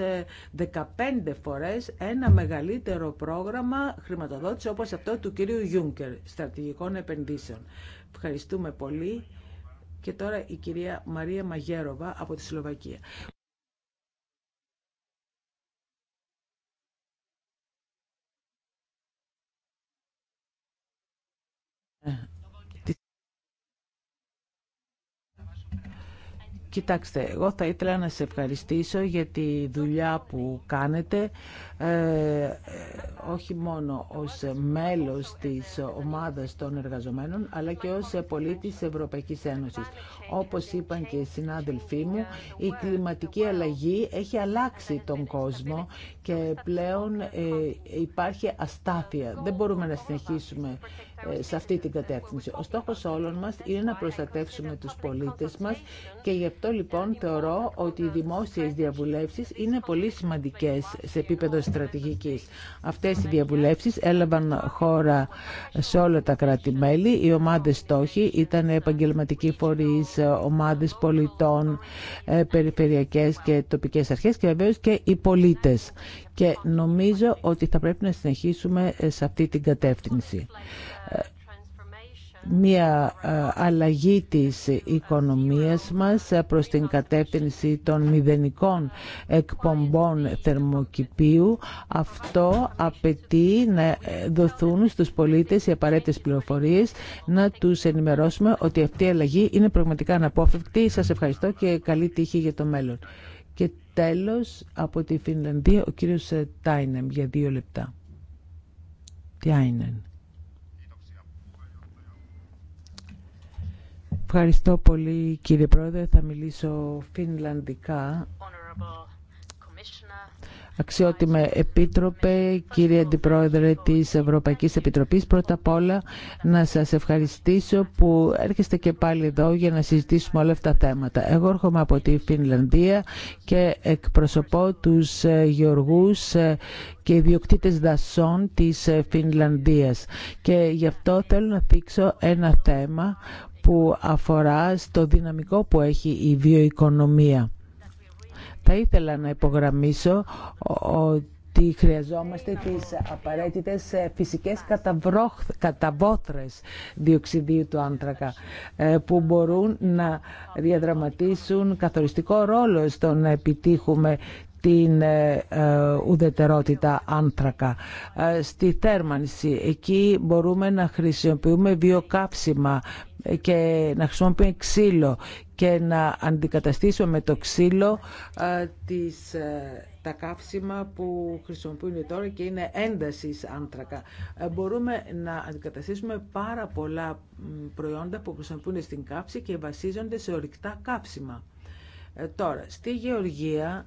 15 φορές ένα μεγαλύτερο πρόγραμμα χρηματοδότηση όπως αυτό του κυρίου Γιούγκερ, στρατηγικών επενδύσεων. Ευχαριστούμε πολύ. Και τώρα η κυρία Μαρία Μαγέροβα από τη Σλοβακία. Κοιτάξτε, εγώ θα ήθελα να σε ευχαριστήσω για τη δουλειά που κάνετε, ε, όχι μόνο ως μέλος της ομάδας των εργαζομένων, αλλά και ως πολίτης της Ευρωπαϊκής Ένωσης. Όπως είπαν και οι συνάδελφοί μου, η κλιματική αλλαγή έχει αλλάξει τον κόσμο και πλέον ε, υπάρχει αστάθεια. Δεν μπορούμε να συνεχίσουμε ε, σε αυτή την κατεύθυνση. Ο στόχος όλων μας είναι να προστατεύσουμε τους πολίτες μας και γι' αυτό λοιπόν θεωρώ ότι οι δημόσιες διαβουλεύσεις είναι πολύ σημαντικές σε επίπεδο στρατηγικής. Αυτές οι διαβουλεύσεις έλαβαν χώρα σε όλα τα κράτη-μέλη. Οι ομάδες στόχοι ήταν επαγγελματικοί φορείς, ομάδες πολιτών, ε, περιφερειακές και τοπικές αρχές και βεβαίως και οι πολίτες. Και νομίζω ότι θα πρέπει να συνεχίσουμε ε, σε αυτή την κατεύθυνση μια ε, αλλαγή της οικονομίας μας προς την κατεύθυνση των μηδενικών εκπομπών θερμοκηπίου. Αυτό απαιτεί να ε, δοθούν στους πολίτες οι απαραίτητες πληροφορίες, να τους ενημερώσουμε ότι αυτή η αλλαγή είναι πραγματικά αναπόφευκτη. Σας ευχαριστώ και καλή τύχη για το μέλλον. Και τέλος από τη Φινλανδία ο κύριος Τάινεμ για δύο λεπτά. Τάινεμ. Ευχαριστώ πολύ κύριε Πρόεδρε. Θα μιλήσω φινλανδικά. Αξιότιμε Επίτροπε, κύριε Αντιπρόεδρε της Ευρωπαϊκής Επιτροπής, πρώτα απ' όλα να σας ευχαριστήσω που έρχεστε και πάλι εδώ για να συζητήσουμε όλα αυτά τα θέματα. Εγώ έρχομαι από τη Φινλανδία και εκπροσωπώ τους ε, γεωργούς ε, και ιδιοκτήτες δασών της ε, Φινλανδίας. Και γι' αυτό θέλω να δείξω ένα θέμα που αφορά στο δυναμικό που έχει η βιοοικονομία. Θα ήθελα να υπογραμμίσω ότι χρειαζόμαστε τις απαραίτητες φυσικές καταβόθρες διοξιδίου του άνθρακα ε, που μπορούν να διαδραματίσουν καθοριστικό ρόλο στο να επιτύχουμε την ε, ε, ουδετερότητα άνθρακα. Ε, στη θέρμανση, εκεί μπορούμε να χρησιμοποιούμε βιοκαύσιμα και να χρησιμοποιούμε ξύλο και να αντικαταστήσουμε με το ξύλο τις, τα καύσιμα που χρησιμοποιούν τώρα και είναι ένταση άνθρακα. μπορούμε να αντικαταστήσουμε πάρα πολλά προϊόντα που χρησιμοποιούν στην κάψη και βασίζονται σε ορυκτά καύσιμα. τώρα, στη γεωργία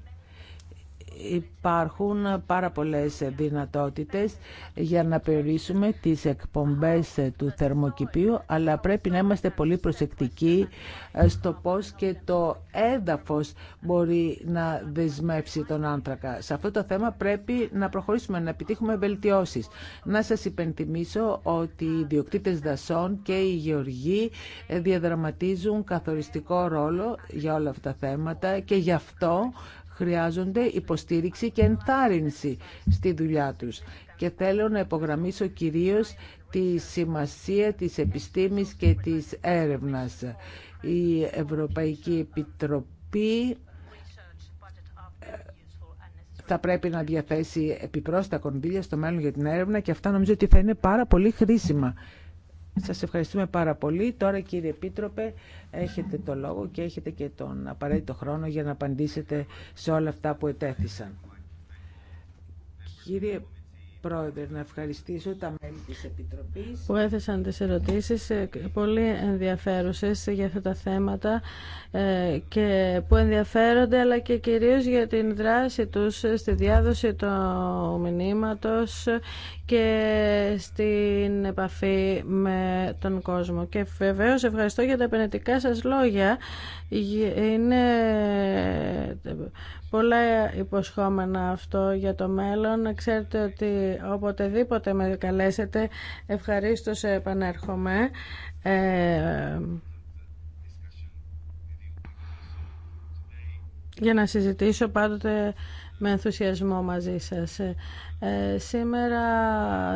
υπάρχουν πάρα πολλές δυνατότητες για να περιορίσουμε τις εκπομπές του θερμοκηπίου αλλά πρέπει να είμαστε πολύ προσεκτικοί ε, στο πώς και το έδαφος μπορεί να δεσμεύσει τον άνθρακα. Σε αυτό το θέμα πρέπει να προχωρήσουμε, να επιτύχουμε βελτιώσεις. Να σας υπενθυμίσω ότι οι διοκτήτες δασών και οι γεωργοί ε, διαδραματίζουν καθοριστικό ρόλο για όλα αυτά τα θέματα και γι' αυτό χρειάζονται υποστήριξη και ενθάρρυνση στη δουλειά τους. Και θέλω να υπογραμμίσω κυρίως τη σημασία της επιστήμης και της έρευνας. Η Ευρωπαϊκή Επιτροπή ε, θα πρέπει να διαθέσει επιπρόσθετα κονδύλια στο μέλλον για την έρευνα και αυτά νομίζω ότι θα είναι πάρα πολύ χρήσιμα σας ευχαριστούμε πάρα πολύ. Τώρα κύριε Επίτροπε έχετε το λόγο και έχετε και τον απαραίτητο χρόνο για να απαντήσετε σε όλα αυτά που ετέθησαν. Κύριε Πρόεδρε, να ευχαριστήσω τα μέλη της Επιτροπής που έθεσαν τις ερωτήσεις ε, πολύ ενδιαφέρουσες για αυτά τα θέματα ε, και που ενδιαφέρονται αλλά και κυρίως για την δράση τους στη διάδοση του μηνύματος και στην επαφή με τον κόσμο. Και βεβαίως ευχαριστώ για τα επενετικά σας λόγια. Είναι ε, πολλά υποσχόμενα αυτό για το μέλλον. Ξέρετε ότι οποτεδήποτε με καλέσετε ευχαρίστως επανέρχομαι. Ε, για να συζητήσω πάντοτε με ενθουσιασμό μαζί σας. Ε, ε, σήμερα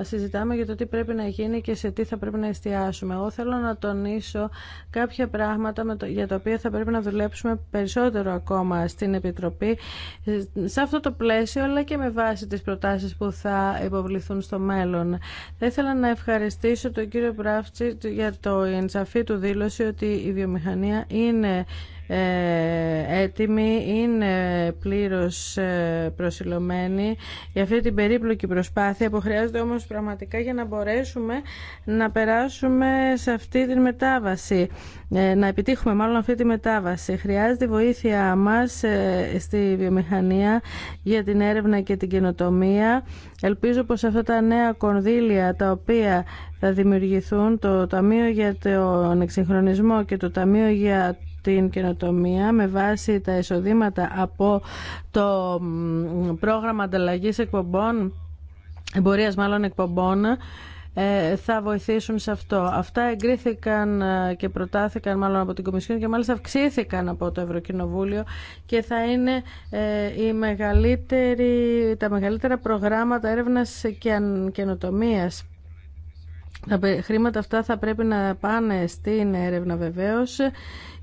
συζητάμε για το τι πρέπει να γίνει και σε τι θα πρέπει να εστιάσουμε. Εγώ θέλω να τονίσω κάποια πράγματα με το, για τα οποία θα πρέπει να δουλέψουμε περισσότερο ακόμα στην Επιτροπή ε, σε αυτό το πλαίσιο αλλά και με βάση τις προτάσεις που θα υποβληθούν στο μέλλον. Θα ήθελα να ευχαριστήσω τον κύριο Μπράφτση για το ενσαφή του δήλωση ότι η βιομηχανία είναι ε, έτοιμοι, είναι πλήρως ε, προσιλωμένη για αυτή την περίπλοκη προσπάθεια που χρειάζεται όμως πραγματικά για να μπορέσουμε να περάσουμε σε αυτή τη μετάβαση, ε, να επιτύχουμε μάλλον αυτή τη μετάβαση. Χρειάζεται βοήθειά μας στη βιομηχανία για την έρευνα και την καινοτομία. Ελπίζω πως αυτά τα νέα κονδύλια τα οποία θα δημιουργηθούν, το Ταμείο για τον Εξυγχρονισμό και το Ταμείο για την καινοτομία με βάση τα εισοδήματα από το πρόγραμμα ανταλλαγής εκπομπών, εμπορίας μάλλον εκπομπών, ε, θα βοηθήσουν σε αυτό. Αυτά εγκρίθηκαν ε, και προτάθηκαν μάλλον από την Κομισιόν και μάλιστα αυξήθηκαν από το Ευρωκοινοβούλιο και θα είναι ε, η μεγαλύτερη, τα μεγαλύτερα προγράμματα έρευνας και καινοτομίας. Τα χρήματα αυτά θα πρέπει να πάνε στην έρευνα βεβαίως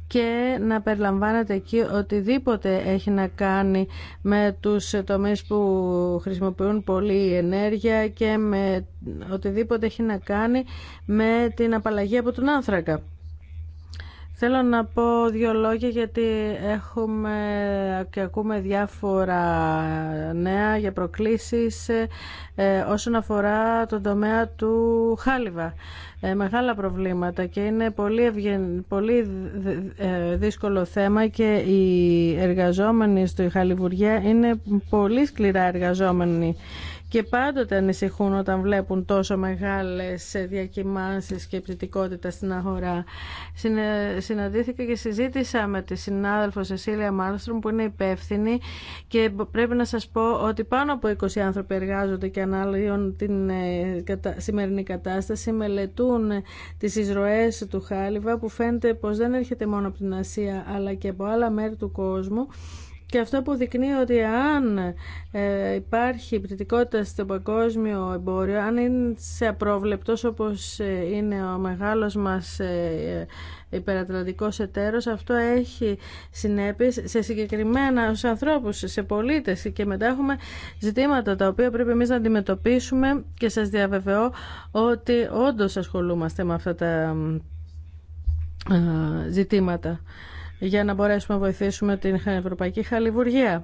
και να περιλαμβάνεται εκεί οτιδήποτε έχει να κάνει με τους τομείς που χρησιμοποιούν πολύ ενέργεια και με οτιδήποτε έχει να κάνει με την απαλλαγή από τον άνθρακα. Θέλω να πω δύο λόγια γιατί έχουμε και ακούμε διάφορα νέα για προκλήσεις ε, όσον αφορά τον τομέα του Χάλιβα. Ε, μεγάλα προβλήματα και είναι πολύ, ευγεν... πολύ ε, δύσκολο θέμα και οι εργαζόμενοι στο Χαλιβουργία είναι πολύ σκληρά εργαζόμενοι και πάντοτε ανησυχούν όταν βλέπουν τόσο μεγάλες διακοιμάνσεις και επιτητικότητα στην αγορά. Συναντήθηκα και συζήτησα με τη συνάδελφο Σεσίλια Μάλστρομ που είναι υπεύθυνη και πρέπει να σας πω ότι πάνω από 20 άνθρωποι εργάζονται και ανάλογον την ε, σημερινή κατάσταση μελετούν τις εισρωές του Χάλιβα που φαίνεται πως δεν έρχεται μόνο από την Ασία αλλά και από άλλα μέρη του κόσμου και αυτό αποδεικνύει ότι αν ε, υπάρχει πληθυντικότητα στο παγκόσμιο εμπόριο, αν είναι σε απρόβλεπτος όπως ε, είναι ο μεγάλος μας ε, υπερατλαντικός εταίρος, αυτό έχει συνέπειες σε συγκεκριμένα στους ανθρώπους, σε πολίτες και μετά έχουμε ζητήματα τα οποία πρέπει εμείς να αντιμετωπίσουμε και σας διαβεβαιώ ότι όντως ασχολούμαστε με αυτά τα ζητήματα για να μπορέσουμε να βοηθήσουμε την Ευρωπαϊκή Χαλιβουργία.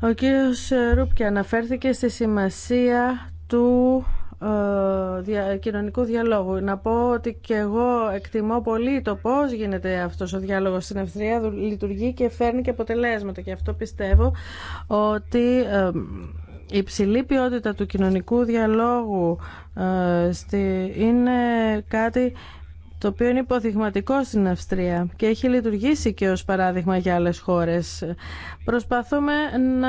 Ο κύριος Ρούπκια αναφέρθηκε στη σημασία του ε, κοινωνικού διαλόγου. Να πω ότι και εγώ εκτιμώ πολύ το πώς γίνεται αυτός ο διάλογος στην Αυστρία, λειτουργεί και φέρνει και αποτελέσματα και αυτό πιστεύω ότι η ε, υψηλή ποιότητα του κοινωνικού διαλόγου ε, είναι κάτι το οποίο είναι υποδειγματικό στην Αυστρία και έχει λειτουργήσει και ως παράδειγμα για άλλες χώρες. Προσπαθούμε να,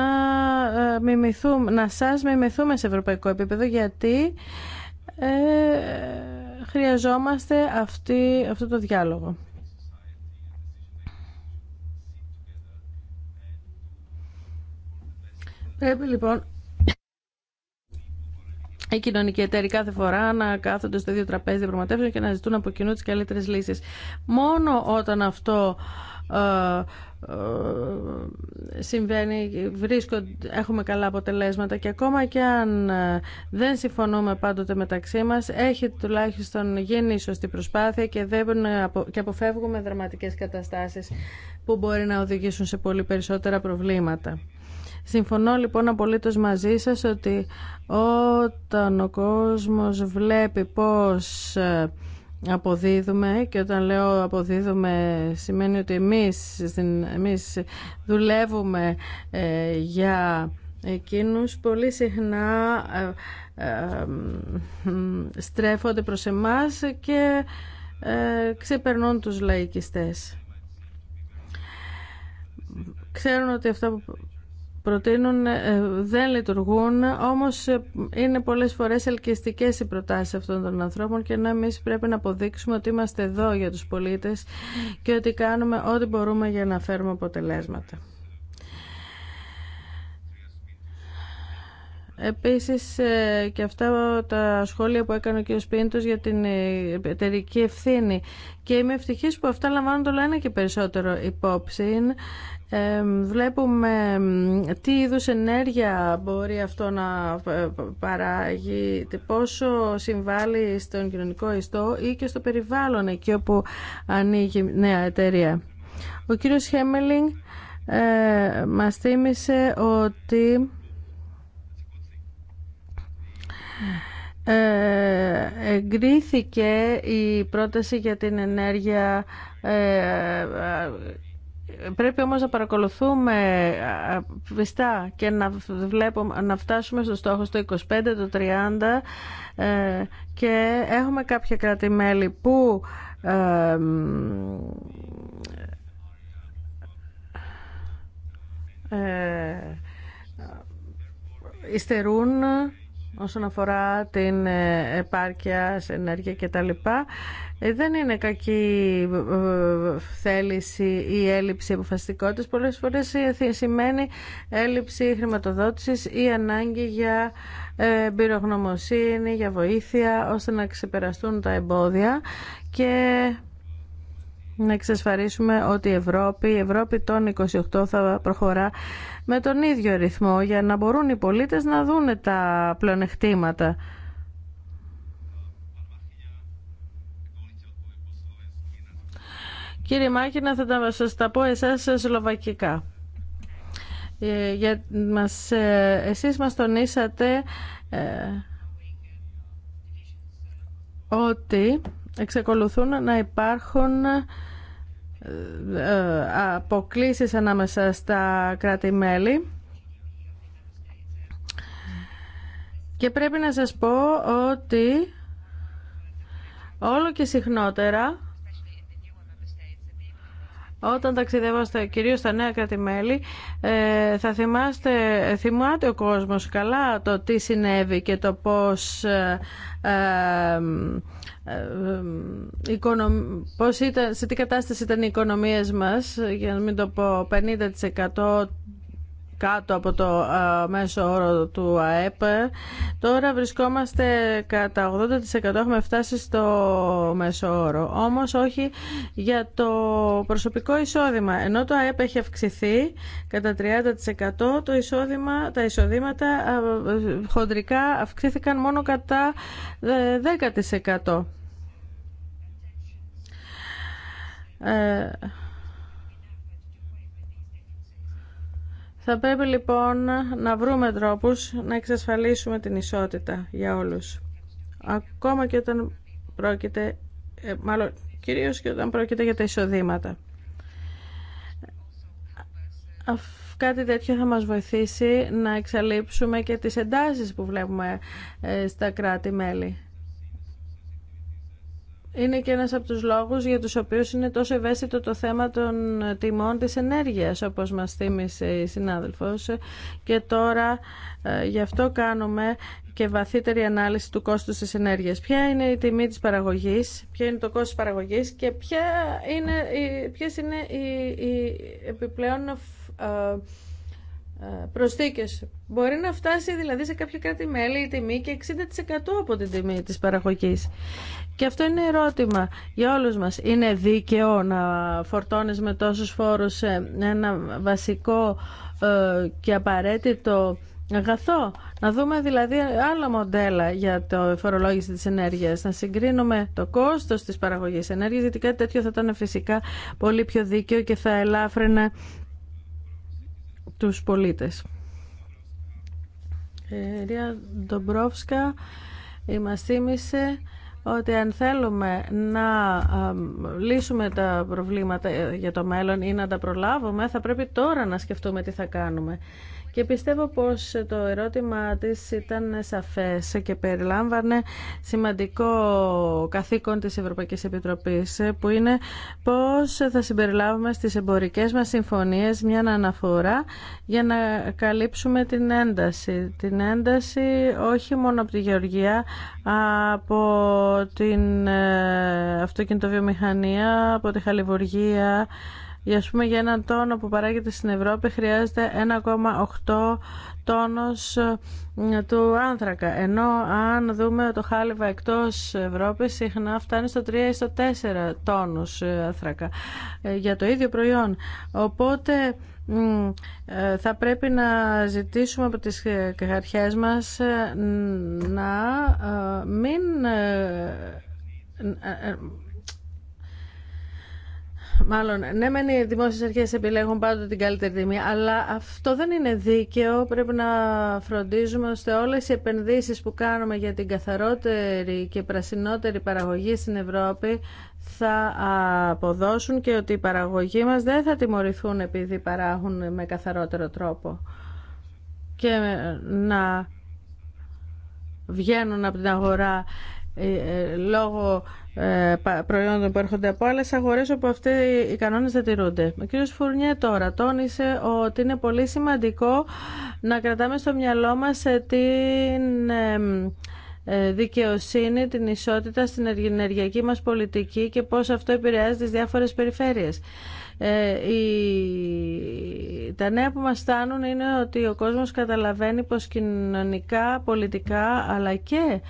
ε, μιμηθούμε, να σας μιμηθούμε σε ευρωπαϊκό επίπεδο γιατί ε, χρειαζόμαστε αυτή, αυτό το διάλογο. Πρέπει λοιπόν οι κοινωνικοί εταίροι κάθε φορά να κάθονται στο ίδιο τραπέζι διαπραγματεύσεων και να ζητούν από κοινού τι καλύτερε λύσει. Μόνο όταν αυτό ε, ε, συμβαίνει, έχουμε καλά αποτελέσματα και ακόμα και αν ε, δεν συμφωνούμε πάντοτε μεταξύ μας έχει τουλάχιστον γίνει σωστή προσπάθεια και, δεν, ε, και αποφεύγουμε δραματικές καταστάσεις που μπορεί να οδηγήσουν σε πολύ περισσότερα προβλήματα. Συμφωνώ λοιπόν απολύτως μαζί σας ότι όταν ο κόσμος βλέπει πώς ε, αποδίδουμε και όταν λέω αποδίδουμε σημαίνει ότι εμείς, εμείς δουλεύουμε ε, για εκείνους πολύ συχνά ε, στρέφονται προς εμάς και ξεπερνούν τους λαϊκιστές. Ξέρουν ότι αυτά που προτείνουν ε, δεν λειτουργούν, όμως ε, είναι πολλές φορές ελκυστικές οι προτάσεις αυτών των ανθρώπων και να εμείς πρέπει να αποδείξουμε ότι είμαστε εδώ για τους πολίτες και ότι κάνουμε ό,τι μπορούμε για να φέρουμε αποτελέσματα. Επίσης ε, και αυτά τα σχόλια που έκανε ο κ. Σπίντος για την εταιρική ευθύνη και είμαι ευτυχής που αυτά λαμβάνονται όλα ένα και περισσότερο υπόψη βλέπουμε τι είδους ενέργεια μπορεί αυτό να ε, παράγει, πόσο συμβάλλει στον κοινωνικό ιστό ή και στο περιβάλλον εκεί όπου ανοίγει νέα εταιρεία. Ο κύριος Χέμελινγκ ε, μας θύμισε ότι ε, εγκρίθηκε η πρόταση για την ενέργεια ε, Πρέπει όμως να παρακολουθούμε πιστά και να, βλέπω να φτάσουμε στο στόχο στο 25, το 30 ε, και έχουμε κάποια κράτη-μέλη που ε, ε, υστερούν όσον αφορά την ε, επάρκεια ενέργεια και τα λοιπά, ε, δεν είναι κακή ε, θέληση ή έλλειψη αποφασιστικότητας. Πολλές φορές σημαίνει έλλειψη χρηματοδότησης ή ανάγκη για πυρογνωμοσύνη, για βοήθεια, ώστε να ξεπεραστούν τα εμπόδια και να εξασφαλίσουμε ότι η Ευρώπη, η Ευρώπη των 28 θα προχωρά με τον ίδιο ρυθμό για να μπορούν οι πολίτες να δούνε τα πλεονεκτήματα. Κύριε Μάκινα, θα τα, σας τα πω εσάς σλοβακικά. Ε, για, μας, ε, εσείς μας τονίσατε ε, ότι εξακολουθούν να υπάρχουν ε, ε, αποκλήσεις ανάμεσα στα κράτη-μέλη. Και πρέπει να σας πω ότι όλο και συχνότερα όταν ταξιδεύαστε κυρίως στα νέα κρατημέλη ε, θα θυμάστε, θυμάται ο κόσμος καλά το τι συνέβη και το πώς, ε, ε, ε πώς ήταν, σε τι κατάσταση ήταν οι οικονομίες μας για να μην το πω 50% κάτω από το μέσο όρο του ΑΕΠ. Τώρα βρισκόμαστε κατά 80% έχουμε φτάσει στο μέσο όρο. Όμως όχι για το προσωπικό εισόδημα. Ενώ το ΑΕΠ έχει αυξηθεί κατά 30% το εισόδημα, τα εισοδήματα χοντρικά αυξήθηκαν μόνο κατά 10%. Θα πρέπει λοιπόν να βρούμε τρόπους να εξασφαλίσουμε την ισότητα για όλους. Ακόμα και όταν πρόκειται, ε, μάλλον κυρίως και όταν πρόκειται για τα εισοδήματα. Κάτι τέτοιο θα μας βοηθήσει να εξαλείψουμε και τις εντάσεις που βλέπουμε ε, στα κράτη-μέλη είναι και ένας από τους λόγους για τους οποίους είναι τόσο ευαίσθητο το θέμα των τιμών της ενέργειας, όπως μας θύμισε η συνάδελφος. Και τώρα ε, γι' αυτό κάνουμε και βαθύτερη ανάλυση του κόστους της ενέργειας. Ποια είναι η τιμή της παραγωγής, ποιο είναι το κόστος της παραγωγής και ποια είναι, ποιες είναι οι επιπλέον ε, ε, προσθήκες. Μπορεί να φτάσει δηλαδή σε κάποια κράτη-μέλη η τιμή και 60% από την τιμή της παραγωγής. Και αυτό είναι ερώτημα για όλους μας. Είναι δίκαιο να φορτώνεις με τόσους φόρους ένα βασικό ε, και απαραίτητο αγαθό. Να δούμε δηλαδή άλλα μοντέλα για το φορολόγηση της ενέργειας. Να συγκρίνουμε το κόστος της παραγωγής ενέργειας, γιατί κάτι τέτοιο θα ήταν φυσικά πολύ πιο δίκαιο και θα ελάφρυνε τους πολίτες. Ε, η κυρία Ντομπρόφσκα μας θύμισε ότι αν θέλουμε να λύσουμε τα προβλήματα ε, για το μέλλον ή να τα προλάβουμε, θα πρέπει τώρα να σκεφτούμε τι θα κάνουμε. Και πιστεύω πως το ερώτημα της ήταν σαφές και περιλάμβανε σημαντικό καθήκον της Ευρωπαϊκής Επιτροπής που είναι πώς θα συμπεριλάβουμε στις εμπορικές μας συμφωνίες μια αναφορά για να καλύψουμε την ένταση. Την ένταση όχι μόνο από τη γεωργία, από την ε, αυτοκινητοβιομηχανία, από τη χαλιβουργία, για, ας πούμε, για ένα τόνο που παράγεται στην Ευρώπη χρειάζεται 1,8 τόνος ε, του άνθρακα. Ενώ αν δούμε το χάλιβα εκτός Ευρώπης συχνά φτάνει στο 3 ή στο 4 τόνους ε, άνθρακα ε, για το ίδιο προϊόν. Οπότε θα πρέπει να ζητήσουμε από τις αρχές μας να μην Μάλλον, ναι, μεν οι δημόσιε αρχέ επιλέγουν πάντοτε την καλύτερη τιμή, αλλά αυτό δεν είναι δίκαιο. Πρέπει να φροντίζουμε ώστε όλε οι επενδύσει που κάνουμε για την καθαρότερη και πρασινότερη παραγωγή στην Ευρώπη θα αποδώσουν και ότι οι παραγωγοί μας δεν θα τιμωρηθούν επειδή παράγουν με καθαρότερο τρόπο και να βγαίνουν από την αγορά ε, ε, λόγω ε, προϊόντων που έρχονται από άλλες αγορές όπου αυτοί οι κανόνες δεν τηρούνται. Ο κύριος Φουρνιέ τώρα τόνισε ότι είναι πολύ σημαντικό να κρατάμε στο μυαλό μας την δικαιοσύνη, την ισότητα στην ενεργειακή μας πολιτική και πώς αυτό επηρεάζει τις διάφορες περιφέρειες. Ε, η... Τα νέα που μας στάνουν είναι ότι ο κόσμος καταλαβαίνει πως κοινωνικά, πολιτικά αλλά και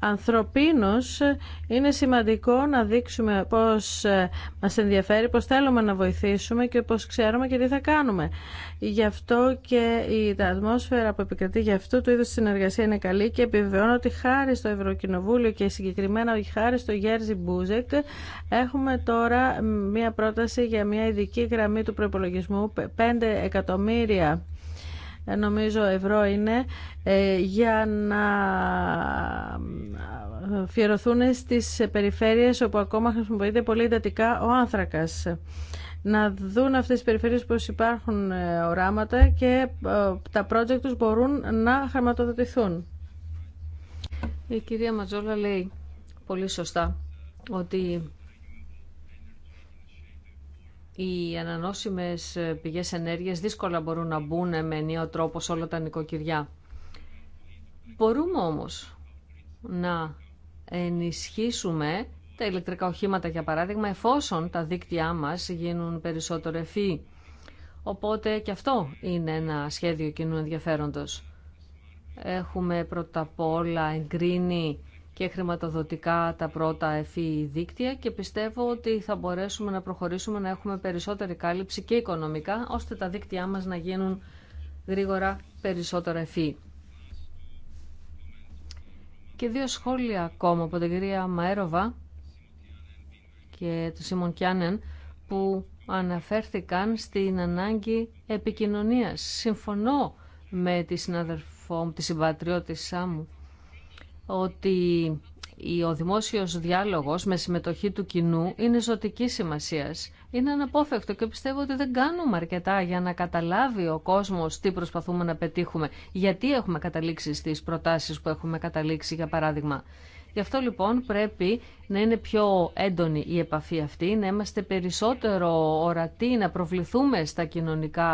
ανθρωπίνως είναι σημαντικό να δείξουμε πώς ε, μας ενδιαφέρει, πώς θέλουμε να βοηθήσουμε και πώς ξέρουμε και τι θα κάνουμε. Γι' αυτό και η ατμόσφαιρα που επικρατεί για αυτό του είδους συνεργασία είναι καλή και επιβεβαιώνω ότι χάρη στο Ευρωκοινοβούλιο και συγκεκριμένα χάρη στο Γέρζι Μπούζεκ έχουμε τώρα μία πρόταση για μία ειδική γραμμή του προπολογισμού 5 εκατομμύρια ε, νομίζω ευρώ είναι ε, για να ε, φιερωθούν στις περιφέρειες όπου ακόμα χρησιμοποιείται πολύ εντατικά ο άνθρακας να δουν αυτές τις περιφέρειες πως υπάρχουν οράματα και τα project τους μπορούν να χρηματοδοτηθούν. Η κυρία Ματζόλα λέει πολύ σωστά ότι οι ανανόσιμες πηγές ενέργειας δύσκολα μπορούν να μπουν με νέο τρόπο σε όλα τα νοικοκυριά. Μπορούμε όμως να ενισχύσουμε τα ηλεκτρικά οχήματα για παράδειγμα εφόσον τα δίκτυά μας γίνουν περισσότερο ευφύ. Οπότε και αυτό είναι ένα σχέδιο κοινού ενδιαφέροντος. Έχουμε πρώτα απ' όλα εγκρίνει και χρηματοδοτικά τα πρώτα εφή δίκτυα και πιστεύω ότι θα μπορέσουμε να προχωρήσουμε να έχουμε περισσότερη κάλυψη και οικονομικά ώστε τα δίκτυά μας να γίνουν γρήγορα περισσότερα εφή. Και δύο σχόλια ακόμα από την κυρία Μαέροβα και του Σίμον Κιάνεν που αναφέρθηκαν στην ανάγκη επικοινωνίας. Συμφωνώ με τη συναδερφό μου, τη συμπατριώτησά μου, ότι ο δημόσιος διάλογος με συμμετοχή του κοινού είναι ζωτική σημασίας. Είναι αναπόφευκτο και πιστεύω ότι δεν κάνουμε αρκετά για να καταλάβει ο κόσμος τι προσπαθούμε να πετύχουμε, γιατί έχουμε καταλήξει στις προτάσεις που έχουμε καταλήξει για παράδειγμα. Γι' αυτό λοιπόν πρέπει να είναι πιο έντονη η επαφή αυτή, να είμαστε περισσότερο ορατοί, να προβληθούμε στα κοινωνικά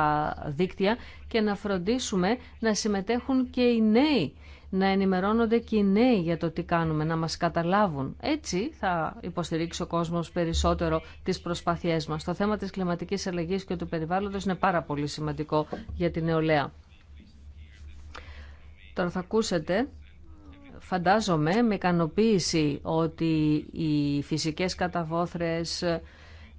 δίκτυα και να φροντίσουμε να συμμετέχουν και οι νέοι να ενημερώνονται και οι νέοι για το τι κάνουμε, να μας καταλάβουν. Έτσι θα υποστηρίξει ο κόσμος περισσότερο τις προσπάθειές μας. Το θέμα της κλιματικής αλλαγής και του περιβάλλοντος είναι πάρα πολύ σημαντικό για την νεολαία. Τώρα θα ακούσετε, φαντάζομαι, με ικανοποίηση ότι οι φυσικές καταβόθρες,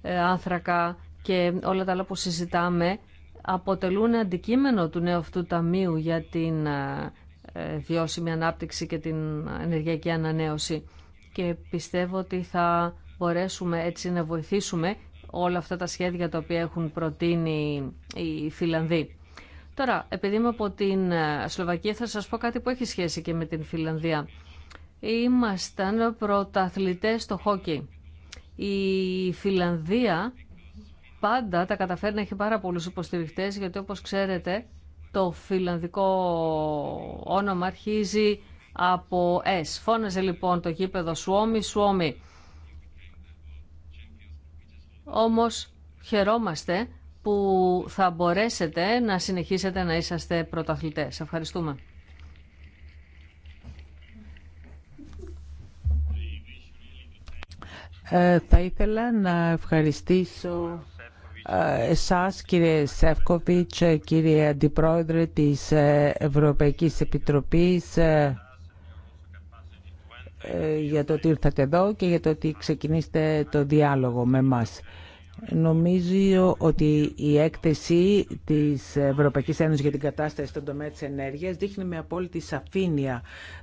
ε, άνθρακα και όλα τα άλλα που συζητάμε αποτελούν αντικείμενο του νέου αυτού ταμείου για την ε, ε, βιώσιμη ανάπτυξη και την ενεργειακή ανανέωση. Και πιστεύω ότι θα μπορέσουμε έτσι να βοηθήσουμε όλα αυτά τα σχέδια τα οποία έχουν προτείνει οι Φιλανδοί. Τώρα, επειδή είμαι από την ε, Σλοβακία, θα σας πω κάτι που έχει σχέση και με την Φιλανδία. Ήμασταν πρωταθλητές στο χόκι. Η Φιλανδία πάντα τα καταφέρνει, έχει πάρα πολλούς υποστηριχτές, γιατί όπως ξέρετε το φιλανδικό όνομα αρχίζει από S. Φώναζε λοιπόν το γήπεδο Σουόμι, Σουόμι. Όμως χαιρόμαστε που θα μπορέσετε να συνεχίσετε να είσαστε πρωταθλητές. Ευχαριστούμε. Ε, θα ήθελα να ευχαριστήσω εσάς κύριε Σεύκοβιτς, κύριε Αντιπρόεδρε της Ευρωπαϊκής Επιτροπής ε, ε, για το ότι ήρθατε εδώ και για το ότι ξεκινήσετε το διάλογο με μας. Νομίζω ότι η έκθεση της Ευρωπαϊκής Ένωσης για την κατάσταση στον τομέα της ενέργειας δείχνει με απόλυτη σαφήνεια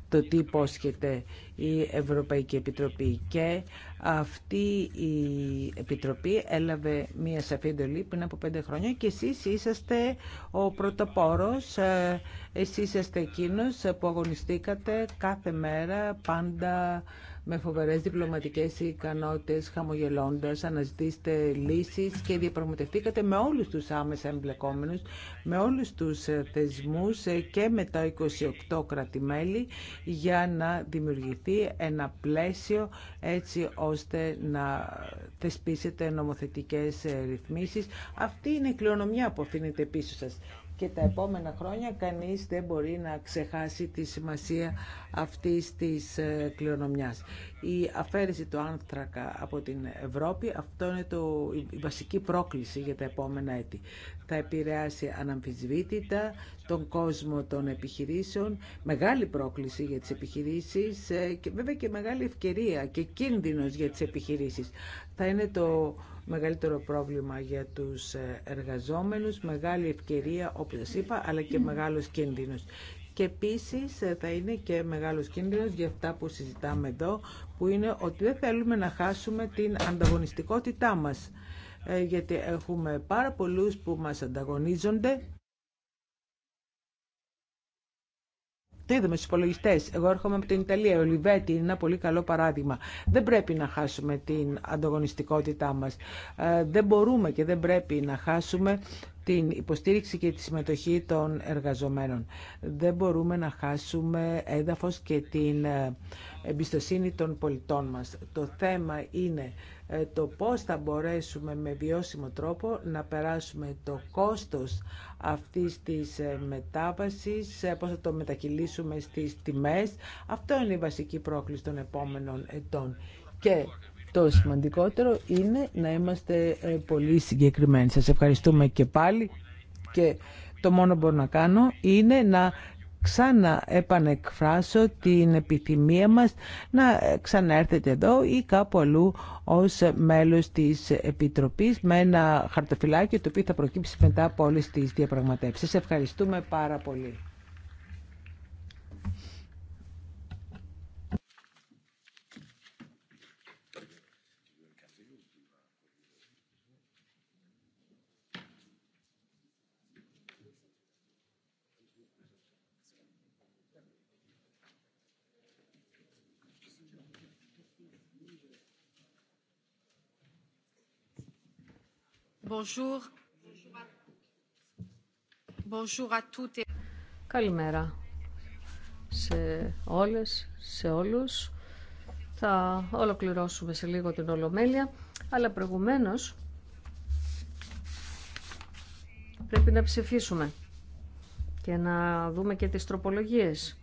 το τι υπόσχεται η Ευρωπαϊκή Επιτροπή και αυτή η Επιτροπή έλαβε μία σαφή εντολή πριν από πέντε χρόνια και εσείς είσαστε ο πρωτοπόρος, ε, εσείς είσαστε εκείνος που αγωνιστήκατε κάθε μέρα πάντα με φοβερές διπλωματικές ικανότητες, χαμογελώντας, αναζητήστε λύσεις και διαπραγματευτήκατε με όλους τους άμεσα εμπλεκόμενους, με όλους τους ε, θεσμούς ε, και με τα 28 κρατημέλη για να δημιουργηθεί ένα πλαίσιο έτσι ώστε να θεσπίσετε νομοθετικές ε, ρυθμίσεις. Αυτή είναι η κληρονομιά που αφήνεται πίσω σας και τα επόμενα χρόνια κανείς δεν μπορεί να ξεχάσει τη σημασία αυτής της ε, κληρονομιάς. Η αφαίρεση του άνθρακα από την Ευρώπη, αυτό είναι το, η βασική πρόκληση για τα επόμενα έτη. Θα επηρεάσει αναμφισβήτητα τον κόσμο των επιχειρήσεων, μεγάλη πρόκληση για τις επιχειρήσεις ε, και βέβαια και μεγάλη ευκαιρία και κίνδυνος για τις επιχειρήσεις. Θα είναι το μεγαλύτερο πρόβλημα για τους ε, εργαζόμενους, μεγάλη ευκαιρία, όπως είπα, αλλά και μεγάλος κίνδυνος. Και επίσης ε, θα είναι και μεγάλος κίνδυνος για αυτά που συζητάμε εδώ, που είναι ότι δεν θέλουμε να χάσουμε την ανταγωνιστικότητά μας. Ε, γιατί έχουμε πάρα πολλούς που μας ανταγωνίζονται Το είδαμε στου υπολογιστέ. Εγώ έρχομαι από την Ιταλία. Ο Ολιβέτη είναι ένα πολύ καλό παράδειγμα. Δεν πρέπει να χάσουμε την ανταγωνιστικότητά μα. Ε, δεν μπορούμε και δεν πρέπει να χάσουμε την υποστήριξη και τη συμμετοχή των εργαζομένων. Δεν μπορούμε να χάσουμε έδαφος και την ε, εμπιστοσύνη των πολιτών μας. Το θέμα είναι ε, το πώς θα μπορέσουμε με βιώσιμο τρόπο να περάσουμε το κόστος αυτής της ε, μετάβασης, πώς θα το μετακυλήσουμε στις τιμές. Αυτό είναι η βασική πρόκληση των επόμενων ετών. Το σημαντικότερο είναι να είμαστε ε, πολύ συγκεκριμένοι. Σας ευχαριστούμε και πάλι και το μόνο που μπορώ να κάνω είναι να ξανά επανεκφράσω την επιθυμία μας να ε, ξαναέρθετε εδώ ή κάπου αλλού ως μέλος της Επιτροπής με ένα χαρτοφυλάκιο το οποίο θα προκύψει μετά από όλες τις διαπραγματεύσεις. Ευχαριστούμε πάρα πολύ. Καλημέρα σε όλες, σε όλους. Θα ολοκληρώσουμε σε λίγο την Ολομέλεια, αλλά προηγουμένως πρέπει να ψηφίσουμε και να δούμε και τις τροπολογίες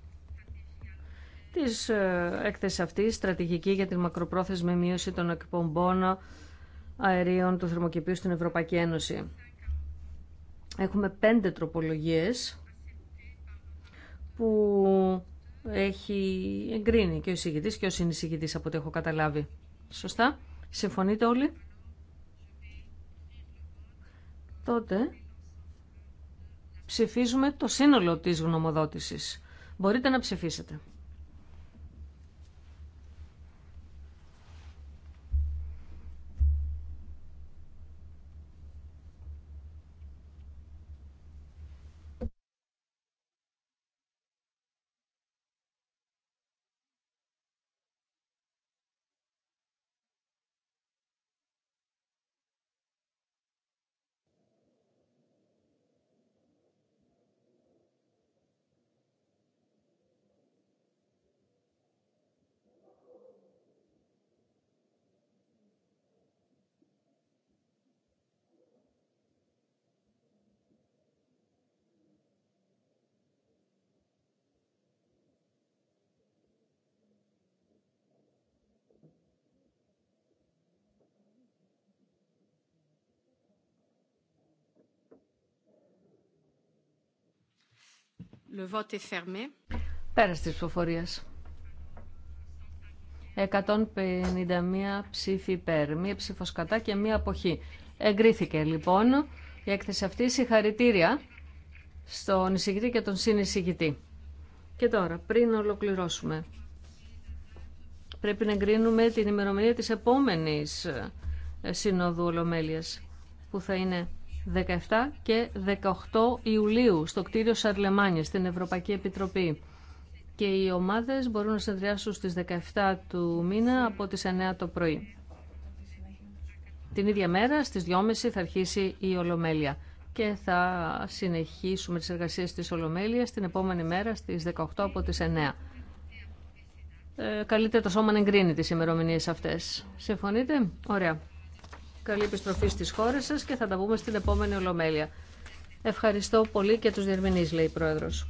της ε, έκθεσης αυτής, στρατηγική για την μακροπρόθεσμη μείωση των εκπομπών αερίων του θερμοκηπίου στην Ευρωπαϊκή Ένωση. Έχουμε πέντε τροπολογίες που έχει εγκρίνει και ο εισηγητής και ο συνεισηγητής από ό,τι έχω καταλάβει. Σωστά. Συμφωνείτε όλοι. Τότε ψηφίζουμε το σύνολο της γνωμοδότησης. Μπορείτε να ψηφίσετε. Le vote est 151 ψήφοι υπέρ, μία ψήφος κατά και μία αποχή. Εγκρίθηκε λοιπόν η έκθεση αυτή συγχαρητήρια στον εισηγητή και τον συνεισηγητή. Και τώρα, πριν ολοκληρώσουμε, πρέπει να εγκρίνουμε την ημερομηνία της επόμενης ε, Συνόδου Ολομέλειας, που θα είναι 17 και 18 Ιουλίου στο κτίριο Σαρλεμάνια στην Ευρωπαϊκή Επιτροπή. Και οι ομάδες μπορούν να συνδυάσουν στις 17 του μήνα από τις 9 το πρωί. Την ίδια μέρα στις 2.30 θα αρχίσει η Ολομέλεια και θα συνεχίσουμε τις εργασίες της Ολομέλειας την επόμενη μέρα στις 18 από τις 9. Ε, καλείται το σώμα να εγκρίνει τις ημερομηνίες αυτές. Συμφωνείτε? Ωραία. Καλή επιστροφή στις χώρες σας και θα τα πούμε στην επόμενη Ολομέλεια. Ευχαριστώ πολύ και τους διερμηνείς, λέει η Πρόεδρος.